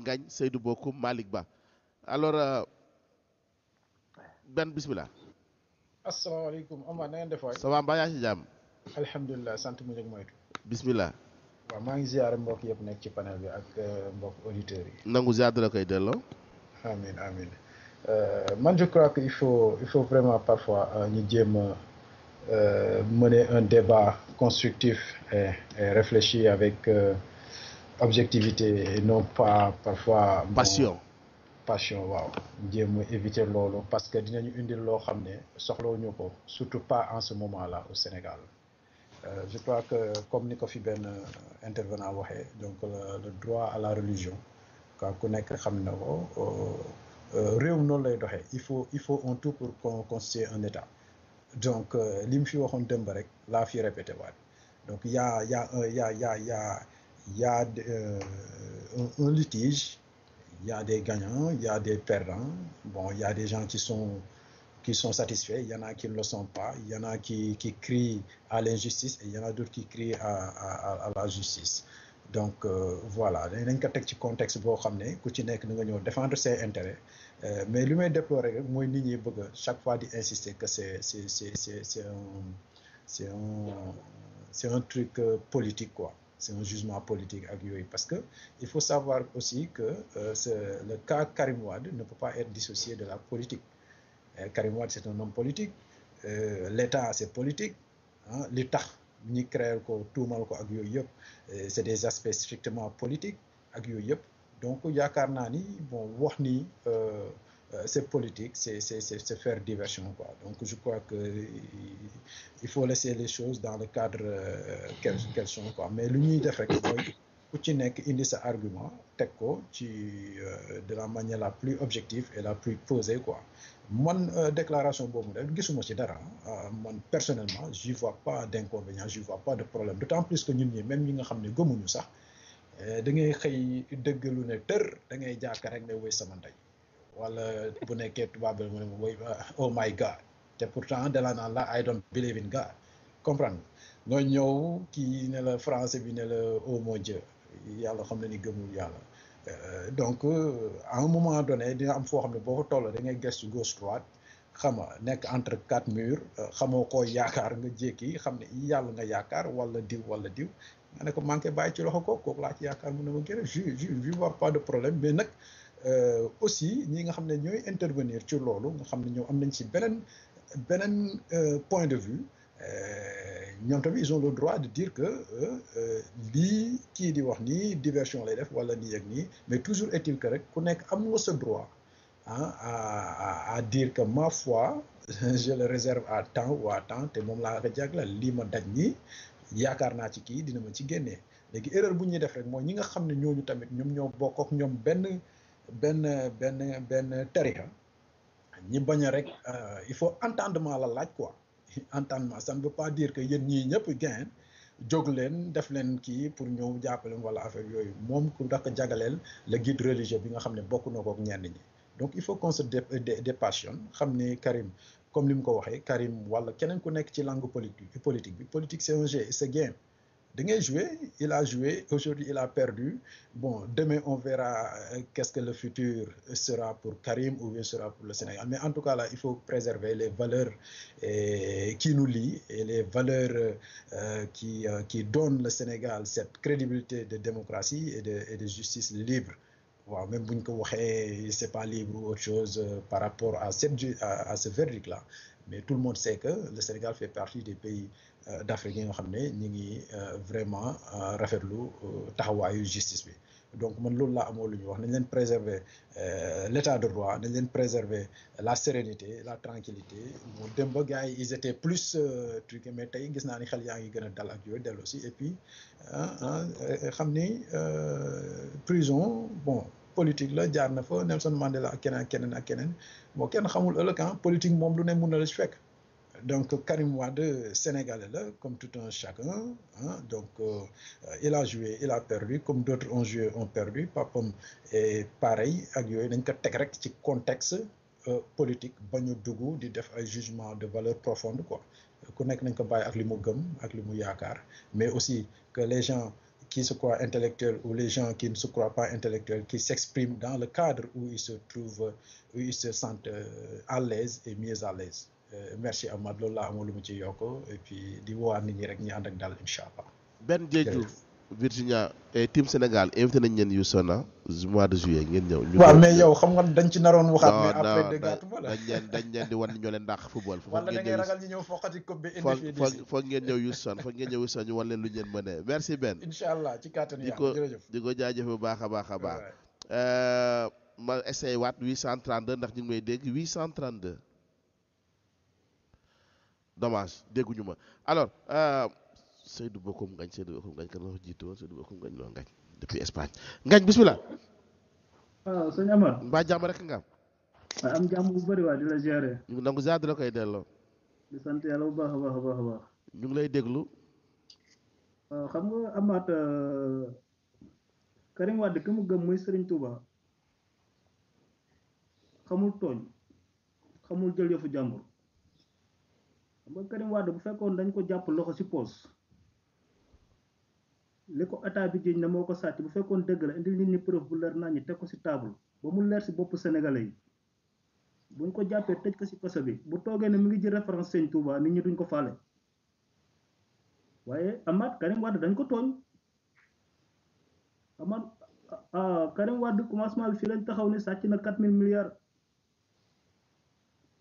Ngañ Seydou Bokoum Malick Ba alors benn bismillah asalaamaaleykum Omar na ngeen def waay. ça va mbaa yaa ci jàmm. sant mu nekk moytu. bismillah. waaw maa ngi ziare mbokk yëpp nekk ci panel bi ak mbokk auditeurs yi. nangu ziar dara koy delloo. amiin amiin. Euh, man je crois que il faut il faut vraiment parfois euh, ñu jéem a euh, mener un débat constructif et, et réfléchi avec objectivité et non pas parfois. passion bon, passion waaw jéem a éviter loolu parce que dinañu indil loo xam ne soxlawuñu ko surtout pas en ce moment là au Sénégal. Euh, je crois que comme ni ko fi benn intervenant waxee donc le, le droit à la religion ka ku nekk xam na ko. Euh, réew noonu lay doxee il faut il faut un tout pour qu'on constituer un état donc euh, li mu fi waxoon démb rek laa fi répété waat donc y a y a y a y euh, un litige y a des gagnants y a des perdants bon y a des gens qui sont qui sont satisfaits il a qui ne le sont pas il a qui qui crient à l'injustice et il y en a d'autres qui crient à à à la justice donc euh, voilà nañ ko teg ci contexte boo xam ne ku ci nekk na nga ñëw défendre ses intérêts euh, mais li may déplorer rek mooy nit ñi bëgg chaque fois di insister que c'est c'est c'est c'est c'est un c'est un c'est un truc euh, politique quoi c'est un jugement politique ak yooyu parce que il faut savoir aussi que le cas Karim Wade ne peut pas être dissocié de la politique Karim Wade c'est un homme politique l'État c'est politique ah li tax ñi créer ko toumal ko ak yooyu yëpp euh, c' est des aspects strictement politiques ak yooyu yëpp donc yaakaar naa ni bon wax ni euh, euh, c' est politique c' est c' est c' est faire diversion quoi donc je crois que il faut laisser les choses dans le cadre qu'elles qu'elles sont quoi mais lu ñuy def rek mooy ku ci nekk indi sa argument. teg ko ci euh, de la manière la plus objectif et la plus posée quoi man euh, déclaration boobu rek gisuma ci dara euh, man personnellement j'y vois pas d'inconvénient j'y vois pas de problème d'autant plus que ñun ñi même ñi nga xam ne gëmuñu sax da ngay xëy lu ne tër dangay ngay rek ne woy sama ndey wala bu nekkee tubaab mu ne woy oh my god te pourtant de la naan la I don't believe in God comprendre nga ñëw kii ne la français bi ne la oh mon yàlla xam na ni gëmul yàlla euh, donc à un moment donné dina am foo xam ne boo ko toll da ngay gëstu gauche droite xam nga nekk entre quatre murs xamoo koo yaakaar nga jékki xam ne yàlla nga yaakaar wala diw wala diw nga ne ko manqué bàyyi ci loxo kooku kooku laa ci yaakaar mun na ma gën a ju ju pas de problème mais nag euh, aussi ñi nga xam ne ñooy intervenir ci loolu nga xam ne ñoom am nañ si beneen beneen euh, point de vue ñoom tamit ils ont le droit de dire que euh, euh, lii kii di wax nii diversion lay def wala nii ak nii mais toujours est-il rek ku nekk am nga sa droit ah à à que ma foi je le réserve à temps ou à temps te moom laa ko jagleel lii ma daj nii yaakaar naa ci kii dina ma ci génnee léegi erreur bu ñuy def rek mooy ñi nga xam ne ñooñu tamit ñoom ñoo bokk ak ñoom benn benn benn benn tarixa ñi bañ a rek euh, il faut entendement la laaj quoi. entendement ça ne veut pas dire que yéen ñii ñëpp gain jóg leen def leen kii pour ñëw jàppale wala affaire yooyu moom ku daka jagaleel le guide religieux bi nga xam ne bokk na kook ñenn ñi donc il faut qu'on se dépassionne xam ne Karim comme ni mu ko waxee Karim wala keneen ku nekk ci langue politique politique bi politique c'est un jeu c'est da ngay jouer il a joué aujourd'hui il a perdu bon demain on verra euh, qu'est-ce que le futur sera pour Karim ou bien sera pour le Sénégal mais en tout cas là il faut préserver les valeurs et, qui nous lient et les valeurs euh, qui euh, qui donnent le Sénégal cette crédibilité de démocratie et de et de justice libre waaw même bu ñu ko waxee c'est pas libre ou autre euh, par rapport à cette à, à ce mais tout le monde sait que le Sénégal fait partie des pays Euh, d'Afrique yi nga xam ne ñi ngi euh, vraiment euh, rafetlu taxawaayu justice bi donc man loolu laa amoo lu ñu wax nañ leen préserver l'état de droit nañ leen préserver la sérénité la tranquillité mu dem ba gars yi ils étaient plus truqués mais tey gis naa ni xel yaa ngi gën a dal ak yooyu dellu si et puis ah, ah, xam ni prison bon politique la jaar na fa Nelson Mandela ak keneen ak keneen ak keneen bon kenn xamul ëllëg ah, politique moom lu ne mun na la si fekk donc Karim Wade sénégalais la comme tout un chacun donc euh, il a joué il a perdu comme d'autres ont joué ont perdu papam et pareil ak yooyu dañ ko teg rek ci contexte euh, politique bañu dugg di def ay jugement de valeur profonde quoi ku nekk nañ ko bàyyi ak li mu gëm ak li mu yaakaar mais aussi que les gens qui se croient intellectuels ou les gens qui ne se croient pas intellectuels, qui s'expriment dans le cadre où ils se trouvent, où ils se sentent euh, à l'aise et mieux à l'aise. Euh, merci Amath loolu laa amoon lu mu ci yokk et di woowaat nit rek ñu ànd daal incha allah. benn jeeju Virginia team Sénégal invité nañ leen Houston ah mois de juillet ngeen ñëw. ñu waaw yow xam nga dañ ci naroon waxaat. mais après dëggaatu ma dañ leen dañ leen di wan ñoo leen dàq football. wala da ngay ragal ñu ñëw foqati coupe bi foog ngeen ñëw Houston foog ñu wan leen lu ngeen mënee merci Ben. incha allah ci kàttan yi di ko di bu baax a baax a baax. Euh, ma essayé waat 832 ndax ñu ngi may dégg 832 dommage dégguñu ma alors euh, Seydou Bokoum Ngañ Seydou Bokoum Ngañ kan la jiitu woon Seydou Bokoum Ngañ loo Ngañ depuis Espagne Ngañ bismillah. waaw sëñ mbaa jàmm rek nga am. waaye am bu bëri waa di la gérer. ñu nangu ziar di koy delloo. di sant yàlla bu baax a baax a baax ñu ngi lay déglu. xam nga Amath euh, Karim Wade ki mu gëm muy Serigne Touba xamul tooñ xamul jël yëfu jàmbur. xam nga Karim bu fekkoon dañ ko jàpp loxo si poos li ko état bi jiiñ na moo ko sàcc bu fekkoon dëgg la indil nit ñi preuve bu leer naa ñi teg ko si taabul ba mu leer si bopp sénégalais yi buñ ko jàppee tëj ko si kaso bi bu toogee ne mi ngi jël référence sëñ Touba nit ñu duñ ko faale waaye Amath Karim dañ ko tooñ Amath ah, Karim Wade commencement bi fii lañ taxaw ni sàcc na 4000 milliards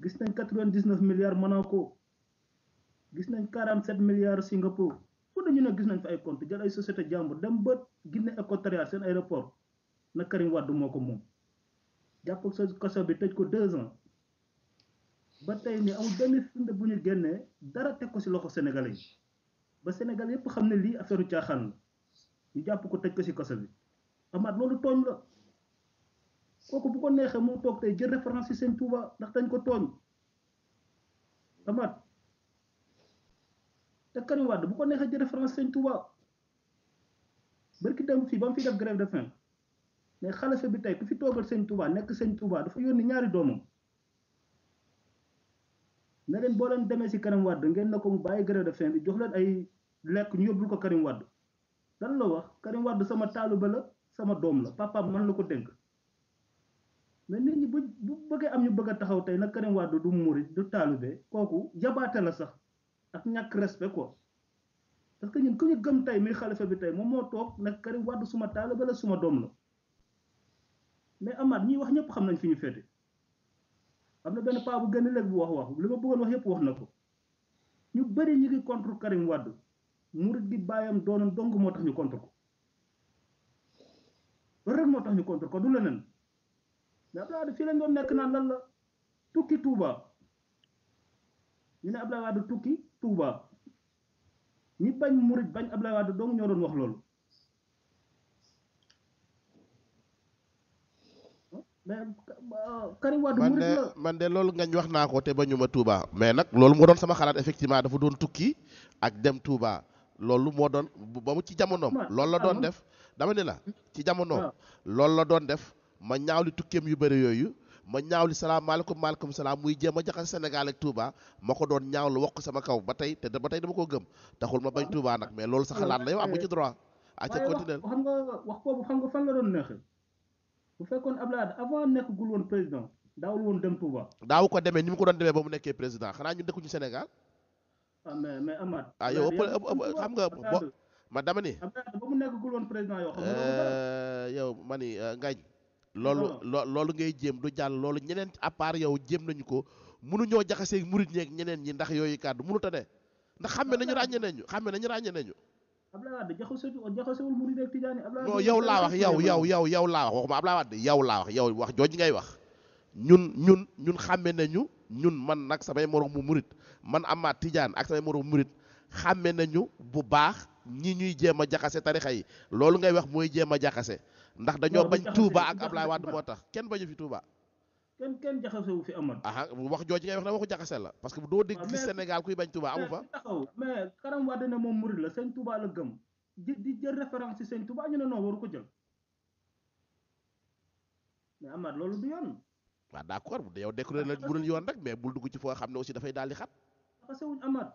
gis nañ 99 milliards mënoo ko. gis nañ 47 milliards Singapour fu ñu ne gis nañ fa ay compte jël ay société jàmbur dem ba Guinée équatoriale seen aéroport na Karim Wade moo ko moom jàpp sa kaso bi tëj ko deux ans ba tey ni bu ñu génnee dara teg ko ci loxo Sénégalais ba Sénégal yépp xam ne lii affaire caaxaan la ñu jàpp ko tëj ko ci kaso bi amaat loolu tooñ la kooku bu ko neexee moo toog tey jël référence ci seen Touba ndax dañ ko tooñ amaat te Karim Wade bu ko neexee jël référence Sëñ Touba barki dem fii ba mu fi def grève de faim mais xalifa bi tey ku fi toogal Sëñ Touba nekk Sëñ Touba dafa yónni ñaari doomam ne leen boo leen demee si Karim Wade ngeen na ko bu bàyyi grève de faim bi jox leen ay lekk ñu yóbbul ko Karim Wade lan la wax Karim Wade sama taaluba la sama doom la papaam man la ko dénk mais nit ñi bu bu bëggee am ñu bëgg a taxaw tey nag Karim Wade du murit du taalube kooku jabaate la sax. ak ñàkk respect ko parce que ñu ku ñu gëm tey muy xalifa bi tey moom moo toog nag Karim Wade suma taalibe la suma doom la mais Amath ñiy wax ñëpp xam nañ fi ñu féete am na benn paa bu gën a léeg bu wax wax li ma bëggoon wax yëpp wax na ko ñu bëri ñu ngi contre Karim Wade murid gi bàyyam doonam dong moo tax ñu contre ko loolu moo tax ñu contre ko du leneen mais Abdoulaye Wade fii lañ doon nekk naan lan la tukki Touba ñu ne Abdoulaye Wade tukki. Touba ñi bañ murit man de loolu ngañ wax naa ko te bañu ma Touba mais nag loolu moo doon sama xalaat effectivement dafa doon tukki ak dem Touba loolu moo doon ba mu ci jamonoom loolu la doon ah, def dama ne la ci jamonoom ah. loolu la doon def ma ñaaw li tukkeem yu bari yooyu ma ñaaw li salaam maaleykum maaleykum salaam muy jéem a jaxase Sénégal ak Touba ma ko doon ñaaw lu wokk sama kaw ba tey te ba tey dama koo gëm taxul ma bañ Touba nag mais loolu sa xalaat la yow am nga ci droit. acca continuer xam nga woon président daawul woon dem Touba. daaw ko demee ni mu ko doon demee ba mu nekkee président xanaa ñu dëkkuñu Sénégal. ah, ah yow ëpp xam nga ma dama ni. Abdoulaye nga loolu oh. loolu ngay jéem du jàll loolu ñeneen à part yow jéem nañu ko mënuñoo jaxaseek murit ñeek ñeneen ñi ndax yooyu kàddu mënut a ne ndax xàmme nañu ràññe nañu xàmme nañu ràññee nañu Abdoulaye Wade yow laa wax yow yow yow yow laa wax waxuma Abdoulaye Wade yow laa wax yow wax jooju ngay wax ñun ñun ñun xàmme nañu ñun man nag samay morom mu murit man amaa tijaan ak samay moroom murit xàmme nañu bu baax ñi ñuy jéem a jaxase tarixa yi loolu ngay wax mooy jéem a jaxase ndax dañoo bañ Touba ak Ablaye Wade moo tax kenn bañu fi Touba. kenn kenn jaxasewu fi amoon. ah wax jooju ngay wax na waxu jaxase la parce que bu doo dégg ci Sénégal kuy bañ Touba amu fa. taxaw mais moom murid la sëñ Touba la gëm di jël référence ci sëñ ñu ne non waru ko jël mais loolu du yoon. waaw d'accord bu dee yow décroné la bu dul rek mais bul dugg ci foo xam ne aussi dafay daal di xat. jaxasewuñ Amath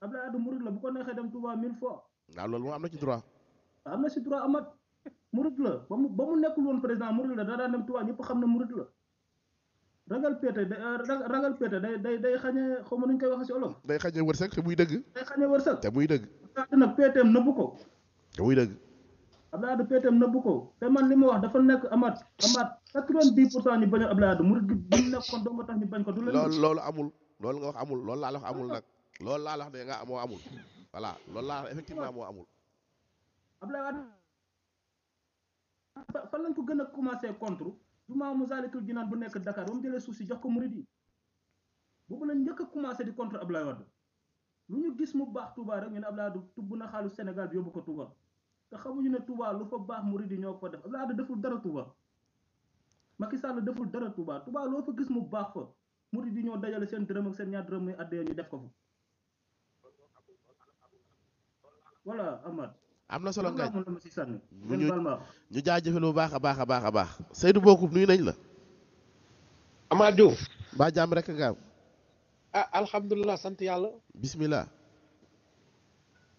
Ablaye Wade murid la bu ko neexee dem Touba mille fois. waaw loolu moom am na ci droit. am na si droit amat murid la ba mu ba mu nekkul woon président murid la da daan dem Tuubaa ñëpp xam na murid la ragal pété day euh, ragal pété day day day xañee xaw ma nuñ koy wax si olof. day xañee wërsëg te muy dëgg. te muy dëgg. ko. te muy dëgg. Abdoulaye Wade péeteem nëbbu ko te man li ma wax dafa nekk amaat amaat quatre-vingt-dix pour cent ñu bañ a Abdoulaye Wade murid gi bu nekkoon doo nga tax ñu bañ ko. du la loolu loolu amul loolu nga wax amul loolu laa la amul nag loolu laa la wax ne nga amoo amul voilà ab Abdoulaye Wade fan lañ ko gën a commencé contre jumaa Masaalikul Jinaan bu nekk Dakar ba mu jëlee suuf si jox ko murid yi boobu lañ njëkk a commencé di contre ab Abdoulaye Wade lu ñu gis mu baax Touba rek ñu ne Abdoulaye Wade tubb na xaalu senegal bi yóbbu ko Touba te xamuñu ne Touba lu fa baax murid yi ñoo ko fa def Abdoulaye Wade deful dara Touba Macky Sall deful dara Touba Touba loo fa gis mu baax fa murid yi ñoo dajale seen dërëm ak seen ñaar dërëm muy addee ñu def ko fa voilà Amath am na solo ngañ ñu ñu jaajëfal bu baax a baax a baax a baax Seydou Bokoum nuyu nañ la. Amadou. mbaa jàmm rek nga am. ah alhamdulilah sant yàlla. bismillah.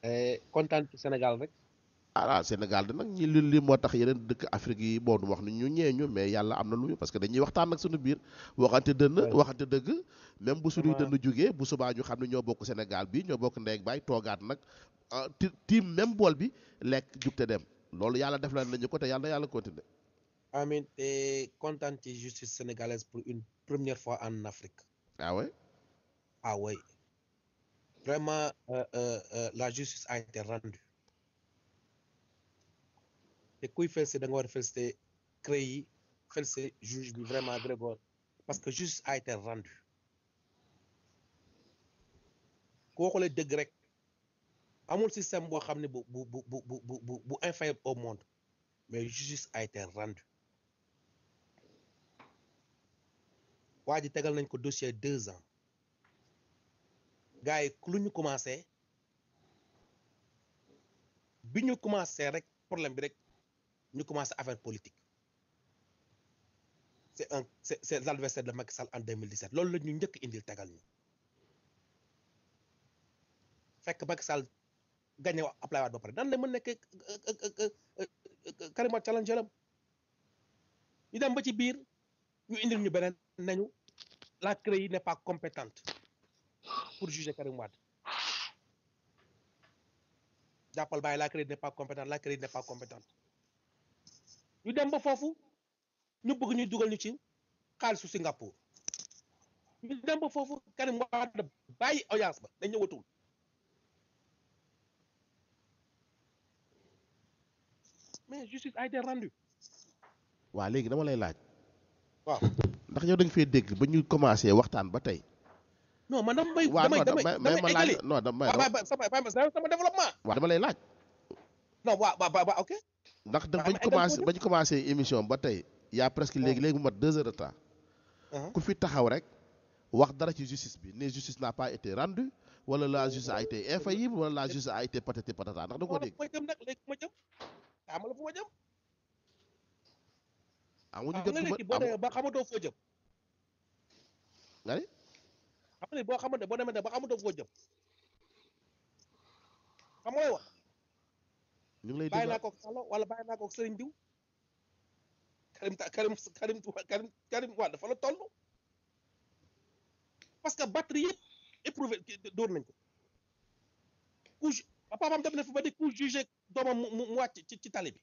Eh, kontaan ci Sénégal rek. waa Sénégal de nag ñi li li moo tax yeneen dëkk Afrique yi bon wax ni ñu ñu mais yàlla am na lu ñu parce que dañuy waxtaan nag suñu biir waxante dënn waxante dëgg même bu suñuy dënn jógee bu subaa ñu xam ne ñoo bokk Sénégal bi ñoo bokk ndey ak baay toogaat nag ah, tiim même bool bi lekk jugte dem loolu yàlla def la nañu ko te yàlla na yàlla continuer kontaan ci justice sénégalaise pour une première fois en Afrique ah ouais ah ouais vraiment euh, euh, euh, te kuy félicité da nga war a félicité CREI yi félicité juge bi vraiment Grégoire parce que justice a été rendue ku waxulee dëgg rek amul système boo xam ne bu bu bu bu bu bu infaillible au monde mais justice a été rendue waa ji tegal nañ ko dossier deux ans gars yi lu ñu commencé bi ñu commencé rek problème bi rek ñu commencé affaire politique c' un c' est c' de Macky Sall en 2017 loolu la ñu njëkk indil tegal ñu fekk Macky Sall gagné Ablaye Wade ba pare nan la mën nekk euh, euh, euh, Karim Wade challenge ñu dem ba ci biir ñu indil ñu beneen nañu la CREI n'est pas compétente pour juger Karim Wade jàppal bàyyi la CREI n'est pas compétente la CREI n'est pas compétente ñu dem ba foofu ñu bëgg ñuy dugal ñu ci xaalisu Singapour ñu dem ba foofu Karim Wade bàyyi dañ ñëwatul mais justice a léegi dama lay laaj. waaw ndax yow da fee dégg ba ñu commencé waxtaan ba tey. non man damay damay damay damay eggali non damay sama développement. waaw dama lay laaj. non waaw waaw waaw ok. ndax da bañ commencé bañ commencé émission ba tey yaa presque ah. léegi léegi mu mat deux heures temps. Ah. ku fi taxaw rek wax dara ci justice bi ne justice n'a pas été rendue wala la justice a été ah, infaillible wala la justice a été patati patata ndax da ko dégg. ma jëm nag léegi ma jëm xam ba xamatoo foo jëm. nga ni. boo xamante boo demee ba xamatoo foo jëm. xam nga ñu ngi lay bàyyi naa ko Sall wala bàyyi naa ko Serigne Diw Karim Karim Karim Karim Karim Wade dafa la toll parce que batterie yëpp éprouvé dóor nañ ko ku ju dem na fi ba di ku jugé doomam mu mu wàcc ci ci tali bi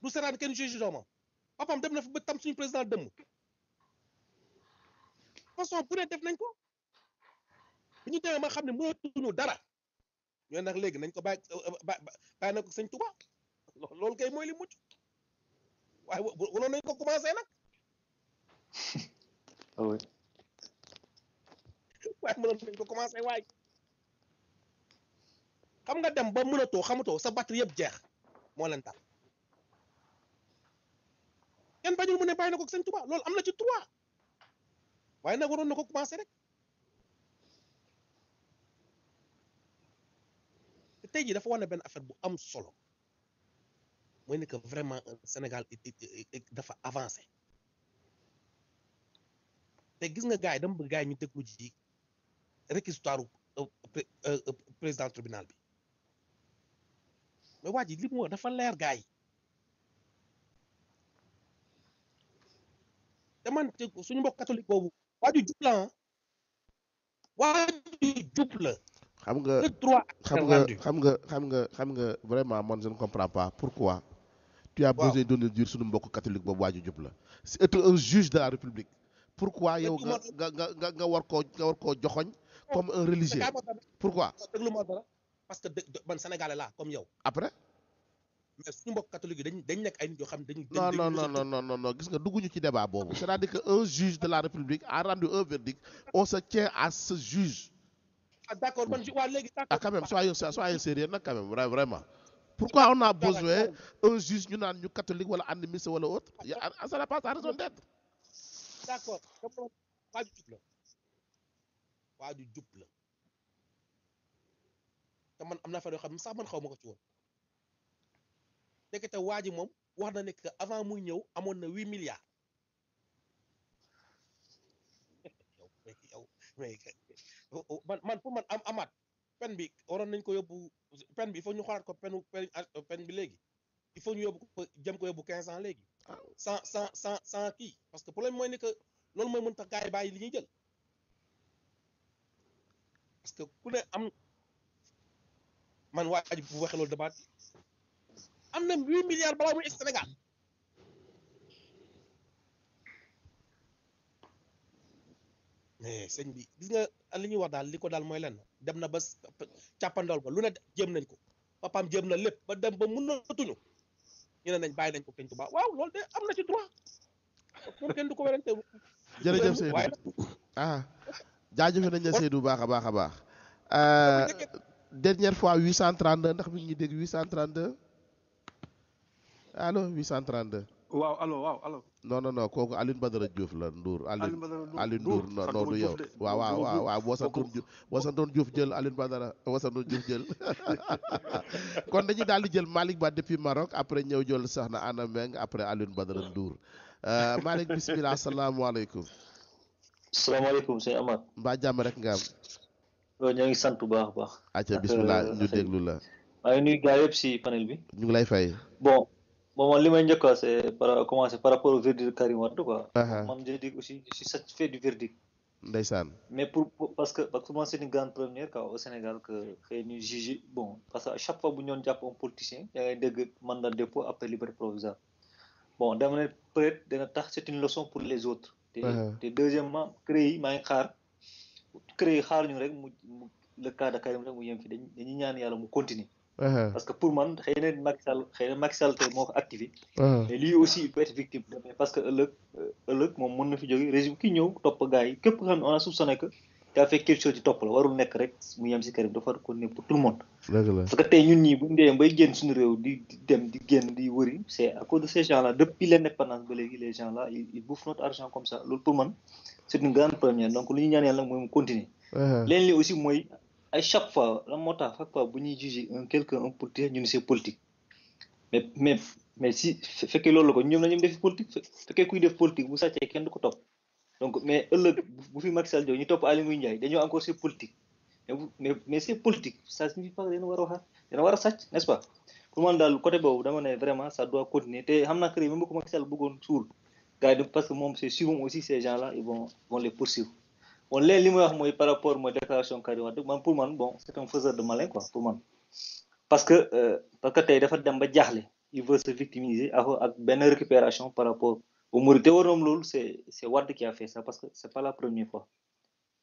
du seraan kenn jugé doomam dem na fi ba tam suñu président dëmm façon bu def nañ ko bi ñu demee ma xam ne mënatuñu dara. ñu nag léegi nañ ko bàyyi eh, eh, bàyyi na ko sëñ Tuba loolu kay mooy li mucc waaye waloon nañ ko commencé nag ah waaye mënoon nañ ko commencé waay xam nga dem ba mënatoo xamatoo sa batterie yëpp jeex moo leen tax kenn bañul mu ne bàyyi na ko sëñ Tuba loolu am na ci trois waaye nag waroon na ko commencé rek tey jii dafa wane benn affaire bu am solo mooy ne que vraiment Sénégal dafa avancé te gis nga gars yi dama bëgg gars yi ñu déglu ji euh, euh, euh, président tribunal bi mais waa ji li dafa leer gaay yi te man suñu mbokk catholique boobu waa ju jub la ah. waa xam nga xam nga xam nga xam nga xam nga vraiment man je ne comprends pas pourquoi. tu as besoin de nous suñu mbokk catholique boobu waaju jub la. c' est un juge de la république. pourquoi yow nga nga nga nga war koo nga war koo joxoñ comme un religieux pourquoi. déglu ma parce que man sénégalais la comme yow. après. mais suñu mbokk catholique yi dañ dañ nekk ay nit yoo xam ne dañu. dañ non non non non non gis nga dugguñu ci débat boobu. c' à dire que un juge de la république a rendu un verdict on se tient à ce juge. ah d'accord man waa léegi ah quand même soyez nag quand vraiment pourquoi on a besoin un juge ñu naan ñu catholique wala animiste wala autre ah, ça n'a pas sa raison d'être d'accord waa ju jub la jub la te man am naa fa xam ne sax man xaw ma ko ci woon waa ji moom wax na ne avant muy ñëw amoon na huit milliards Oh, oh, man man pour man am amaat pen bi waroon nañ ko yóbbu pen bi il faut ñu xoolaat ko penu euh, pen bi léegi il faut ñu yóbbu ko jëm ko yóbbu quinze ans léegi sans sans sans sans kii parce que problème mooy ne que loolu mooy mën tax gars yi li ñuy jël parce que ku ne am man waa ji bu waxee loolu damaa am na huit milliards balaa muy Sénégal mais bi li ñuy wax daal li ko daal mooy lenn dem na ba càppandool ba lu ne jëm nañ ko papaam jëm na lépp ba dem ba mënatuñu ñu ne nañ bay nañ ko ko Tuubaa waaw loolu de am na ci droit moom kenn du ko werante jërëjëf Seydou ah jaajëfe nañ la Seydou baax a baax a baax ah, euh, dernière fois 832 ndax mi ngi ñuy dégg 832 allo 832 waaw alo waaw allo. non non non kooku Alioune Badara Diouf la Ndour. Alioune Badara Ndour Alioune Ndour non yow. waaw waaw waaw boo santoon Diouf boo jël kon dañuy daal di jël Malick Ba depuis Maroc après ñëw jël soxna Anna Meng après Alioune Badara Ndour euh, Malick bisimilah salaamualeykum. salaamaaleykum sëñ Amath. mbaa jàmm rek nga ñoo ngi sant baax a baax. acca bisimilah ñu déglu la. maa ngi nuyu gars yëpp bi. ñu lay fay. Bon, mon Limandja, quoi, c'est par, comment, rapport au verdict de Karim Wardou, quoi. Uh -huh. Moi, je dis aussi, je suis satisfait du verdict. Ndeysaan. mais pour, pour parce que parce que une grande première quoi au Sénégal que parce que à chaque fois bu ñu doon jàpp un politicien da ngay dégg mandat de dépôt après liberté provisoire bon dama ne peut être dana tax c' est une leçon pour les autres. te te yi CREI maa ngi xaar e CREI xaar ñu rek mu mu le cas de Karim rek mu yem fi dañuy ñaan yàlla mu continuer. Uh-huh. parce que pour man xëy na Macky Sall xëy na Macky Sall tey moo ko activé. Uh-huh. aussi il peut être victime parce que ëllëg ëllëg moom mën na fi jógee régime ki ñëw topp gars yi nga xam ne on a soupçonné que yaa fekk chose ci topp la warul nekk rek mu yem si kër bi pour tout le monde. parce que tey ñun ñii bu ñu dee bay génn suñu réew di dem di génn di wëri c' à cause de ces gens là depuis l' indépendance ba léegi les gens là ils bouffent notre argent comme ça loolu pour man c' mooy ay chaque fois lan moo tax chaque fois bu ñuy juger un quelqu'un un politique ñu ne c'est mais mais mais si fekkee loolu la ko ñoom la ñoom def politique fekkee kuy def politique bu sàccee kenn du ko topp donc mais ëllëg bu fi Macky Sall jógee ñu topp Aly Ngouille Ndiaye encore c'est mais mais c'est politique ça signifie pas que dana a waxaat dana nest pas pour man daal côté boobu dama ne vraiment ça doit continuer te xam naa que même bu ko Macky suul gars yi parce que moom bon léegi li may wax e mooy par rapport mooy déclaration Karim Wade man pour man bon c'est un faiseur de malin quoi pour man parce que parce que tey dafa dem ba jaaxle il veut se victimiser ak ak benn récupération par rapport au Mauritanie te waroon loolu c'est c'est Wade a fait ça parce que c'est pas la première fois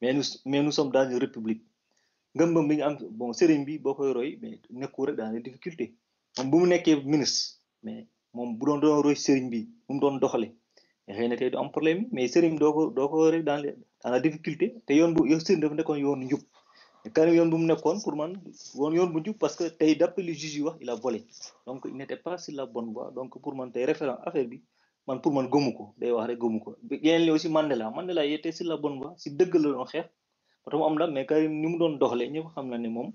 mais nous mais nous république ngëm-ngëm bi bon sëriñ bi boo koy roy mais nekkul rek dans les difficultés moom bu mu nekkee ministre mais moom bu doon doon roy sëriñ bi bu mu dans la difficulté te yoon bu yow seen dafa yoon njub bu mu nekkoon pour man woon yoon bu njub parce que tey d'après le juge yi wax il a volé donc n'était pas sur la bonne voie donc pour man tey référent affaire bi man pour man gëmu ko day wax rek gëmu ko yeneen li aussi Mandela Mandela il était la bonne voie si dëgg la doon xeex ba mu am la mais Karim ni mu doon doxle ñëpp xam na ne moom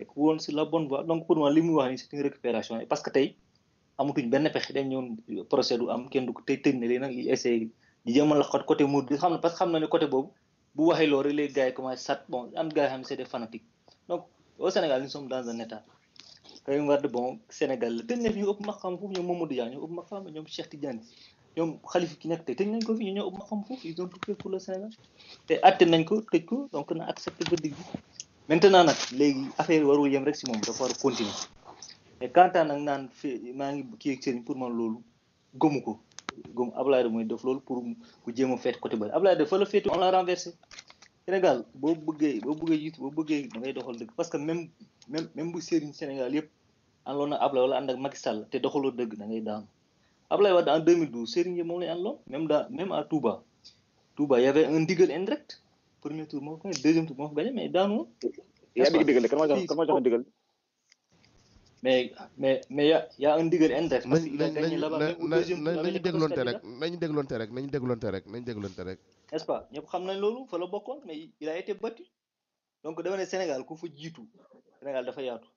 ek woon la bon voie donc pour man li muy wax ni c'est une récupération parce que tey amatuñ benn pexe dañ ñëwoon procès am kenn du ko tey tëj na léegi nag di jéem a laqat côté muur xam parce xam na ne côté boobu bu waxee loolu rek léegi gars yi commencé sat bon am gars xam ne c'est donc Sénégal nous sommes dans un état Karim Wade bon Sénégal la tëj na fi ñu ëpp maqaam foofu ñoom Mamadou Dia ñoo ëpp maqaam ki nekk tey tëj nañ ko fi ñu ñoo ëpp maqaam foofu ils ont tout fait pour le Sénégal te atte nañ ko tëj ko donc na accepté verdict bi maintenant nag léegi affaire warul yem rek si moom dafa war a continuer et naan fi maa ngi kii ak sëriñ pour man loolu gëmu ko gom Ablaye mooy def loolu pour mu jéem a féet côté bëri Ablaye dafa la féetu on l'a renversé Sénégal boo bëggee boo bëggee jiitu boo bëggee da ngay doxal dëgg parce que même même même bu sëriñ Sénégal yëpp àndoon na Ablaye wala an ak Macky Sall te doxaloo dëgg da ngay daanu Ablaye Wade en 2012 sëriñ yi moom lay àndoon même daa même à Touba Touba y avait un ndigal indirect premier tour moo ko deuxième a moo ko gagné mais daanu. est ce que yaa ngi digal kan moo mais mais mais y' a y' a un ndigal index. la ba nañu dégloonte rek nañu dégloonte rek nañu dégloonte rek nañu dégloonte rek. n'est-ce pas ñëpp xam nañ loolu fa la bokkoon mais il a été battu donc dama ne Sénégal ku fa jiitu Sénégal dafa yaatu.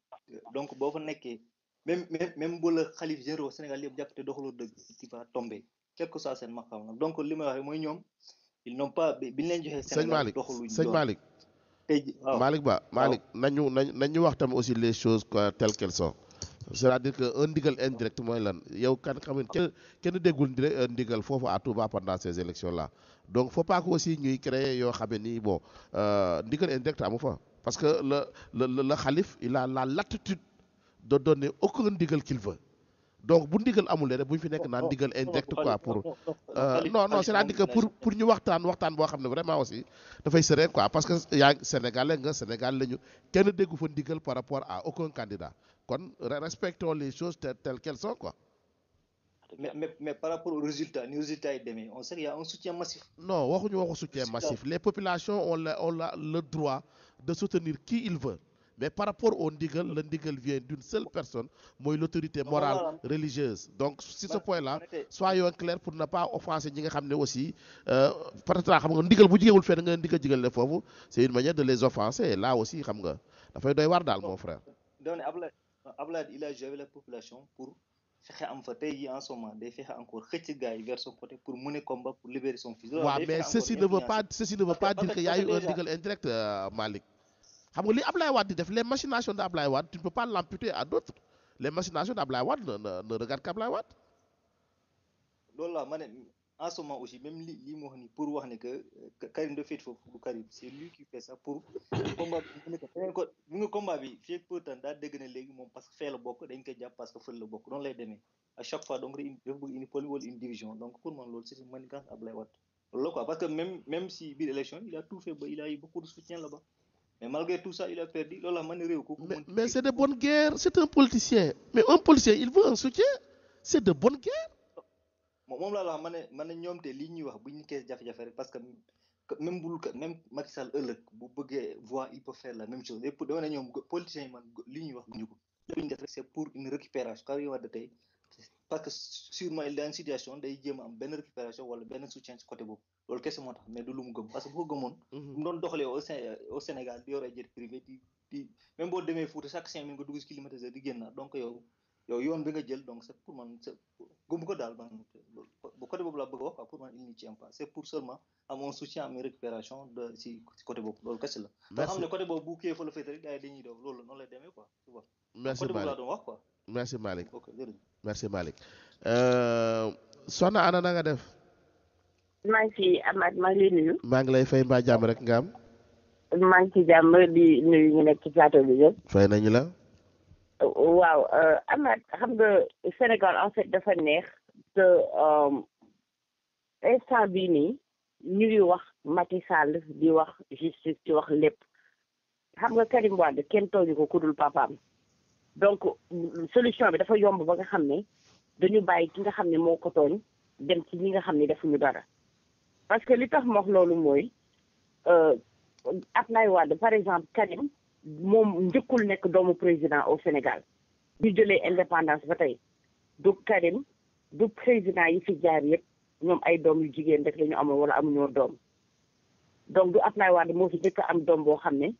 donc boo fa nekkee même même même bu la xalif généraux Sénégal yëpp jàpp te doxaloo dëgg ci va tomber quel que soit seen maqaam donc li may wax mooy ñoom ils n'ont pas bi ñu leen joxee. Sénégal doxaluñ sëñ Malick Malick Ba Malick nañu nañ nañu wax tamit aussi les choses quoi telles so sont c'est-à-dire que un ndigal indirect mooy lan yow kan xam kenn kenn déggul euh, ndigal foofu à Touba pendant ces élections là donc faut pas aussi ñuy créer yoo xam ne nii bon euh, ndigal indirect amu fa parce que la le le xalif il a la latitude de donner aucun ndigal qu'il veut donc bu ndigal amulee rek bu ñu fi nekk naa ndigal indirect quoi pour non non euh, cest à pour ñu waxtaan waxtaan boo xam ne vraiment aussi dafay seree quoi parce que yaa Sénégalais nga Sénégal la ñu kenn déggu fa ndigal par rapport à aucun candidat kon respectons les choses telles qu'elles sont quoi mais mais mais par rapport aux résultats ni résultats yi demee on sait qu'il un soutien massif. non waxuñu waxu soutien massif les populations ont la la le droit de soutenir qui il veut mais par rapport au ndigal le ndigal vient d'une seule personne mooy l'autorité morale religieuse donc si ce point là soyons clairs pour ne pas offenser ñi nga xam ne aussi euh, peut-être xam nga ndigal bu jigéewul fenn nga leen ndigal jigal le foofu c'est une manière de les offenser là aussi xam nga dafay doy waar daal mon frère donc il a joué la population pour fexe am fa tey jii en ce day fexe encore xëcc gars yi vers son pour mener combat pour libérer son mais ceci ne veut pas ceci ne pas dire a eu un ndigal indirect euh, xam nga li Ablaye Wade di def les machinations de Ablaye Wade tu ne peux pas l'amputer à d'autres les machinations de Ablaye Wade ne ne ne regarde qu'Ablaye Wade. laa ma ne en ni pour wax ne que euh, Karim daf féet foofu du bokk dañ koy jàpp parce que fële la bokk lay demee loolu c'est une parce que même si biir élection il a tout fait ba il a eu beaucoup de soutien là-bas. mais malgré tout ça il a perdu loolu la ma réew ko. mais c' est de bonne guerre c' un politicien mais un policier il veut un soutien c' de bonne guerre. moom laa la wax ma ne ma ne ñoom ñuy wax bu ñu kees jafe-jafe parce que même bu même Macky Sall bu bëggee voir il peut la même chose et pour dama ne ñoom man li ñuy wax guñu ko. li ñu def pour une récupération xaw ma tey. parce que sûrement il est en situation day jéem am benn récupération wala benn soutien ci côté boobu loolu kese moo tax mais du lu mu gëm parce que bu ko gëmoon. Mhm. mu doon doxalee au au Sénégal di loolu bu côté boobu laa a wax quoi pour pour seulement am un soutien am récupération de ci côté boobu loolu kese la. merci xam la féetee dañuy daw loolu noonu lay demee quoi tu vois. merci doon wax quoi. merci Malick merci Malick euh, soxna Ana na nga def. maa ngi ciy Amath maa nuyu. maa ngi lay fay mbaa jàmm rek nga am. maa ngi ci jàmm di nuyu ñu nekk ci plateau bi yëpp. fay nañu la. waaw euh, Amath xam nga Sénégal en dafa neex te euh, instant bii nii ñu ngi wax Macky Sall di wax justice di wax lépp xam nga Karim Wade kenn tooñu ko kudul papaam. donc euh, solution bi dafa yomb ba nga xam ne dañu bàyyi ki nga xam ne moo ko tooñ dem ci ñi nga xam ne defuñu dara parce que li tax ma wax loolu mooy euh, Abdoulaye Wade par exemple Karim moom njëkkul nekk doomu président au Sénégal di jëlee indépendance ba tey du Karim du président yi fi jaar yëpp ñoom ay doom yu jigéen rek la ñu amoon wala amuñoo doom donc du Abdoulaye Wade moo fi njëkk am doom boo xam ne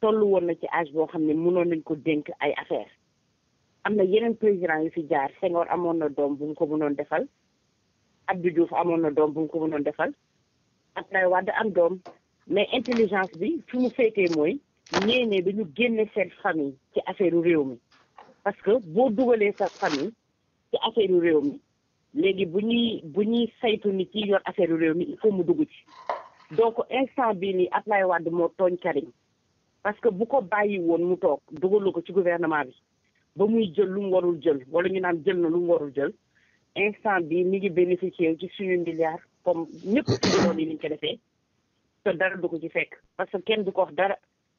tollu woon na ci âge boo xam ne mënoon nañ ko dénk ay affaire am na yeneen président yu fi jaar Senghor amoon na doom bu mu ko mënoon defal Abdou Diouf amoon na doom bu mu ko mënoon defal Abdoulaye Wade am doom mais intelligence bi fi mu féetee mooy ñeene bi ñu génne seen famille ci affaire réew mi parce que boo dugalee sa famille ci affaire réew mi léegi bu ñuy bu ñuy saytu nit yi yor affaire réew mi il faut mu dugg ci donc instant bii nii Abdoulaye Wade moo tooñ Karim parce que bu ko bàyyi woon mu toog dugalu ko ci gouvernement bi ba muy jël lu mu warul jël wala ñu naan jël na lu mu warul jël instant bi mi ngi bénéficié wu ci suñu milliard comme ñëpp doon yi niñ ko defee te dara du ko ci fekk parce que kenn du ko wax dara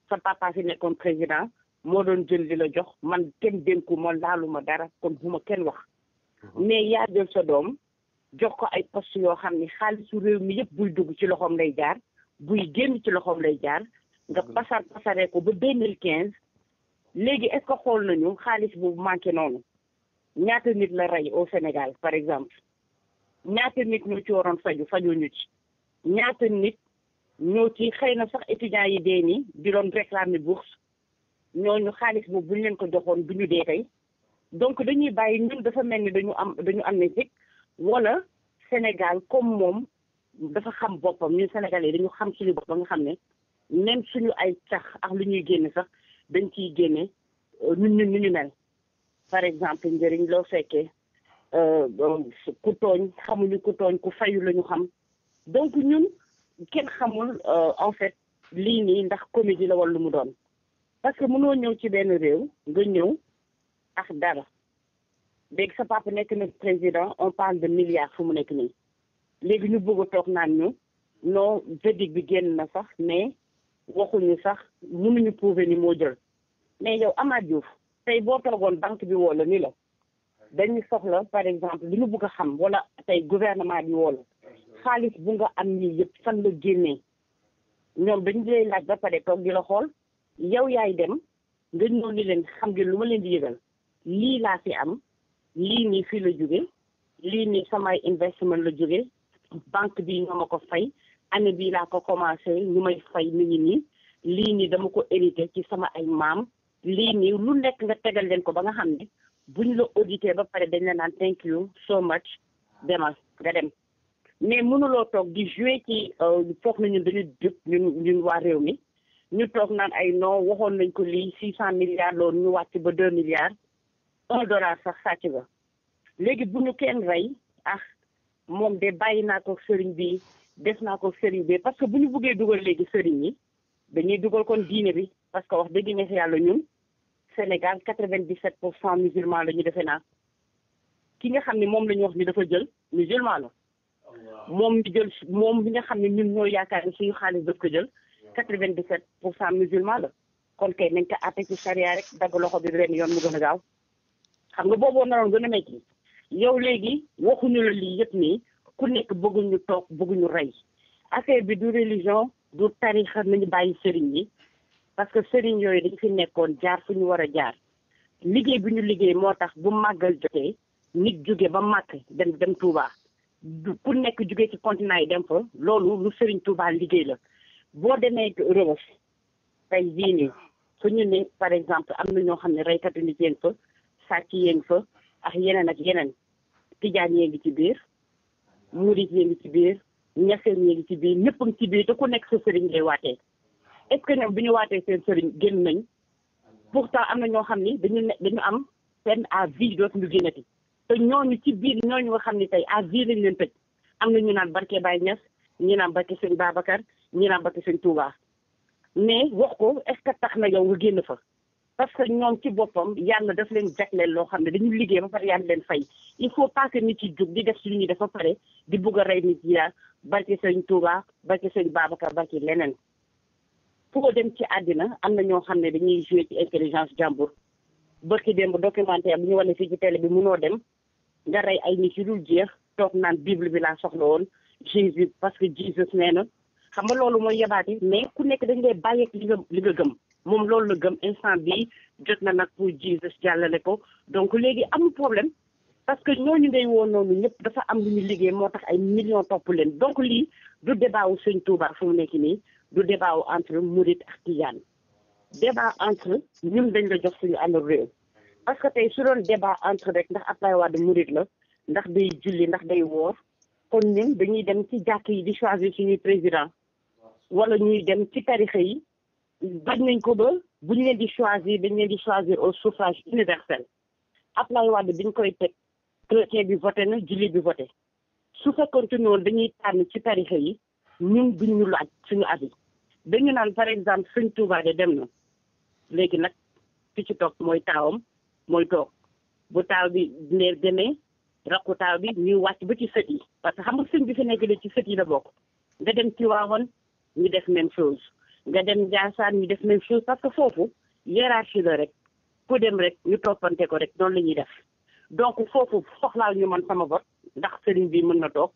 sa papa si nekkoon président moo doon jël di la jox man kenn dénku ma laalu ma dara kon bu ma kenn wax mhm. mais yaa jël sa doom jox ko ay poste yoo xam ni ne su réew mi yëpp buy dugg ci loxoom lay jaar buy génn ci loxoom lay jaar nga mhm. pasar pasaree ko ba léegi est-ce que xool nañu xaalis boobu manqué noonu ñaata nit la rey au Sénégal par exemple ñaata nit ñoo ci waroon faju faju ñu ci ñaata nit ñoo ci xëy na sax étudiants yi dee nii di doon ni bourse ñooñu xaalis boobu bu buñ leen ko joxoon bu ñu dee tey donc dañuy bàyyi ñun dafa mel ni dañu am dañu am amnésique wala Sénégal comme moom dafa xam boppam sénégal Sénégalais dañu xam suñu bopp ba nga xam ne même suñu ay cax ak lu ñuy génn sax dañ ciy génne ñun ñun ni ñu mel par exemple njëriñ loo fekkee euh, ku tooñ xamuñu ku tooñ ku fayu la ñu xam donc ñun kenn xamul euh, en fait lii nii ndax comédie la wala lu mu doon parce que mënoo ñëw ci benn réew nga ñëw ak dara léegi sa papa nekk na président on parle de milliards fu mu nekk nii léegi ñu bëgg a toog naan ñu non verdict bi génn na sax mais waxuñu sax mënuñu prouver ni moo jël mais yow Amath Diouf tey boo toogoon banque bi woo la ni la dañu soxla par exemple li ñu bëgg a xam wala tey gouvernement bi woo la xaalis bu nga am nii yëpp fan la génnee ñoom dañu lay laaj ba pare toog di la xool yow yaay dem nga ñëw ni leen xam gi lu ma leen di yëgal lii laa fi am lii nii fii la jóge lii nii samay investment la jóge banque bi ñoo ma ko fay année bi laa ko commencé ñu may fay mi ngi nii lii nii dama ko hérité ci sama ay maam lii nii lu nekk nga tegal leen ko ba nga xam ne buñ la audité ba pare dañ la naan thank you so much demal nga dem mais mënuloo toog di joué ci euh, foog na ñun dañu ñun ñun waa réew mi ñu toog naan ay non waxoon nañ ko lii six cent milliards loolu ñu wàcc ba deux milliards un dollar sax sàcc nga léegi bu ñu kenn rey ah moom de bàyyi naa ko sëriñ bi def naa ko sëriñ bi parce que bu ñu buggee dugal léegi sëriñ yi dañuy dugal kon diine bi parce que wax dëgg neex yàlla ñun Sénégal 97 pour cent musulman la ñu defee naa ki nga xam ne moom lañu ñu wax ni dafa jël musulman la moom mi jël moom bi nga xam ne ñun ñoo yaakaar ni suñu xaalis daf ko jël 97 pour cent musulman la kon kay nañ ko àtte ci charia rek dagg loxo bi benn yoon mu gën a gaaw xam nga booboo naroon ku nekk bëgguñu toog bëgguñu rey affaire bi du religion du tarixa nañu bàyyi sëriñ yi parce que sëriñ yooyu dañu fi nekkoon jaar fu ñu war a jaar liggéey bi ñu liggéey moo tax bu màggal jotee nit jóge ba màkk dem dem Touba ku nekk jóge ci continent yi dem fa loolu lu sëriñ Touba liggéey la boo demee Europe tey jii nii ñu ne par exemple am na ñoo xam ne reykatu nit yéen fa sàcc yéen fa ak yeneen ak yeneen tijaan yee ngi ci biir murit yi ngi ci biir ñaseen yi ngi ci biir ñëpp ci biir te ku nekk sa sëriñ ngay waatee est ñoom bi ñu waatee seen sëriñ génn nañ pourtant am na ñoo xam ni dañu ne dañu am seen à vie dootuñu génnati te ñooñu ci biir ñooñu nga xam ni tey à vie lañ leen tëj am na ñu naan barke bay Niass ñi naan barke sëñ Babacar ñi naan barke sëñ Touba mais wax ko est ce que tax na yow nga génn fa parce que ñoom ci boppam yàlla daf leen leen loo xam ne dañu liggéey ba pare yàlla leen fay il faut pas que nit yi jóg di def si lu ñuy def ba pare di bugga rey nit yi daal barke sëñ Touba barke sëñ Babacar barke leneen. foo dem ci àddina am na ñoo xam ne dañuy joué ci intelligence jàmbur barki démb documentaire bu ñu ne fii ci télé bi munoo dem nga rey ay nit yu dul jeex toog naan bible bi laa soxla woon Jésus parce que Jésus nee na xam nga loolu mooy mais ku nekk dañ lay bàyyeeg li nga li moom loolu na gëm instant bi jot na nag pour Jesus jàllale ko donc léegi amul problème parce que ñooñu ngay woon noonu ñëpp dafa am lu ñu liggéey moo tax ay millions topp leen donc lii du débat wu sëñ Touba mu nekk nii du débat wu entre Mouride ak Tidiane débat entre ñun dañ la jox suñu àll réew parce que tey su doon débat entre rek ndax Ablaye Wade Mouride la ndax day julli ndax day woor kon ñun dañuy dem ci jàkk yi di choisir suñuy président wala ñuy dem ci tarixa yi bañ nañ ko ba bu ñu leen di choisir dañ leen di choisir au suffrage universel Ablaye Wade bi ñu koy teg chrétien bi voté na jullit bi voté su fekkoon ci noonu dañuy tànn ci tarixa yi ñun duñ ñu laaj suñu avis dañu naan par exemple sëñ Touba de dem na léegi nag ki ci toog mooy taawam mooy toog bu taaw bi leer demee rakku taaw bi ñuy wàcc ba ci sët yi parce que xam nga sëñ bi fi nekk de ci sët yi la bokk nga dem ci ñu def même chose nga dem Ndiassane ñu def même chose parce que foofu hiérarchie la rek ku dem rek ñu toppante ko rek noonu la ñuy def donc foofu soxlaaw ñu man sama vote ndax sëriñ bi mën na toog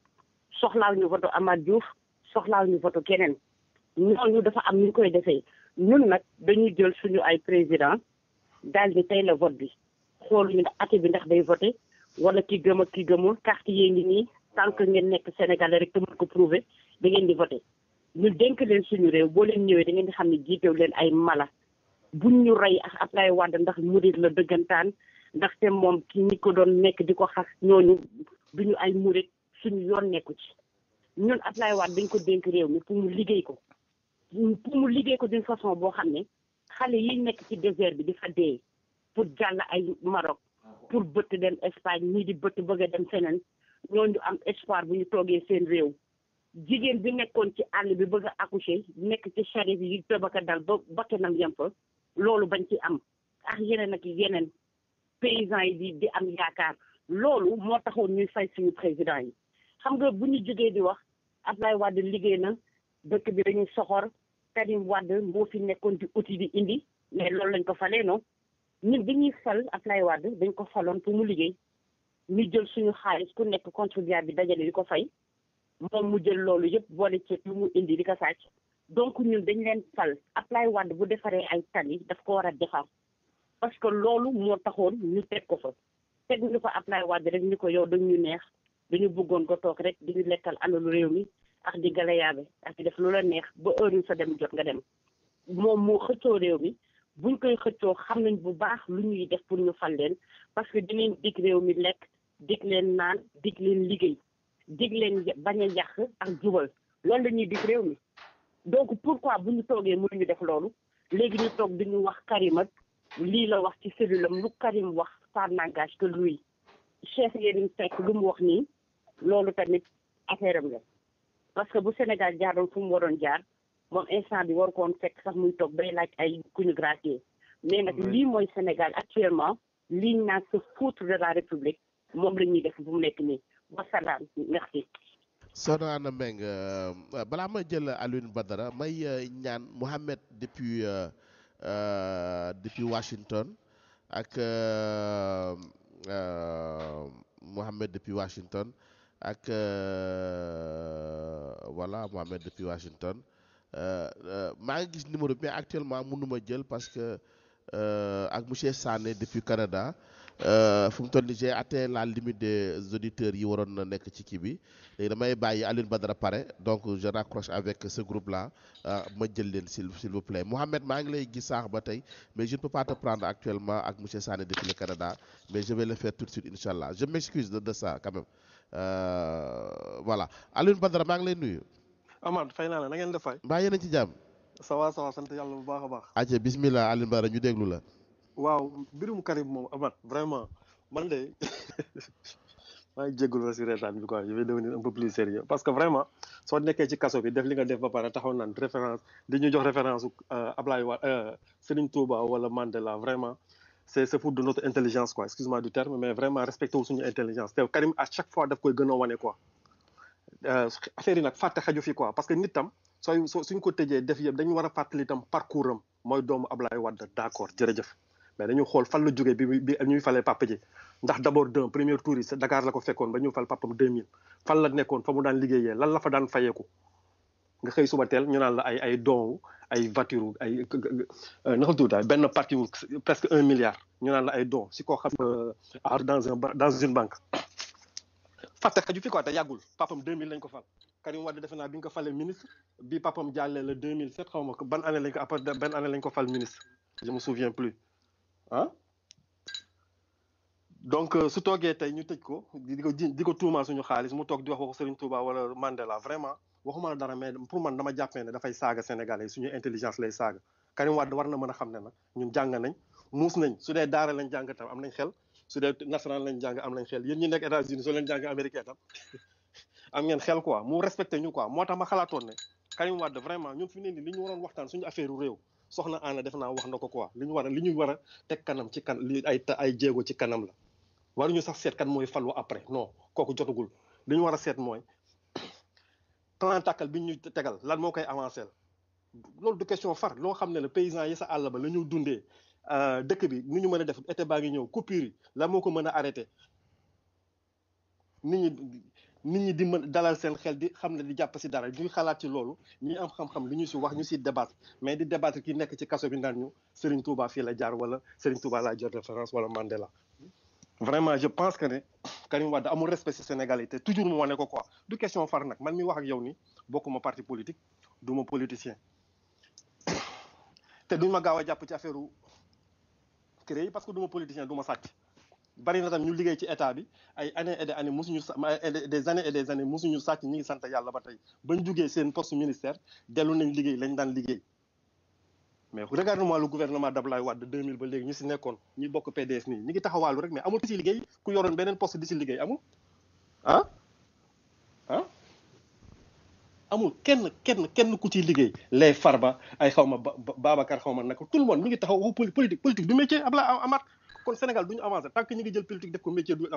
soxlaaw ñu vote amaat Diouf soxlaaw ñu vote keneen ñooñu dafa am ñu koy defee ñun nag dañuy jël suñu ay président daal di tey la vote bi xool ñu ati bi ndax day voté wala ki gëm ak ki gëmul carte yee ngi nii tant que ngeen nekk Sénégalais rek te ko prouver da ngeen di voté ñu dénk leen suñu réew boo leen ñëwee da ngeen di xam ne jiitew leen ay mala buñ ñu rey ak Ablaye Wade ndax murit la dëggantaan ndax ndaxte moom ki ñi ko doon nekk di ko xas ñooñu du ñu ay murit suñu yoon nekku ci ñun Ablaye Wade dañ ko dénk réew mi pour mu liggéey ko pour mu liggéey ko d'une façon boo xam ne xale yi nekk ci désert bi di fa dee pour jàll ay Maroc pour bëtt dem Espagne ñii di bëtt bëgg a dem feneen ñooñu am espoir bu ñu toogee seen réew jigéen bi nekkoon ci àll bi bëgg a accoucher nekk ci charrette bi yu tëbaka dal ba bakkanam yem loolu bañ ci am ak yeneen ak yeneen paysans yi di di am yaakaar loolu moo taxoon ñuy fay suñu président yi xam nga bu ñu jógee di wax Abdoulaye Wade liggéey na dëkk bi dañuy soxor Karim Wade moo fi nekkoon di outil di indi mais loolu lañ ko falee non ñun dañuy fal Abdoulaye Wade dañ ko faloon pour mu liggéey ñu jël suñu xaalis ku nekk contribuable bi dajale di ko fay moom mu jël loolu yëpp boole ci lu mu indi di ko sàcc donc ñun dañ leen fal Ablaye Wade bu defaree ay tali daf ko war a defar parce que loolu moo taxoon ñu teg ko fa teg ñu ko war bi rek ñu ko yow dañu ñu neex dañu bëggoon ko toog rek di ñu lekkal alalu réew mi ak di galayaabe ak di def lu la neex ba heure yu sa dem jot nga dem moom moo xëccoo réew mi buñ koy xëccoo xam nañ bu baax lu ñuy def pour ñu fal leen parce que di leen dig réew mi lekk dig leen naan dig leen liggéey dig leen bañ a yàq ak jubal loolu la ñuy dig réew mi donc pourquoi bu ñu toogee mënuñu def loolu léegi ñu toog di ñu wax Karim ak lii la wax ci cellule am lu Karim wax ça n'engage que lui chef yéen fekk lu mu wax nii loolu tamit affaire am la parce que bu Sénégal jaaroon fu mu waroon jaar moom instant bi war koon fekk sax muy toog bay laaj ay ku ñu gracier mais nag lii mooy Sénégal actuellement lii naat se foutre de la République moom la ñuy def bu mu nekk nii wasalaam merci. na Anna euh, balaa ma jël Alioune Badara may euh, ñaan Mohamed depuis euh, depuis Washington ak Mohamed depuis Washington ak voilà Mohamed depuis Washington maa ngi gis numéro bi mais actuellement mënuma jël parce que ak monsieur Sané depuis Canada. Euh, fu mu toll nii j'ai atteint la limite des yi waroon na nekk ci kii bi léegi damay bàyyi Alioune Badara pare donc je raccroche avec ce groupe là euh, ma jël leen s'il s'il vous plaît Mohamed maa ngi lay gis saax ba tey mais je ne peux pas prendre actuellement ak monsieur Sané depuis le Canada mais je vais le faire tout de suite incha allah je m'excuse de de ça quand même euh, voilà maa ngi lay nuyu. Amath fay naa la na ngeen def fay. mbaa yéen a ci jàmm. ça va ça sant yàlla bu a baax. ayca ñu déglu la. waaw mbirum Karim moom Amath vraiment man de maa ngi jégalu si reetaan bi quoi je parce que vraiment soo nekkee ci kaso bi def li nga def ba pare taxaw naan ñu jox référence u euh, Ablaye Wade euh, de notre intelligence quoi excuse-moi du terme mais vraiment respecté wu suñu intelligence te Karim à chaque fois daf a wane quoi euh, affaire yi parce que nit tam sooy suñ ko def yëpp dañu war a fàttali tam parcours am mooy doomu Ablaye Wade d'accord jërëjëf mais dañu xool fan la jógee bi bi ñuy falee Papa Dieng ndax d' abord d'un premier tour yi Dakar la ko fekkoon ba ñu fal papam 2000 fan la suba teel ñu naan la ay ay dons ay voiture ay euh, euh, naka tuutaay benn parti wu presque un la ay dons si koo xam euh, ne fal Karim ko falee ministre bi papam jàllee le 2007 xaw ma ko ban année lañ ko fal ministre je me souviens plus ah donc euh, su toogee tey ñu tëj ko di ko ñu ko xaalis mu toog di wax waxu Serigne Touba wala Mandela vraiment waxuma la dara mais pour man dama jàppee ne dafay saaga Sénégalais suñu intelligence lay saaga Karim Wade war na mën a xam ne nag ñun jàng nañ muus nañ su dee daara lañ jàng tam am nañ xel lañ jàng am nañ xel yéen ñu nekk États-Unis soo leen jàng américain tam am ngeen xel quoi mu respecté ñu quoi moo tax ma xalaatoon ne Karim Wade vraiment ñun fi ne ñu waroon waxtaan suñu affaire réew soxna Anna def naa wax na ko quoi li ñu war a li ñu war teg kanam ci kan li ay ay jéego ci kanam la war ñu sax seet kan mooy falu après non kooku jotagul li ñu war a seet mooy plan bi ñu tegal lan moo koy avancé loolu du question far loo xam ne la paysan yi sa àll ba la ñu dundee euh, dëkk bi nu ñu mën a def été baa ngi ñëw coupure yi lan moo ko mën a arrêté nit ñi di ma dalal seen xel di xam ne di jàpp si dara duñu xalaat ci loolu ñi am xam-xam lu ñu si wax ñu si débattre mais di débattre ki nekk ci kaso bi naan ñu Serigne Touba fii la jaar wala Serigne Touba laa jot référence wala Mandela. vraiment je pense que ne Karim Wade amul respect si Sénégalais te toujours mu wane ko quoi du question far nag man mi wax ak yow ni bokkuma parti politique du ma politicien te duñ ma gaaw a jàpp ci affaire créé parce que du ma politicien du ma bari na tam ñu liggéey ci état bi ay années et des années mosuñu sa des années et des années mosuñu sàcc ñi ngi sant yàlla ba tey bañ jugee seen poste ministère dellu nañ liggéey lañ daan liggéey mais regarde-moi le gouvernement d'Abdoulaye Wade 2000 ba léegi ñu si nekkoon ñi bokk PDS nii ñi ngi taxawaalu rek mais amul ci liggéey ah? Ah? kenn kenn kenn ku ciy liggéey les Farba ay xaw ma Babacar xaw ma naka tout le monde mi ngi taxaw waxu politique politique du métier Abdoulaye Amar kon Sénégal du ñu avancé tant que ñu ngi jël politique def ko métier du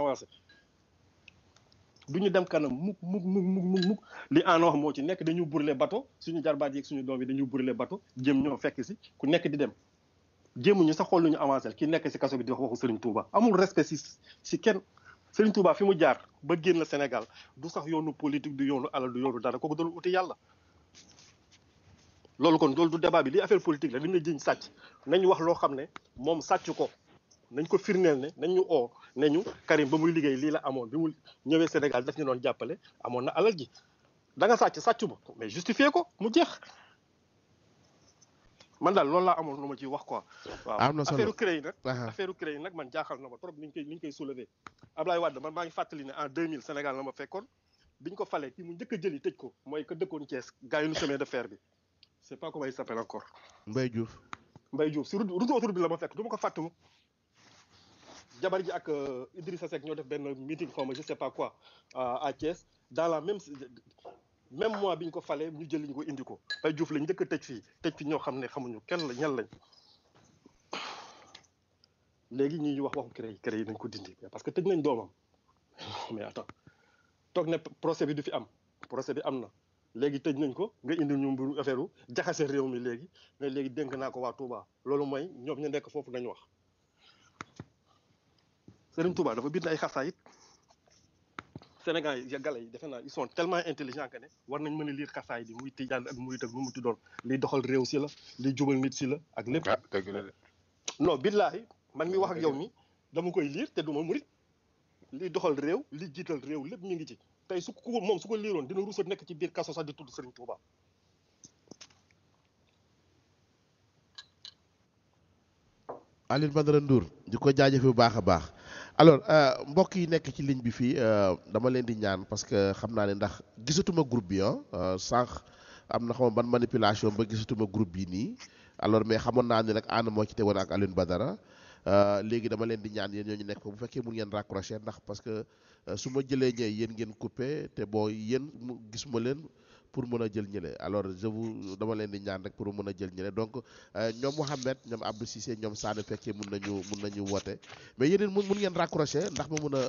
ñu dem kanam mukk mukk mukk mukk mukk li ànd wax moo ci nekk dañu brûler bato suñu jarbaat yi ak suñu doom yi dañu brûler bato jëm ñoo fekk si ku nekk di dem jëm ñu sax xool lu ñu avancé ki nekk si kaso bi di wax waxu Serigne Touba amul respect si si kenn Serigne Touba fi mu jaar ba génn Sénégal du sax yoonu politique du yoonu alal du yoonu dara kooku doon uti yàlla. loolu kon loolu du débat bi li affaire politique la dañ la jëñ sàcc nañ wax loo xam ne moom sàcc ko. nañ ko firndeel ne nañ ñu oo ne ñu Karim ba muy liggéey lii la amoon bi mu ñëwee Sénégal daf ñu doon jàppale amoon na alal ji da nga sàcc sàccu ba mais justifié ko mu jeex man daal loolu laa amoon lu ma ciy wax quoi. waaw affaire Ukraine nag. affaire Ukraine nag man jaaxal na ma trop ni ñu koy ni ñu koy soulever Ablaye Wade man maa ngi fàttali ne en 2000 Sénégal la ma fekkoon bi ñu ko falee ki mu njëkk a jëli tëj ko mooy que dëkkoon Thiès gars yi nu chemin de fer bi c'est pas comment il s'appelle encore. Mbaye Diouf. Mbaye Diour si route route la ma fekk du ma ko fàtte jabar ji ak euh, Idrissa seek ñoo def benn meeting xaw ma je sais pas quoi euh, à Thiès dans la même même mois bi ko falee ñu jël ñu ko indi ko ay Diouf lañ njëkk a tëj fii tëj fi ñoo xam ne xamuñu kenn la ñan lañ léegi ñuy wax waxu CREI CREI nañ ko dindi parce que tëj nañ doomam mais attends toog ne procès bi du fi am procès bi am na léegi tëj nañ ko nga indi ñu mbiru affaire jaxasee réew mi léegi mais léegi dénk naa ko waa Touba loolu mooy ñoom ñu nekk foofu nañ wax. Serigne Touba dafa bind ay xasaayit Sénégal yi gale yi defe naa ils sont tellement intelligents que ne war nañ mën a liir xasaayit yi muy tijaan ak muy tëg mu muti doon liy doxal réew si la liy jubal nit si la ak lépp ah, non billaahi man mi ah, wax ak yow mi dama koy liir te du ma murit liy doxal réew li jiital réew lépp ñu ngi ci tey su ko moom su ko liiroon dina ruusat nekk ci biir kaso sax di tudd Serigne Touba Alioune Badara Ndour di ko jaajëf bu baax a baax alors euh, mbokk yi nekk ci ligne bi fii euh, dama leen di ñaan parce que xam naa ne ndax gisatuma groupe bi ah sànq am na xam ban manipulation ba gisatuma groupe bi nii alors mais xamoon naa ni rek ànd moo ci teewoon ak Alioune Badara léegi dama leen di ñaan yéen ñoo ñu nekk fa bu fekkee mun ngeen raccrocher ndax parce que su ma jëlee ñëw yéen ngeen coupé te boo yéen gisuma leen. pour mun a jël ñële alors je dama leen di ñaan rek pour mën a jël ñële donc euh, ñoom Mouhamed ñoom Abdou Cissé ñoom Sane fekkee mun nañu mun nañu woote mais yéen mun mun ngeen raccrocher ndax ma mun a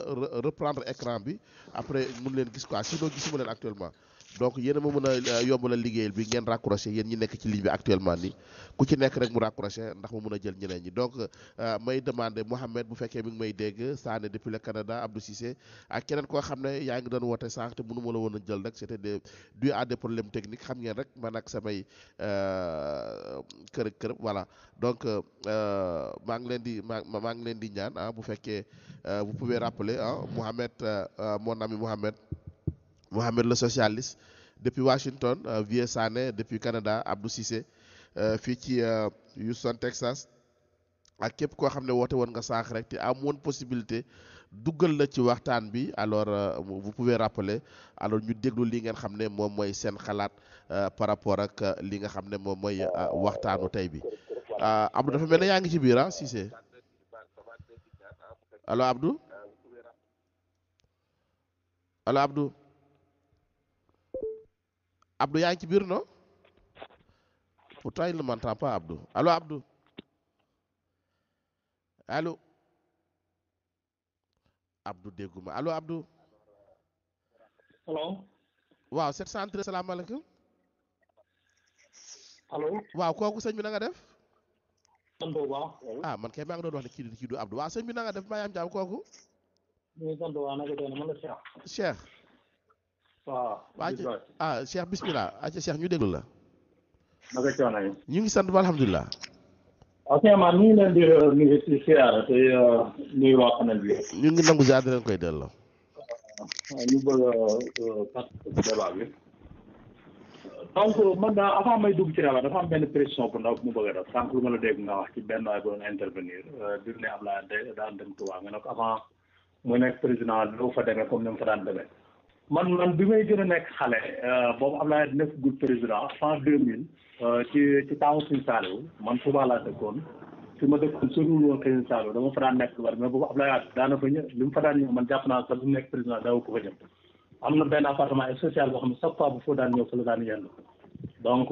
reprendre écran bi après mun leen gis quoi sinon gisuma leen actuellement donc yéen a ma mën a euh, yombalal liggéeyal bi ngeen raccroché yéen ñi nekk ci ligne bi actuellement ni ku ci nekk rek mu raccroché ndax mu mën a jël ñeneen ñi donc euh, may demandé Mohamed bu fekkee mi ngi may dégg Sané depuis le Canada Abdou Cissé ak keneen koo xam ne yaa ngi doon woote sànq te nu ma la woon a jël rek c'était des dû à des problèmes techniques xam ngeen rek man ak samay kërëb euh, kërëb voilà donc maa ngi leen di maa maa ngi leen di ñaan ah bu fekkee vous pouvez rappeler ah Mohamed mon ami Mohamed Mohamed le socialiste depuis Washington euh, Vieux Sané depuis Canada Abdou Cissé euh, fii ci euh, Houston Texas ak képp koo xam ne woote woon nga sànq rek te amoon possibilité duggal la ci waxtaan bi alors vous pouvez rappeler alors ñu déglu lii ngeen xam ne moom mooy seen xalaat par rapport ak li nga xam ne moom mooy waxtaanu tey bi Abdou dafa mel ne yaa ngi ci biir ah Cissé allo Abdou allo Abdou yaa ngi ci biir non pourtant il ne m'entend pas Abdou allo Abdou allo Abdou dégguma allo Abdou. allo. waaw 713 waaw kooku sëñ bi na def. sant bu baax. ah man kay maa ngi doon kooku. ñu waa waaw ah Cheikh bismillah aca ah, Cheikh ñu déglu la naka coono yi ñu ngi sant ba alhamdulilah waaw Cheikh man ñu ngi leen di euh, euh, nangu ziar di leen koy delloo mu bëgg a def lu ma la dégg nga wax ci benn waay intervenir euh, biir ne Ablaye daan dem Touba nga ne ko avant mu nekk président loo fa demee comme ni mu fa daan demee man man bi may gën a nekk xale euh, boobu Abdoulaye nekkagul président fin deux mille euh, ci ci taawu Sine Saliou man Touba laa dëkkoon fi ma dëkkoon soriwul woon Sine fa daan nekk lu bari mais boobu Abdoulaye daana fa ñëw li mu fa daan ñëw man jàpp naa sax bu nekk président daawu ko fa ñëw am na benn appartement social boo xam ne chaque fois bu foo daan ñëw fa la daan yendu donc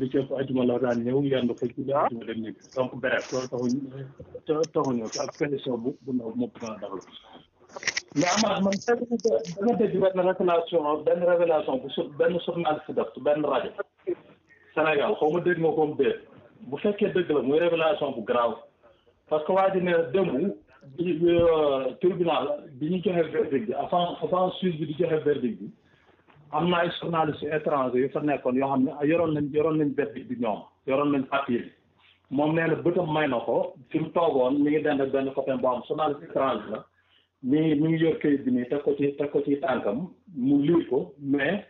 li ci ëpp ajuma la daan ñëw yendu fa julli ajuma dem ñibbi donc bref loolu taxuñ taxuñëw ci ak bu bu ndaw moo gën mais Amath man dama dama dégg benn révélation benn révélation bu su benn journal si def benn rajo Sénégal xaw ma dégg nga ko déet bu fekkee dëgg la muy révélation bu grave parce que waa ji ne démb bi bi euh, ñu joxe verdict bi avant avant suisse bi di joxe verdict bi am na ay journalistes étrangers yu fa nekkoon yoo xam ne yoroon nañ yoroon nañ verdict bi ñoom yoroon nañ papier bi moom nee na bëtam may na ko fi mu toogoon mi ngi dend benn copain boo am journaliste mi ngi mi ngi yor bi nii teg ko ci teg ko ci tànkam mu lii ko mais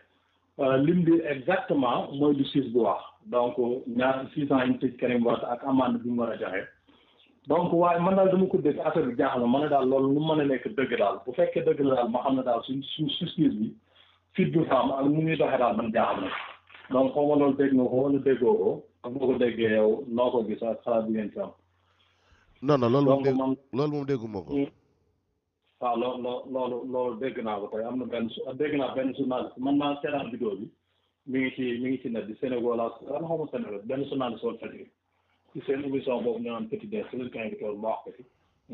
euh, lim bi exactement mooy du siis bi wax donc ñaar six ans yi ñu tëj Karim Wade ak amande bi mu war a joxe donc waaye man daal dama ko dégg affaire bi jaaxal na ma ne daal lool lu mën a nekk dëgg daal bu fekkee dëgg la daal ma xam ne daal suñ suñ justice bi fit bi faam ak mu ñuy doxee daal man jaaxal na donc xaw loolu dégg nga ko déggoo ko ak ko déggee yow noo ko gis ak xalaat bi ngeen ci am loolu moom dégg déggu ko mm. waaw loo loo loolu loolu dégg naa ko tey am benn dégg naa benn journaliste man maa seetaan vidéo bi mu ngi ci mi ngi ci net bi Sénégal ak xam nga Sénégal benn journaliste woon seen émission boobu ñu naan petit dé si lañ ko invité woon mu wax ko ci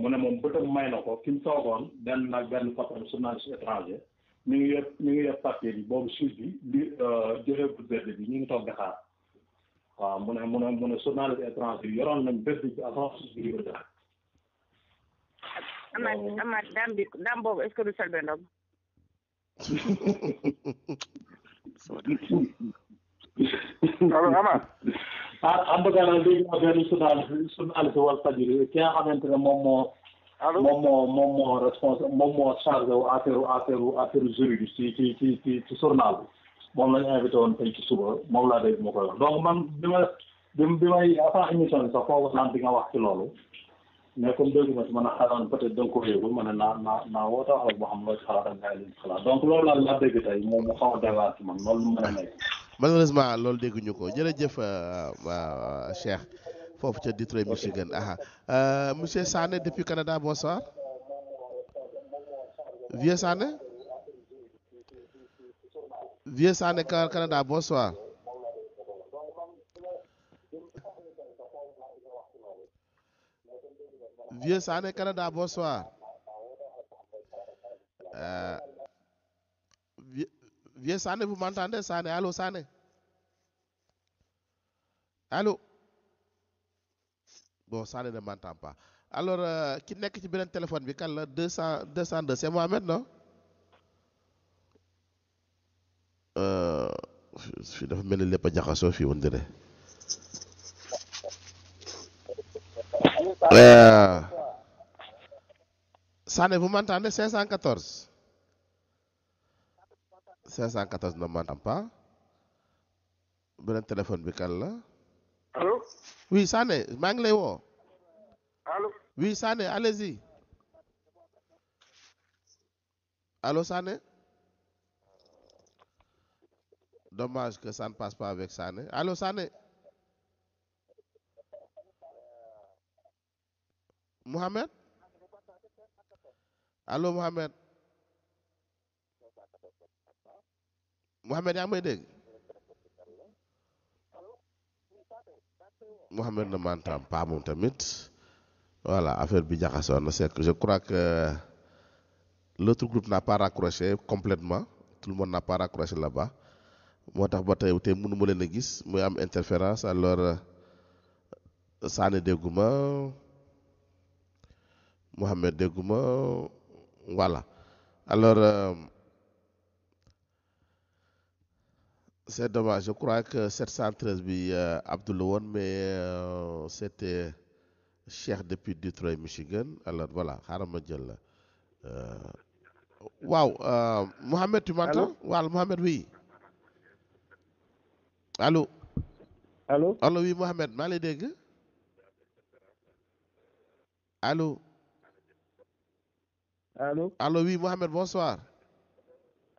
mu ne moom bëtam may na ko fi mu toogoon benn nag benn patron journaliste étranger mi ngi yor mu ngi yor papier bi boobu suuf bi li euh, joxe bu verde bi ñu ngi toog di waaw mu ne mu ne mu ne journaliste étranger yoroon nañ verde bi avant suuf amaat amaat daam ah en tout dégg naa benn journaliste journaliste Walfadjri ki nga xamante ne moom moo. allo moom moo moom moo responsable wu affaire affaire affaire juridique ci ci ci ci ci journal moom la ñu invité woon tey suba moom laa dégg ma koy wax man bi ma bi may avant émission bi foofu naan di nga wax ci loolu. mais comme déggu ma ko yëgul ma ne loolu dégguñu ko jërëjëf euh, euh, Cheikh foofu ca Detroit Michigan aha euh, monsieur Sané depuis Canada bonsoir. vieux Sané. vieux Sané Canada bonsoir. Vieux Sané Canada, bonsoir. Euh, Vieux Sané, vous m'entendez, Sané allo Sané Allô Bon, Sané ne m'entend pas. Alors, euh, qui n'est que tu téléphone, mais quand 200, 202, c'est Mohamed, non Euh, je suis devenu le pas dire à Sophie, Euh, Sané, vous m'entendez 514 514 ne m'entend pas. beneen téléphone bi kan la. allo. oui Sané maa ngi lay woo. allo. oui Sané allo Sané. dommage que ça passe pas avec Sané allo Sané. Mouhamed allo Mouhamed Mouhamed yaa ngi may dégg Mouhamed na mantam pa tamit voilà affaire bi jaxasoon na c'est je crois que l'autre groupe n'a pas raccroché complètement tout le monde n'a pas raccroché là-bas moo tax ba tey tey mënu ma leen a gis muy am interférence alors saane euh, dégguma Mouhamed dégguma voilà alors euh, je crois que 713 bi euh, Abdou la woon mais euh, c'était Cheikh depuis Detroit Michigan alors voilà xaaral ma jël la euh, waaw euh, Mouhamed tu m'entends waaw Mouhamed oui allo allo allo oui maa lay dégg allo Allô? Allô, oui, Mohamed, bonsoir.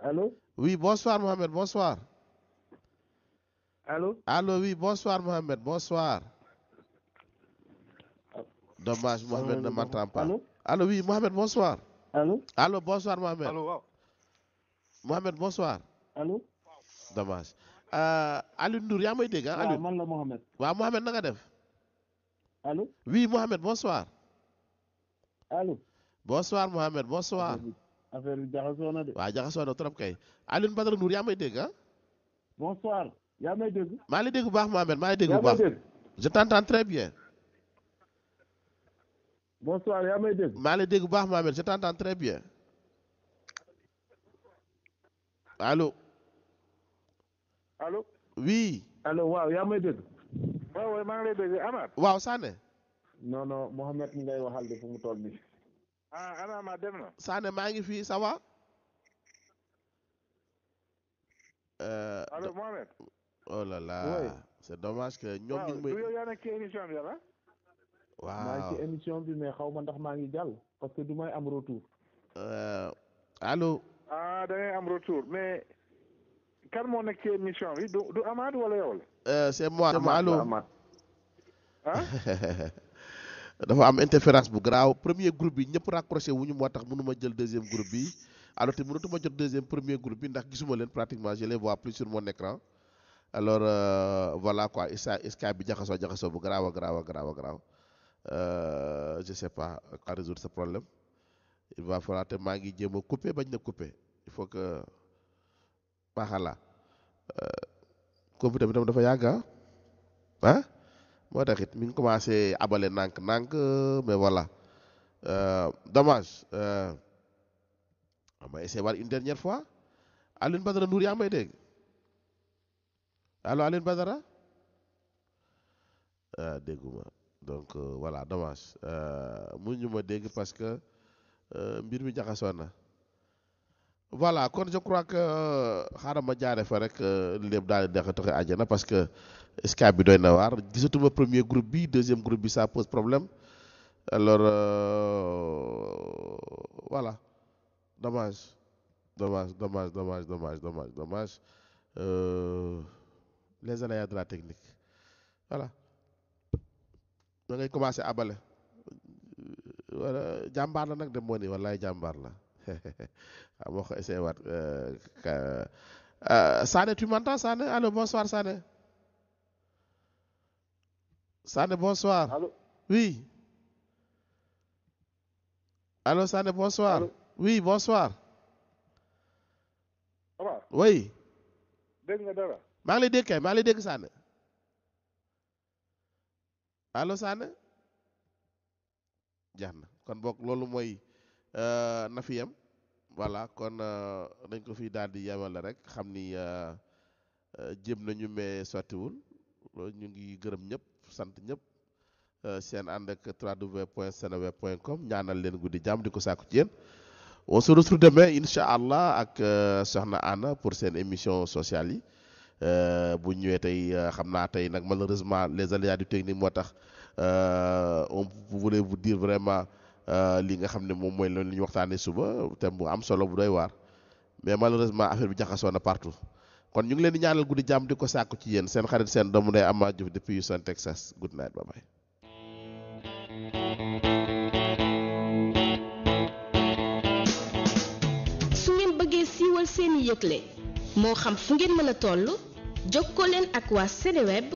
Allô? Oui, bonsoir, Mohamed, bonsoir. Allô? Allô, oui, bonsoir, Mohamed, bonsoir. Dommage, Mohamed ne m'entend pas. Allô? Allô, oui, Mohamed, yaa may dégg ah. Aliou na nga def. Allô? Oui, Mohamed, bonsoir Mohamed bonsoir. affaire bi jaxasoo na de. waaw jaxasoo na trop kay Alioune Badara Ndour yaa may dégg ah. bonsoir. yaa may dégg. maa lay dégg bu baax Mohamed maa lay dégg bu baax. je t'entends très bien. bonsoir yaa may dégg. maa lay dégg bu baax Mohamed je t'entends bien. allo. allo. oui. allo waaw yaa may dégg. waaw waaw maa ngi lay ngay waxal de fu mu toll nii. ah xanaa maa ngi fii ça va. Euh, allo Mohamed. oh là là c'est dommage que ñoom ñu ngi may. waaw nekk ci émission bi waaw maa ngi ci émission bi mais xaw ma ndax maa ngi jàll. parce que du may am retour. Euh, allo. ah am retour mais. kan moo nekk ci émission bi du du Amath wala yow la. Euh, c'est moi. c'est dafa am interférence bu garaaw premier groupe bi ñëpp raccroché wuñu moo tax mënuma jël deuxième groupe bi alors te mënatuma jot deuxième premier groupe bi ndax gisuma leen pratiquement je les vois plus sur mon écran alors euh, voilà quoi isa Skype bi jaxasoo jaxasoo bu garaaw a garaaw a garaaw euh, je sais pas comment résoudre ce problème il va falloir te maa ngi jéem a couper bañ na couper il faut que maaxala computer euh, bi tam dafa yàgga ah? moo tax it mi ngi commencé abale nànk-nànk mais voilà euh, dommage euh, ma essayé war une dernière fois Alioune Badara Ndour yaa may dégg allo Alioune Badara euh, dégguma donc voilà domage mu ñu ma dégg parce que mbir mi jaxasoo na voilà kon je crois que euh, xaaral ma jaare fa rek euh, lépp daal di deqi toxi àjjana parce que skype bi doy na waar gisatuma premier groupe bi deuxième groupe bi ça pose problème alors euh, voilà dommage dommage dommage dommage domage dommage dommage euh, les aléas de la technique voilà dangay commencé abale euh, jàmbaar la nag dem moo ni wallaay jàmbaar la waaw ah, moo ko essayé waat euh, euh, Sané tu m'entends Sané allo bonsoir Sané Sané bonsoir allo allo Sané bonsoir allo. bonsoir. waaw oui. nga dara. maa ngi lay dégg kay maa ngi lay dégg Sané allo Sané jeex na kon boog loolu mooy euh, na voilà kon dañ euh, ko fi daal di yemale rek xam ni euh, euh, jéem nañu mais sottiwul ñu ngi gërëm ñëpp sant ñëpp seen ànd ak comme ñaanal leen guddi jàmm di ko sàkku ci yéen on se retrouve demain incha allah ak soxna Anna pour seen émission sociale yi bu ñëwee tey xam naa tey nag malheureusement les aléas du technique moo tax on voulait bu diir vraiment. Euh, lii nga xam ne moom mooy loolu li ñu waxtaanee suba thème bu am solo bu doy waar mais malheureusement affaire bi jaxasoo na partout kon ñu ngi leen di ñaanal guddi jàmm di ko sàkku ci yéen seen xarit seen doomu day Amath Diouf depuis Houston Texas good night bye bye. su ngeen bëggee siiwal seeni yëgle moo xam fu ngeen mën a toll jokkoo leen ak waa Seneweb